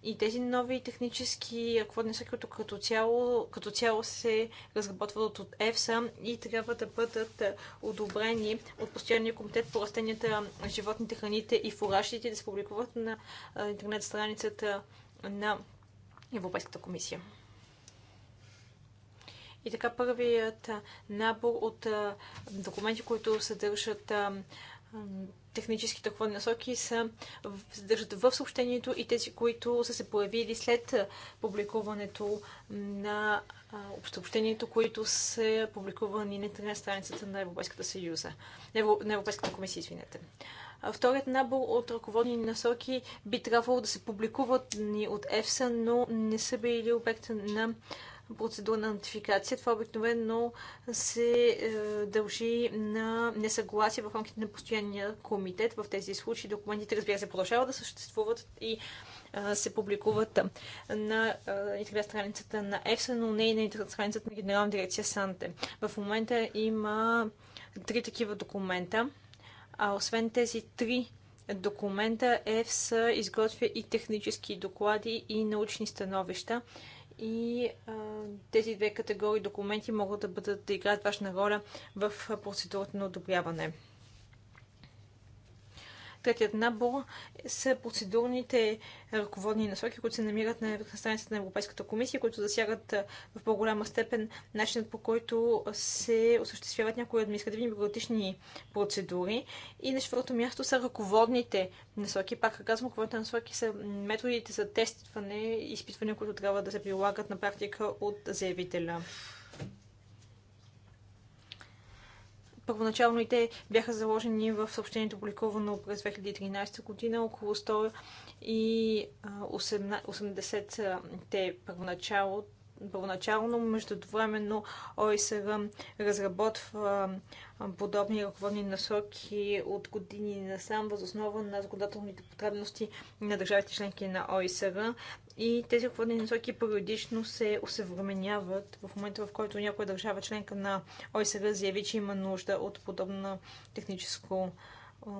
И тези нови технически ръководни стъпки като цяло, като цяло се разработват от ЕФСА и трябва да бъдат одобрени от Постоянния комитет по растенията, животните, храните и фуражите да се публикуват на интернет страницата на Европейската комисия. И така първият набор от документи, които съдържат техническите ръководни насоки са задържат в съобщението и тези, които са се появили след публикуването на съобщението, които са публикувани на интернет страницата на Европейската съюза, на Европейската комисия, извинете. Вторият набор от ръководни насоки би трябвало да се публикуват от ЕФСА, но не са били обект на процедура на нотификация. Това обикновено се е, дължи на несъгласие в рамките на постоянния комитет. В тези случаи документите, разбира се, продължават да съществуват и е, се публикуват на е, интернет страницата на ЕФСА, но не и на интернет страницата на Генерална дирекция Санте. В момента има три такива документа, а освен тези три документа ЕФСА изготвя и технически доклади и научни становища и а, тези две категории документи могат да бъдат да играят важна роля в процедурата на одобряване. Третият набор са процедурните ръководни насоки, които се намират на страницата на Европейската комисия, които засягат в по-голяма степен начинът по който се осъществяват някои административни бюрократични процедури. И на четвърто място са ръководните насоки. Пак казвам, ръководните насоки са методите за тестване и изпитване, които трябва да се прилагат на практика от заявителя. Първоначално и те бяха заложени в съобщението, публикувано през 2013 година, около 180 те първоначало, първоначално, междувременно ОСР разработва подобни ръководни насоки от години насам, възоснова на законодателните потребности на държавите членки на ОИСР. И тези ръководни насоки периодично се усъвременяват в момента, в който някоя държава членка на ОСР заяви, че има нужда от подобно техническо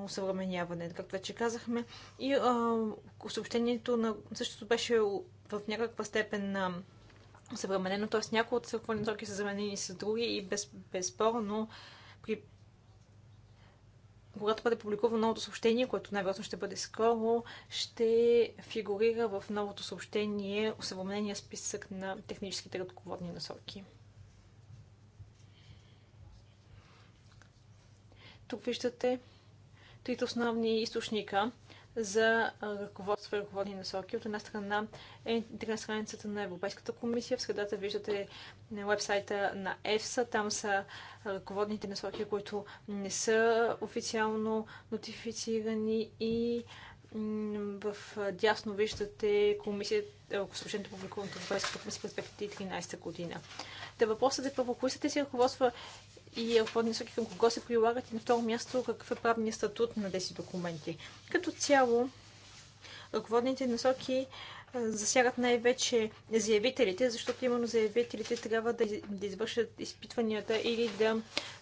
усъвременяване, както вече казахме. И а, съобщението на същото беше в някаква степен на съвременено, т.е. някои от църковни токи са заменени с други и без, безспорно при когато бъде публикувано новото съобщение, което най-вероятно ще бъде скоро, ще фигурира в новото съобщение усъвременения списък на техническите ръководни насоки. Тук виждате трите основни източника, за ръководство и ръководни насоки. От една страна е интернет страницата на Европейската комисия. В средата виждате вебсайта е, на EFSA. Там са ръководните насоки, които не са официално нотифицирани и в дясно виждате комисията, е, служението публикуваното в Европейската комисия през 2013 година. Те въпросът е първо, кои са тези ръководства и ръководни е към кого се прилагат и на второ място какъв е правният статут на тези документи. Като цяло, ръководните насоки засягат най-вече заявителите, защото именно заявителите трябва да, да извършат изпитванията или да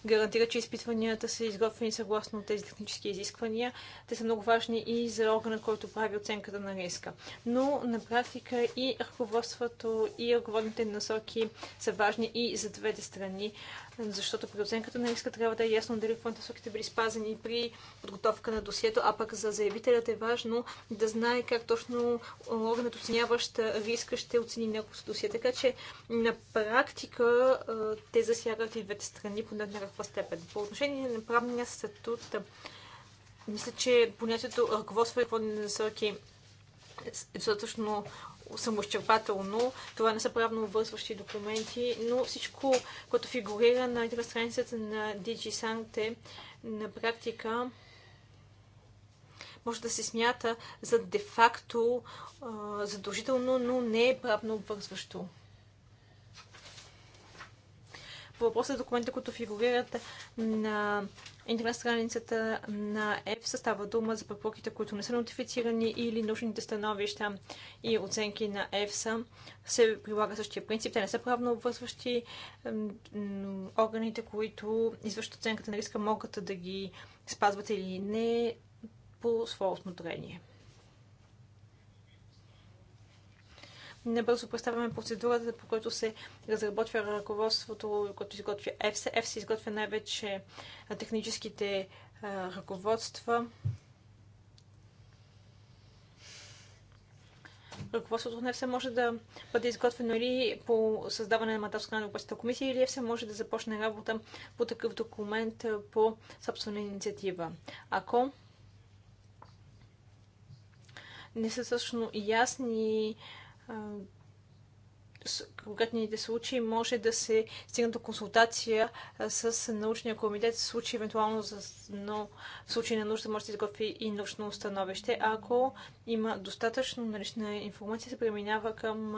гарантират, че изпитванията са изготвени съгласно тези технически изисквания. Те са много важни и за органа, който прави оценката на риска. Но на практика и ръководството, и ръководните насоки са важни и за двете страни защото при оценката на риска трябва да е ясно дали фронтасоките били спазени при подготовка на досието, а пък за заявителят е важно да знае как точно органът оценяващ риска ще оцени неговото досие. Така че на практика те засягат и двете страни по някаква степен. По отношение на правния статут, мисля, че понятието ръководство и водене е достатъчно самоочерпателно. Това не са правно обвързващи документи, но всичко, което фигурира на интернет страницата на DigiSante, на практика може да се смята за де-факто задължително, но не е правно обвързващо. По въпроса за документите, които фигурират на интернет страницата на ЕФ става дума за препоръките, които не са нотифицирани или научните становища и оценки на ЕФСА се прилага същия принцип. Те не са правно обвързващи. Органите, които извършват оценката на риска, могат да ги спазват или не по свое осмотрение. набързо представяме процедурата, по която се разработва ръководството, което изготвя ЕФСА. ЕФСА изготвя най-вече техническите ръководства. Ръководството на ЕФСА може да бъде изготвено или по създаване на мандат на Европейската комисия, или ЕФСА може да започне работа по такъв документ по собствена инициатива. Ако не са също ясни конкретните случаи може да се стигне до консултация с научния комитет в случай, евентуално за, но в случай на нужда може да изготви и научно установище. Ако има достатъчно налична информация, се преминава към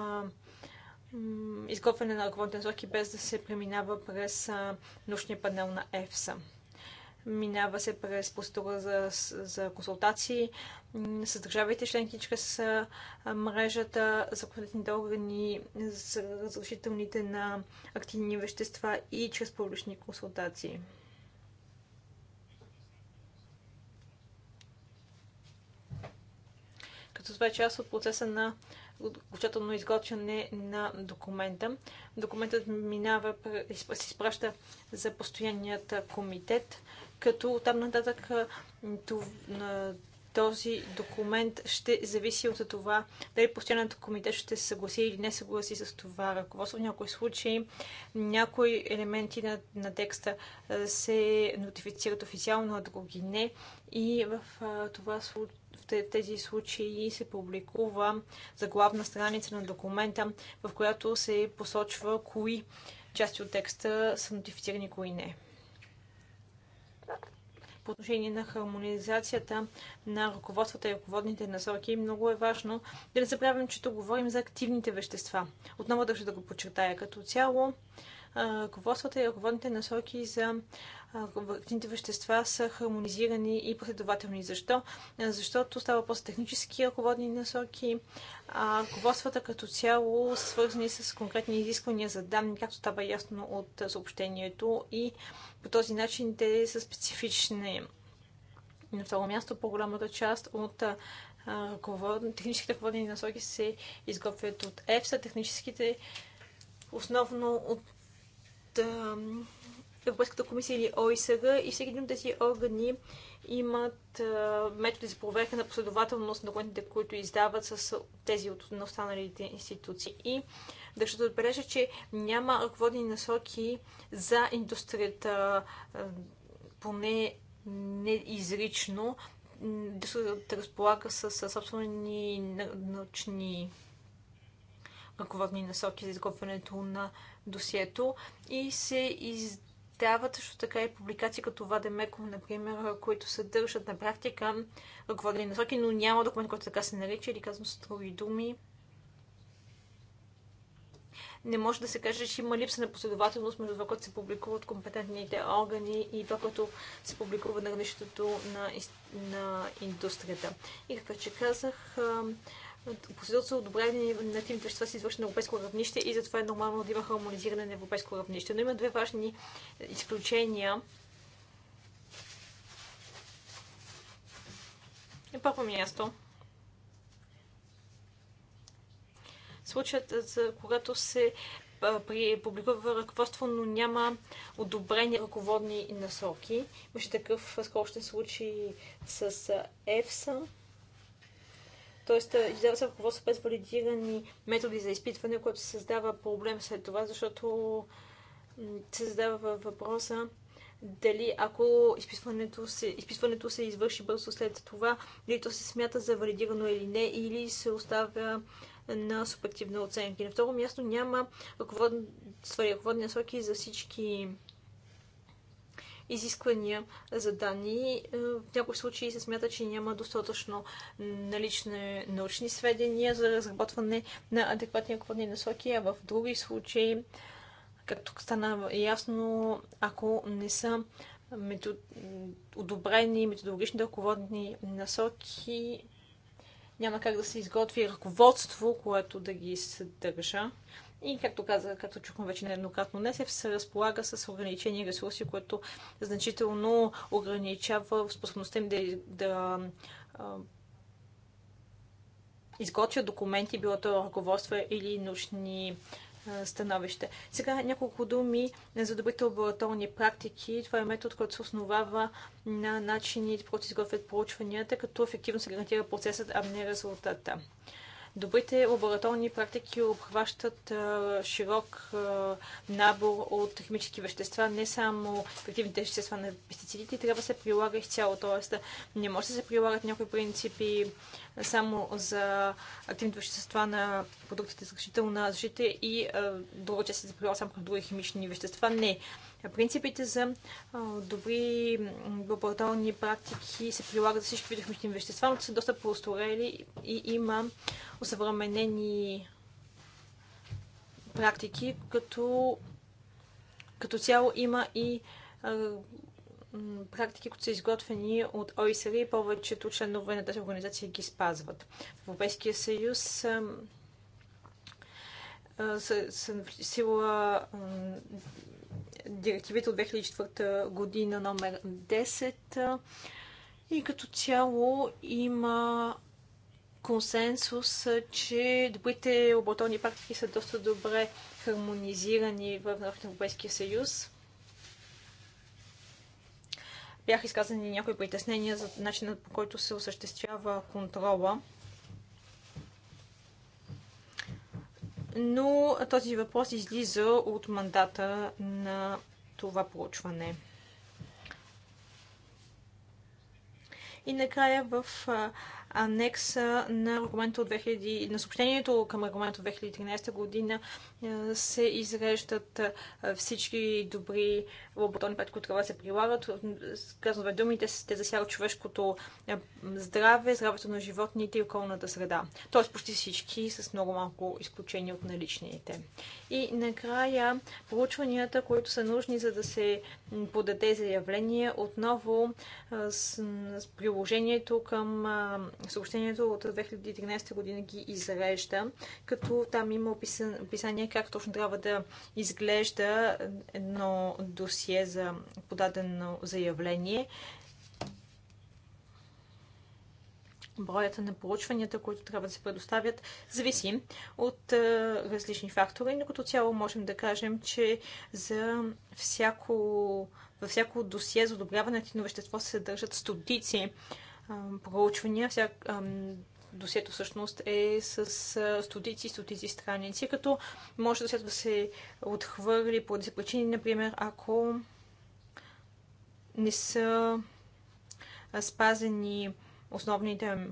изготвяне на ръководни насоки, без да се преминава през научния панел на ЕФСА. Минава се през процедура за, за консултации с държавите членки чрез мрежата за конкретните органи, за разрешителните на активни вещества и чрез публични консултации. като това е част от процеса на окончателно изготвяне на документа. Документът минава, се изпраща за постоянният комитет като там нататък този документ ще зависи от това дали постоянното комитет ще се съгласи или не съгласи с това ръководство. В някои случаи някои елементи на, на текста се нотифицират официално, а други не. И в, това, в тези случаи се публикува за главна страница на документа, в която се посочва кои части от текста са нотифицирани, кои не по отношение на хармонизацията на ръководствата и ръководните насоки. Много е важно да не забравим, че тук говорим за активните вещества. Отново държа да го подчертая. Като цяло, ръководствата и ръководните насоки за активните вещества са хармонизирани и последователни. Защо? Защото става въпрос за технически ръководни насоки, а ръководствата като цяло свързани с конкретни изисквания за данни, както става ясно от съобщението и по този начин те са специфични. На второ място, по-голямата част от техническите ръководни насоки се изготвят от ЕФСА, техническите основно от от Европейската комисия или ОИСР и всеки един от тези органи имат методи за проверка на последователност на документите, които издават с тези от на останалите институции. И държа да отбележа, че няма ръководни насоки за индустрията, поне неизрично. Индустрията разполага с собствени научни ръководни насоки за изготвянето на досието и се издават също така и публикации като Вадемеков, например, които съдържат на практика ръководни насоки, но няма документ, който така се нарича или казвам с други думи. Не може да се каже, че има липса на последователност между това, което се публикува от компетентните органи и това, което се публикува на равнището на, на индустрията. И какво, че казах, процедурата за одобряване на активните вещества се извършва на европейско равнище и затова е нормално да има хармонизиране на европейско равнище. Но има две важни изключения. На първо място, случаят, за когато се публикува ръководство, но няма одобрени ръководни насоки. Имаше такъв скорочен случай с ЕФСА. Тоест, е, издава се ръководство без валидирани методи за изпитване, което се създава проблем след това, защото се задава въпроса дали ако изписването се, изписването се извърши бързо след това, дали то се смята за валидирано или не, или се оставя на субективна оценка. И на второ място няма ръководни насоки за всички изисквания за данни. Е, в някои случаи се смята, че няма достатъчно налични научни сведения за разработване на адекватни ръководни насоки, а в други случаи, както стана ясно, ако не са метод... одобрени методологични ръководни насоки, няма как да се изготви ръководство, което да ги съдържа. И както каза, като чухме вече нееднократно, днес, се разполага с ограничени ресурси, което значително ограничава способността им да, да изготвят документи, било то ръководство или научни становище. Сега няколко думи за добрите лабораторни практики. Това е метод, който се основава на начините, които се изготвят проучванията, като ефективно се гарантира процесът, а не резултата. Добрите лабораторни практики обхващат широк набор от химически вещества, не само ефективните вещества на пестицидите, трябва да се прилага изцяло. Тоест, не може да се прилагат някои принципи само за активните вещества на продуктите за защита и друга част се прилага само към други химични вещества. Не принципите за добри лабораторни практики се прилагат за всички видове химични вещества, но са доста просторели и има осъвременени практики, като, като цяло има и практики, които са изготвени от ОИСР и повечето членове на тази организация ги спазват. В Европейския съюз са в сила директивите от 2004 година номер 10. И като цяло има консенсус, че добрите лабораторни практики са доста добре хармонизирани в Европейския съюз. Бяха изказани някои притеснения за начина по който се осъществява контрола. но този въпрос излиза от мандата на това проучване. И накрая в анекса на, регламента от 2000, на съобщението към регламента от 2013 година се изреждат всички добри лабораторни практики, които трябва да се прилагат. Казано две думите, те засягат човешкото здраве, здравето на животните и околната среда. Тоест почти всички с много малко изключение от наличните. И накрая проучванията, които са нужни за да се подаде заявление отново с приложението към съобщението от 2013 година ги изрежда, като там има описание как точно трябва да изглежда едно досие за подадено заявление. Броята на проучванията, които трябва да се предоставят, зависи от е, различни фактори, но като цяло можем да кажем, че за всяко, във всяко досие за одобряване на активно вещество се съдържат стотици проучвания. Вся, досието всъщност е с стотици, стотици страници, като може досието да се отхвърли тези причини, например, ако не са спазени основните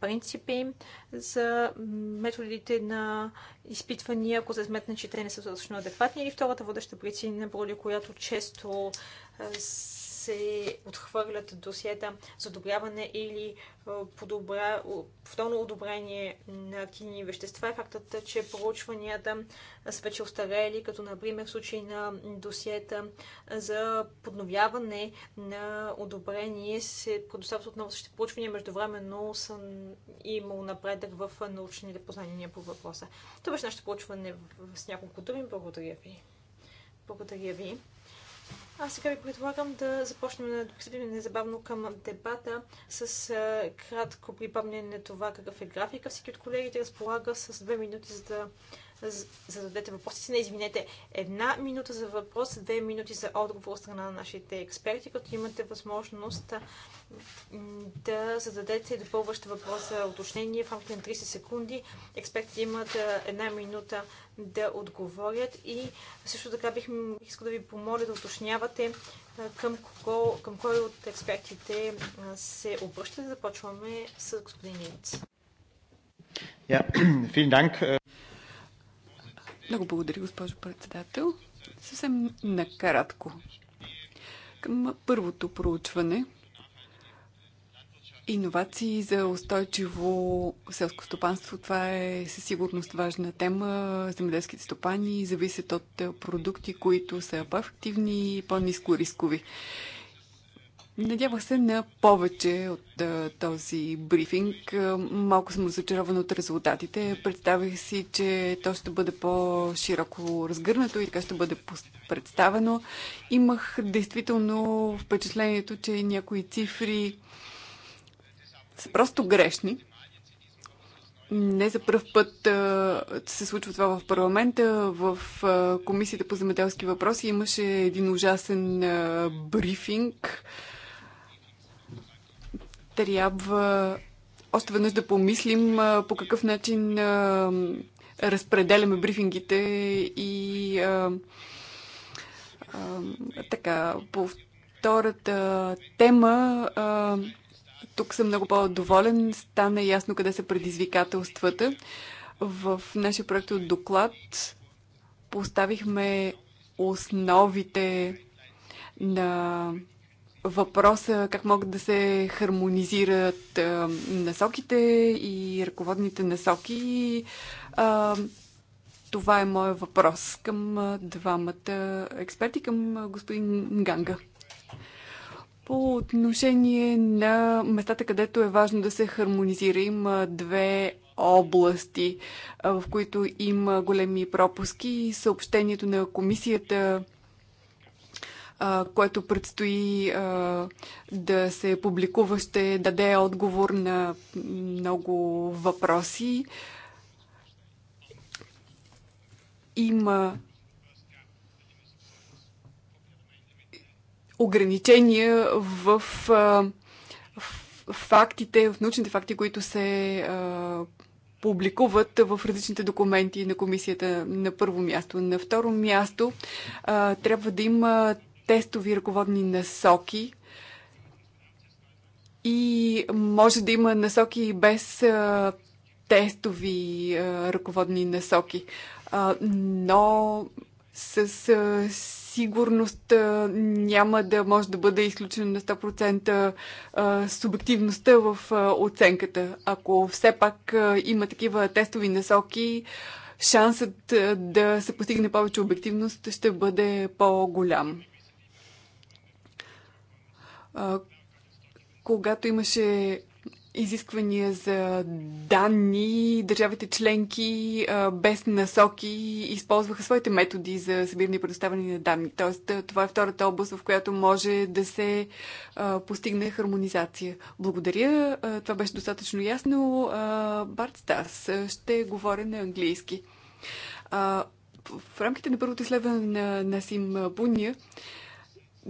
принципи за методите на изпитвания, ако се сметна, че те не са достатъчно адекватни. и втората водеща причина, поради която често се отхвърлят досиета за одобряване или подобра, повторно одобрение на активни вещества е фактът, че проучванията са вече остарели, като например в случай на досиета за подновяване на одобрение се предоставят отново същите проучвания, междувременно са имал напредък в научните познания по въпроса. Това беше нашето проучване с няколко думи. Благодаря ви. Благодаря ви. А сега ви предлагам да започнем да пристъпим незабавно към дебата с кратко припомнение на това какъв е графика. Всеки от колегите разполага с две минути, за да зададете въпроси си. Не извинете, една минута за въпрос, две минути за отговор от страна на нашите експерти, като имате възможност да зададете допълващ въпрос за уточнение в рамките на 30 секунди. Експертите имат една минута да отговорят и също така бих искал да ви помоля да уточнявате към, кого, към кой от експертите се обръщате. Започваме с господин Ниц. Yeah. (clears throat) Много благодаря, госпожо председател. Съвсем накратко. Към първото проучване Иновации за устойчиво селско стопанство. Това е със сигурност важна тема. Земеделските стопани зависят от продукти, които са по-ефективни и по-низко рискови. Надявах се на повече от а, този брифинг. Малко съм разочарован от резултатите. Представих си, че то ще бъде по-широко разгърнато и така ще бъде представено. Имах действително впечатлението, че някои цифри са просто грешни. Не за първ път а, се случва това в парламента. В а, Комисията по земеделски въпроси имаше един ужасен а, брифинг трябва още веднъж да помислим по какъв начин разпределяме брифингите и а, а, така, по втората тема а, тук съм много по-доволен. Стана ясно къде са предизвикателствата. В нашия проект от доклад поставихме основите на въпроса как могат да се хармонизират а, насоките и ръководните насоки. А, това е моят въпрос към двамата експерти, към господин Ганга. По отношение на местата, където е важно да се хармонизира, има две области, в които има големи пропуски. Съобщението на комисията което предстои да се публикува, ще даде отговор на много въпроси. Има ограничения в фактите, в научните факти, които се публикуват в различните документи на комисията на първо място. На второ място трябва да има тестови ръководни насоки и може да има насоки и без тестови ръководни насоки. Но с сигурност няма да може да бъде изключена на 100% субективността в оценката. Ако все пак има такива тестови насоки, шансът да се постигне повече обективност ще бъде по-голям когато имаше изисквания за данни, държавите членки без насоки използваха своите методи за събиране и предоставяне на данни. Тоест, това е втората област, в която може да се постигне хармонизация. Благодаря. Това беше достатъчно ясно. Барт Старс ще говоря на английски. В рамките на първото изследване на сим Буния,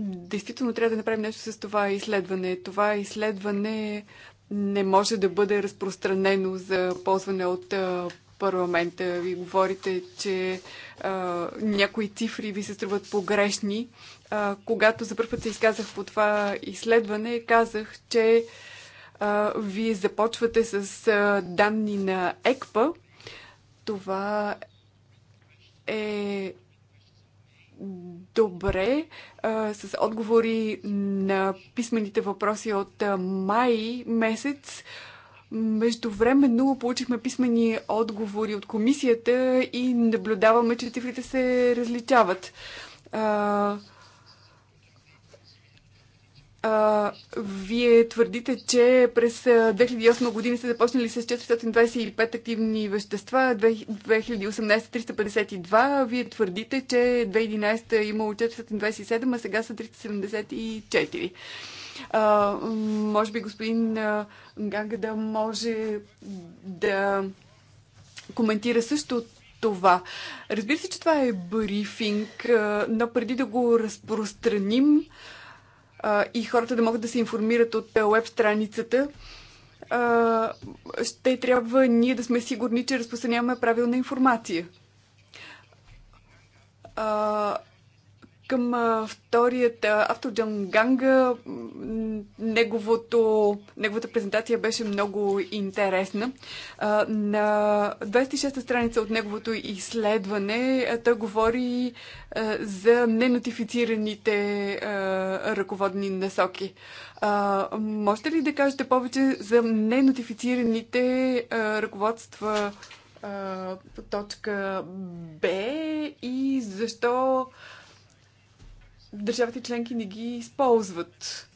действително трябва да направим нещо с това изследване. Това изследване не може да бъде разпространено за ползване от парламента. Ви говорите, че а, някои цифри ви се струват погрешни. А, когато за първ път се изказах по това изследване, казах, че а, вие започвате с а, данни на ЕКПА. Това е добре а, с отговори на писмените въпроси от май месец. Междувременно получихме писмени отговори от комисията и наблюдаваме, че цифрите се различават. А, а, вие твърдите, че през 2008 година сте започнали с 425 активни вещества, 2018 352. Вие твърдите, че 2011 е имало 427, а сега са 374. А, може би господин Ганга да може да коментира също това. Разбира се, че това е брифинг, но преди да го разпространим, а, и хората да могат да се информират от веб страницата, а, ще трябва ние да сме сигурни, че разпространяваме правилна информация. А, към вторият автор Джон Ганга. Неговото, неговата презентация беше много интересна. На 26-та страница от неговото изследване той говори за ненотифицираните ръководни насоки. Можете ли да кажете повече за ненотифицираните ръководства по точка Б и защо държавите членки не ги използват.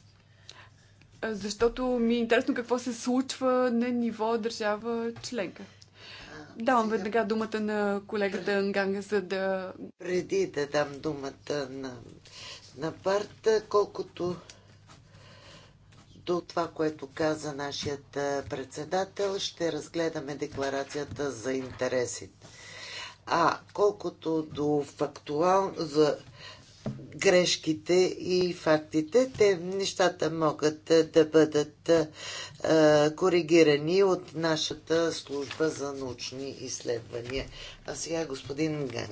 Защото ми е интересно какво се случва на ниво държава членка. Давам веднага думата на колегата Нганга, за да... Преди да дам думата на, на парта, колкото до това, което каза нашият председател, ще разгледаме декларацията за интересите. А колкото до фактуал, за грешките и фактите. Те нещата могат е, да бъдат е, коригирани от нашата служба за научни изследвания. А сега господин Ган.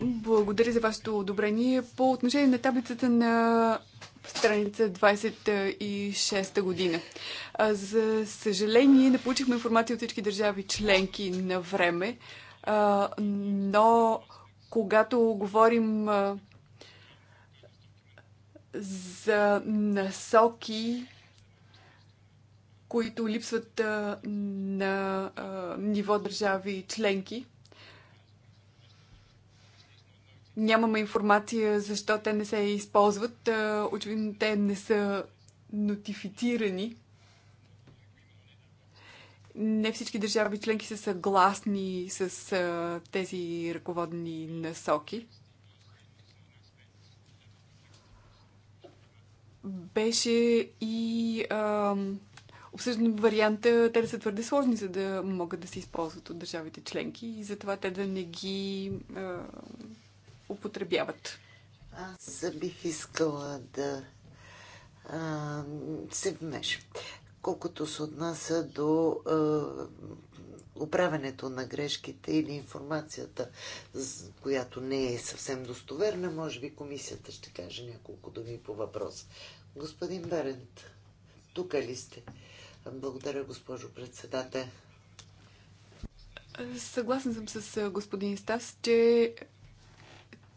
Благодаря за вашето одобрение. По отношение на таблицата на страница 26 година. За съжаление, не получихме информация от всички държави членки на време, но когато говорим за насоки, които липсват на ниво държави и членки. Нямаме информация защо те не се използват. Очевидно те не са нотифицирани. Не всички държави членки са съгласни с тези ръководни насоки. беше и а, обсъждан варианта те да са твърде сложни, за да могат да се използват от държавите членки и затова те да не ги а, употребяват. Аз бих искала да а, се вмеша. Колкото се отнася до Управенето на грешките или информацията, която не е съвсем достоверна, може би комисията ще каже няколко думи по въпрос. Господин Берент, тук ли сте? Благодаря, госпожо председател. Съгласен съм с господин Стас, че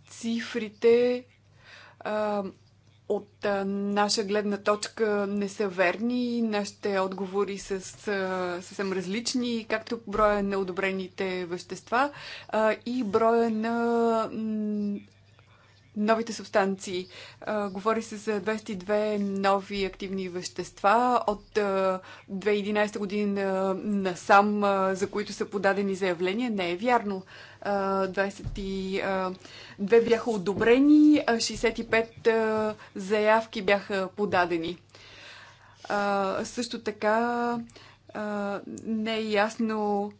цифрите а, от наша гледна точка не са верни, нашите отговори са съвсем различни, както броя на одобрените вещества и броя на новите субстанции. Говори се за 22 нови активни вещества от 2011 година насам, за които са подадени заявления. Не е вярно. 22 бяха одобрени, 65 заявки бяха подадени. Също така не е ясно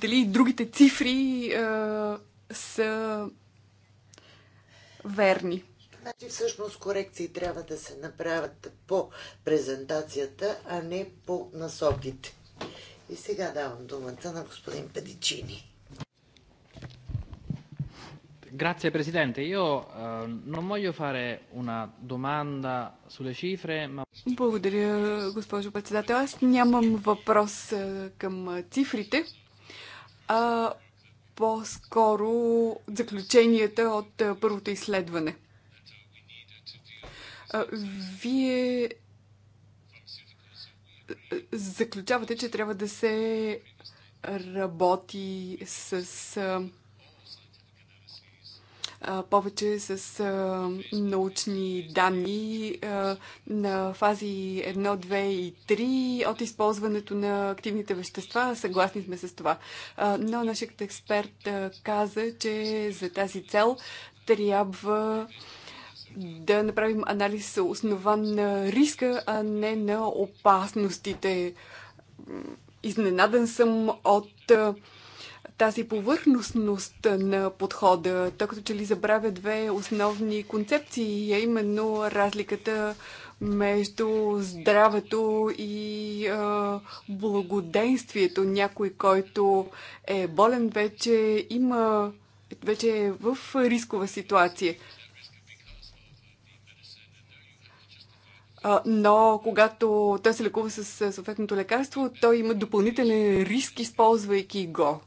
дали другите цифри са верни. Значи всъщност корекции трябва да се направят по презентацията, а не по насоките. И сега давам думата на господин Педичини. Grazie Presidente, io eh, non voglio fare una domanda sulle cifre, ma... Благодаря, госпожо председател. Аз нямам въпрос към цифрите, а по-скоро заключенията от първото изследване – вие заключавате, че трябва да се работи с повече с а, научни данни а, на фази 1, 2 и 3 от използването на активните вещества. Съгласни сме с това. А, но нашият експерт а, каза, че за тази цел трябва да направим анализ основан на риска, а не на опасностите. Изненадан съм от тази повърхностност на подхода. Тъй като че ли забравя две основни концепции, а именно разликата между здравето и а, благоденствието. Някой, който е болен, вече има вече е в рискова ситуация. но когато той се лекува с съответното лекарство, той има допълнителен риск, използвайки го.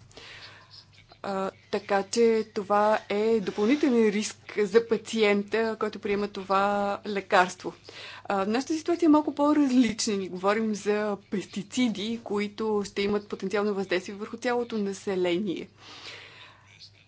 А, така че това е допълнителен риск за пациента, който приема това лекарство. А, нашата ситуация е малко по-различна. Ни говорим за пестициди, които ще имат потенциално въздействие върху цялото население.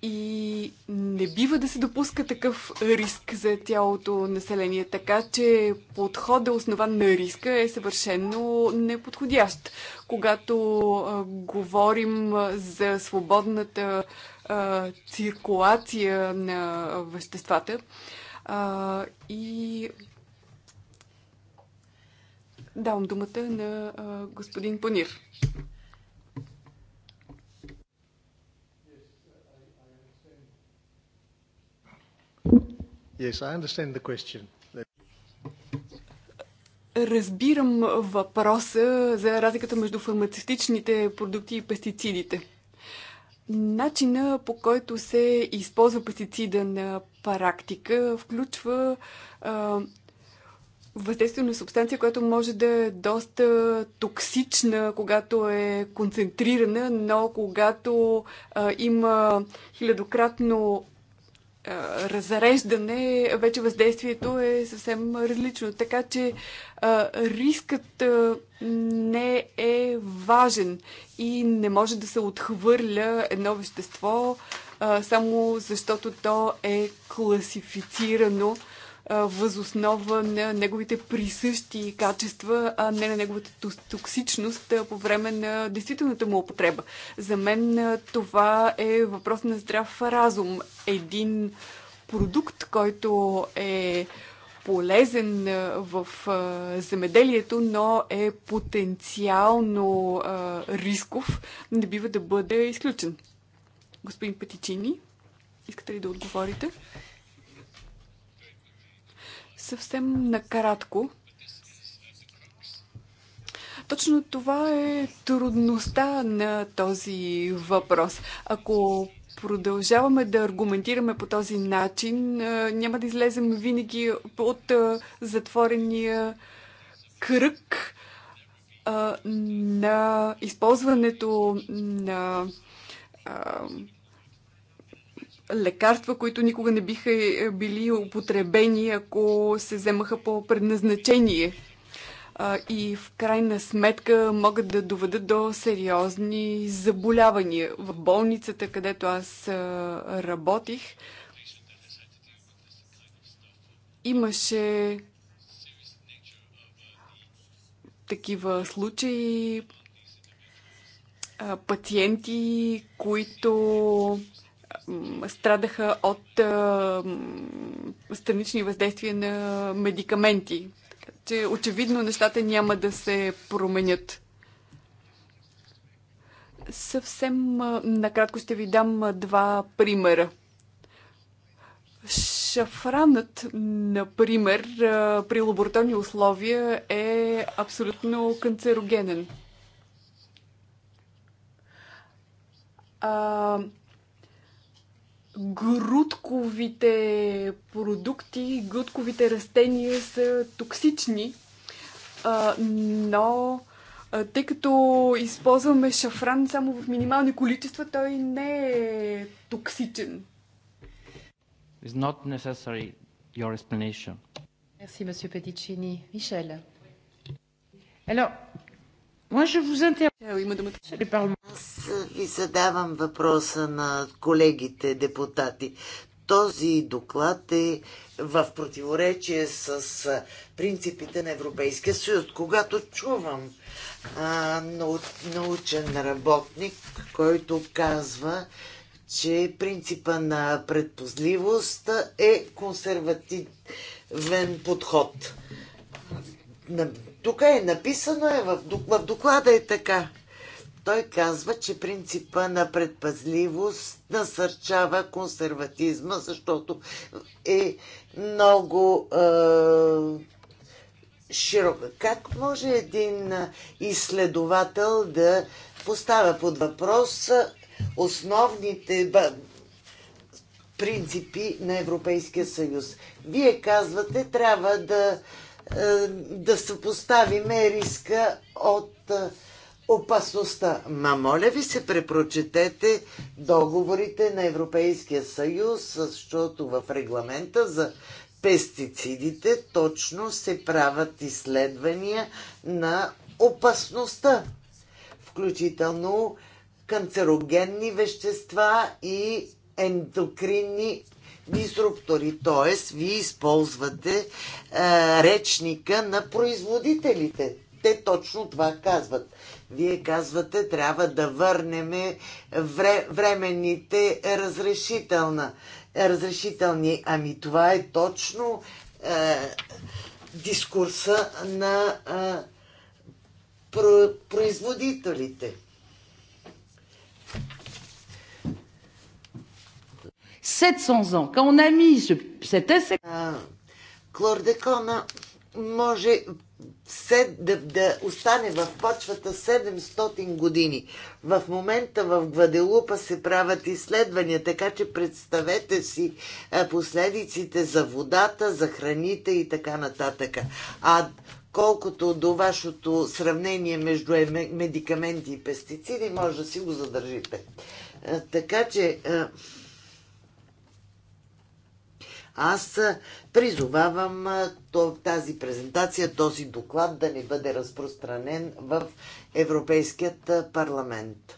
И не бива да се допуска такъв риск за цялото население, така че подхода основан на риска е съвършенно неподходящ. Когато а, говорим за свободната а, циркулация на веществата а, и давам думата на а, господин Панир. Yes, I understand the question. Разбирам въпроса за разликата между фармацевтичните продукти и пестицидите. Начина по който се използва пестицида на практика включва въздействие на субстанция, която може да е доста токсична, когато е концентрирана, но когато а, има хилядократно разреждане, вече въздействието е съвсем различно. Така че а, рискът а, не е важен и не може да се отхвърля едно вещество а, само защото то е класифицирано възоснова на неговите присъщи качества, а не на неговата токсичност по време на действителната му употреба. За мен това е въпрос на здрав разум. Един продукт, който е полезен в земеделието, но е потенциално рисков, не бива да бъде изключен. Господин Петичини, искате ли да отговорите? Съвсем накратко. Точно това е трудността на този въпрос. Ако продължаваме да аргументираме по този начин, няма да излезем винаги от затворения кръг на използването на лекарства, които никога не биха е, били употребени, ако се вземаха по предназначение. И в крайна сметка могат да доведат до сериозни заболявания. В болницата, където аз работих, имаше такива случаи, пациенти, които страдаха от а, странични въздействия на медикаменти. че очевидно нещата няма да се променят. Съвсем накратко ще ви дам два примера. Шафранът, например, при лабораторни условия е абсолютно канцерогенен. А, грудковите продукти, грудковите растения са токсични, но тъй като използваме шафран само в минимални количества, той не е токсичен. It's not necessary your explanation. Merci, monsieur Petticini. Michel. Alors, може в има думата. Аз ви задавам въпроса на колегите депутати. Този доклад е в противоречие с принципите на Европейския съюз. Когато чувам а, научен работник, който казва, че принципа на предпозливост е консервативен подход. Тук е написано, е, в, доклада е така. Той казва, че принципа на предпазливост насърчава консерватизма, защото е много е, широка. Как може един изследовател да поставя под въпрос основните принципи на Европейския съюз? Вие казвате, трябва да е, да съпоставиме риска от е, опасността. Ма моля ви се, препрочетете договорите на Европейския съюз, защото в регламента за пестицидите точно се правят изследвания на опасността, включително канцерогенни вещества и ендокринни дисруптори, т.е. вие използвате а, е, речника на производителите. Те точно това казват. Вие казвате, трябва да върнеме вре, временните разрешителна, разрешителни. Ами това е точно а, е, дискурса на а, е, про, производителите. 700 ans. Quand on a mis ce, cet essai... Клордекона може сед, да, да остане в почвата 700 години. В момента в Гваделупа се правят изследвания, така че представете си последиците за водата, за храните и така нататък. А колкото до вашето сравнение между е, медикаменти и пестициди, може да си го задържите. Така че аз призовавам тази презентация, този доклад да не бъде разпространен в Европейският парламент.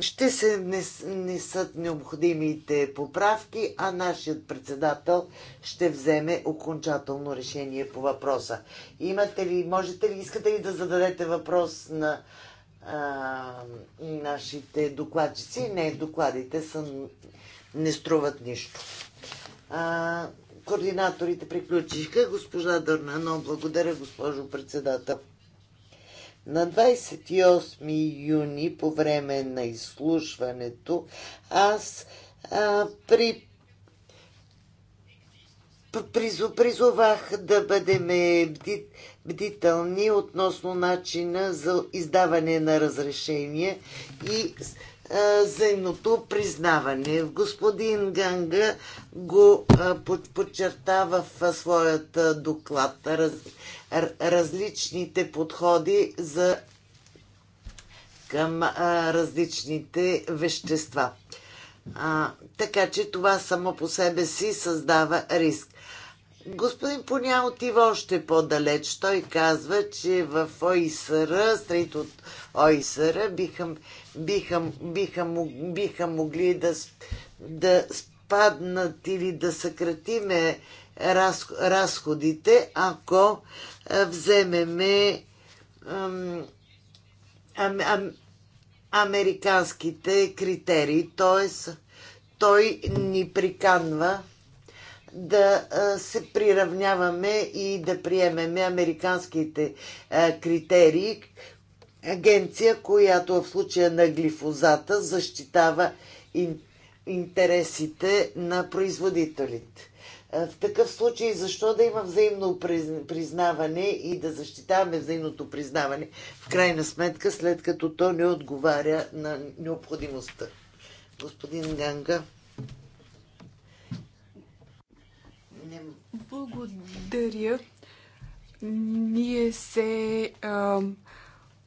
Ще се внесат необходимите поправки, а нашият председател ще вземе окончателно решение по въпроса. Имате ли, можете ли, искате ли да зададете въпрос на а, нашите докладчици? Не, докладите са, не струват нищо координаторите приключиха. Госпожа Дърнано, благодаря, госпожо председател. На 28 юни, по време на изслушването, аз а, при призовах да бъдем бдителни относно начина за издаване на разрешение и взаимното признаване. Господин Ганга го подчертава в своят доклад раз, различните подходи за към а, различните вещества. А, така че това само по себе си създава риск. Господин Поня отива още по-далеч. Той казва, че в ОИСР, сред от ОИСР, биха, биха, биха, биха могли да, да спаднат или да съкратиме раз, разходите, ако е, вземеме ам, ам, ам, американските критерии. Тоест, той ни приканва да се приравняваме и да приемеме американските критерии, агенция, която в случая на глифозата защитава интересите на производителите. В такъв случай, защо да има взаимно признаване и да защитаваме взаимното признаване, в крайна сметка, след като то не отговаря на необходимостта? Господин Ганга. Благодаря. Ние се а,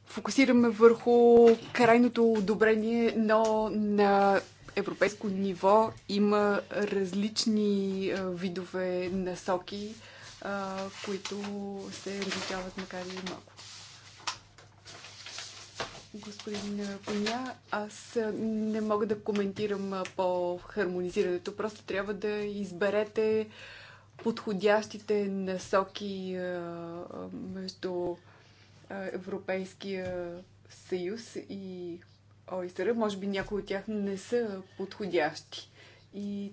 фокусираме върху крайното одобрение, но на европейско ниво има различни а, видове насоки, а, които се различават макар и малко. Господин Коня, аз не мога да коментирам по хармонизирането. Просто трябва да изберете а, подходящите насоки между Европейския съюз и ОИСР. Може би някои от тях не са подходящи. И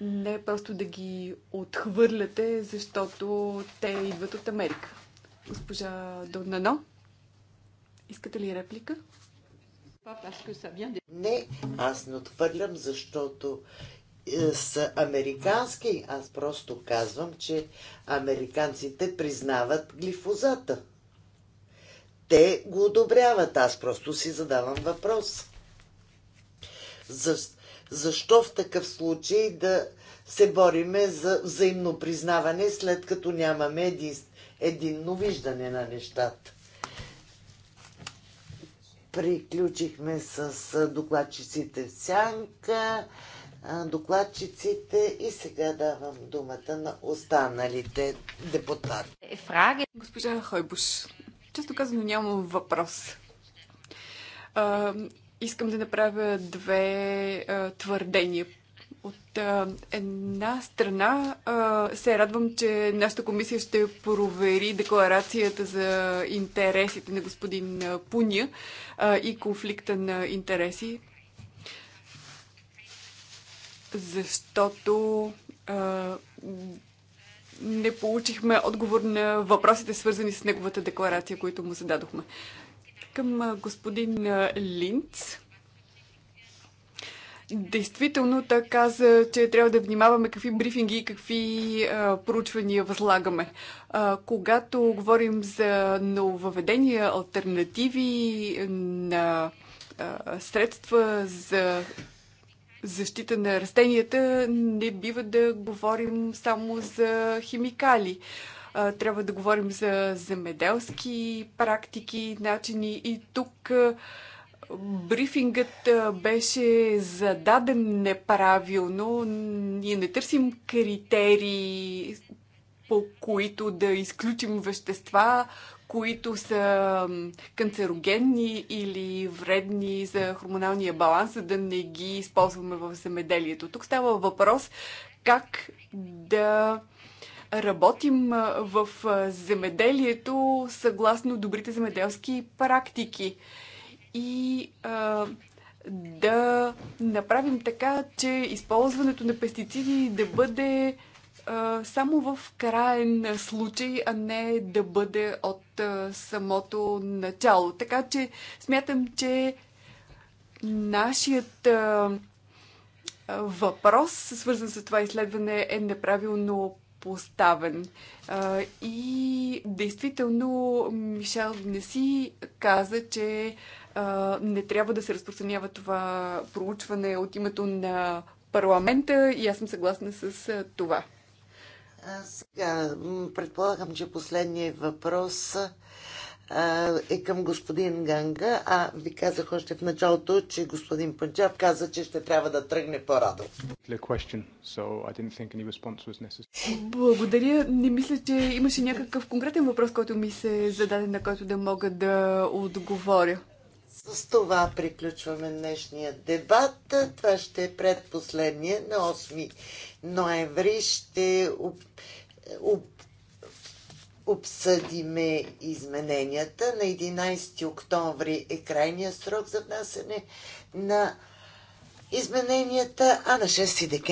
не е просто да ги отхвърляте, защото те идват от Америка. Госпожа Донано, искате ли реплика? Не, аз не отхвърлям, защото е, са американски. Аз просто казвам, че американците признават глифозата. Те го одобряват. Аз просто си задавам въпрос. За, защо в такъв случай да се бориме за взаимно признаване, след като нямаме един, единно виждане на нещата? Приключихме с докладчиците в сянка докладчиците и сега давам думата на останалите депутати. Е, Госпожа Хойбуш, често казано нямам въпрос. А, искам да направя две а, твърдения. От а, една страна а, се радвам, че нашата комисия ще провери декларацията за интересите на господин Пуня а, и конфликта на интереси защото а, не получихме отговор на въпросите, свързани с неговата декларация, които му зададохме. Към господин Линц. Действително, той каза, че трябва да внимаваме какви брифинги и какви а, проучвания възлагаме. А, когато говорим за нововведения, альтернативи на а, средства за защита на растенията не бива да говорим само за химикали. Трябва да говорим за земеделски практики, начини и тук брифингът беше зададен неправилно. Ние не търсим критерии, по които да изключим вещества, които са канцерогенни или вредни за хормоналния баланс, да не ги използваме в земеделието. Тук става въпрос как да работим в земеделието съгласно добрите земеделски практики и а, да направим така, че използването на пестициди да бъде само в крайен случай, а не да бъде от самото начало. Така че смятам, че нашият въпрос, свързан с това изследване, е неправилно поставен. И действително Мишел не си каза, че не трябва да се разпространява това проучване от името на парламента и аз съм съгласна с това. Сега, предполагам, че последният въпрос е към господин Ганга, а ви казах още в началото, че господин Панджаб каза, че ще трябва да тръгне по радо Благодаря. Не мисля, че имаше някакъв конкретен въпрос, който ми се зададе, на който да мога да отговоря. С това приключваме днешния дебат. Това ще е предпоследния на 8 ноември ще об, об, обсъдиме измененията. На 11 октомври е крайния срок за внасене на измененията, а на 6 декември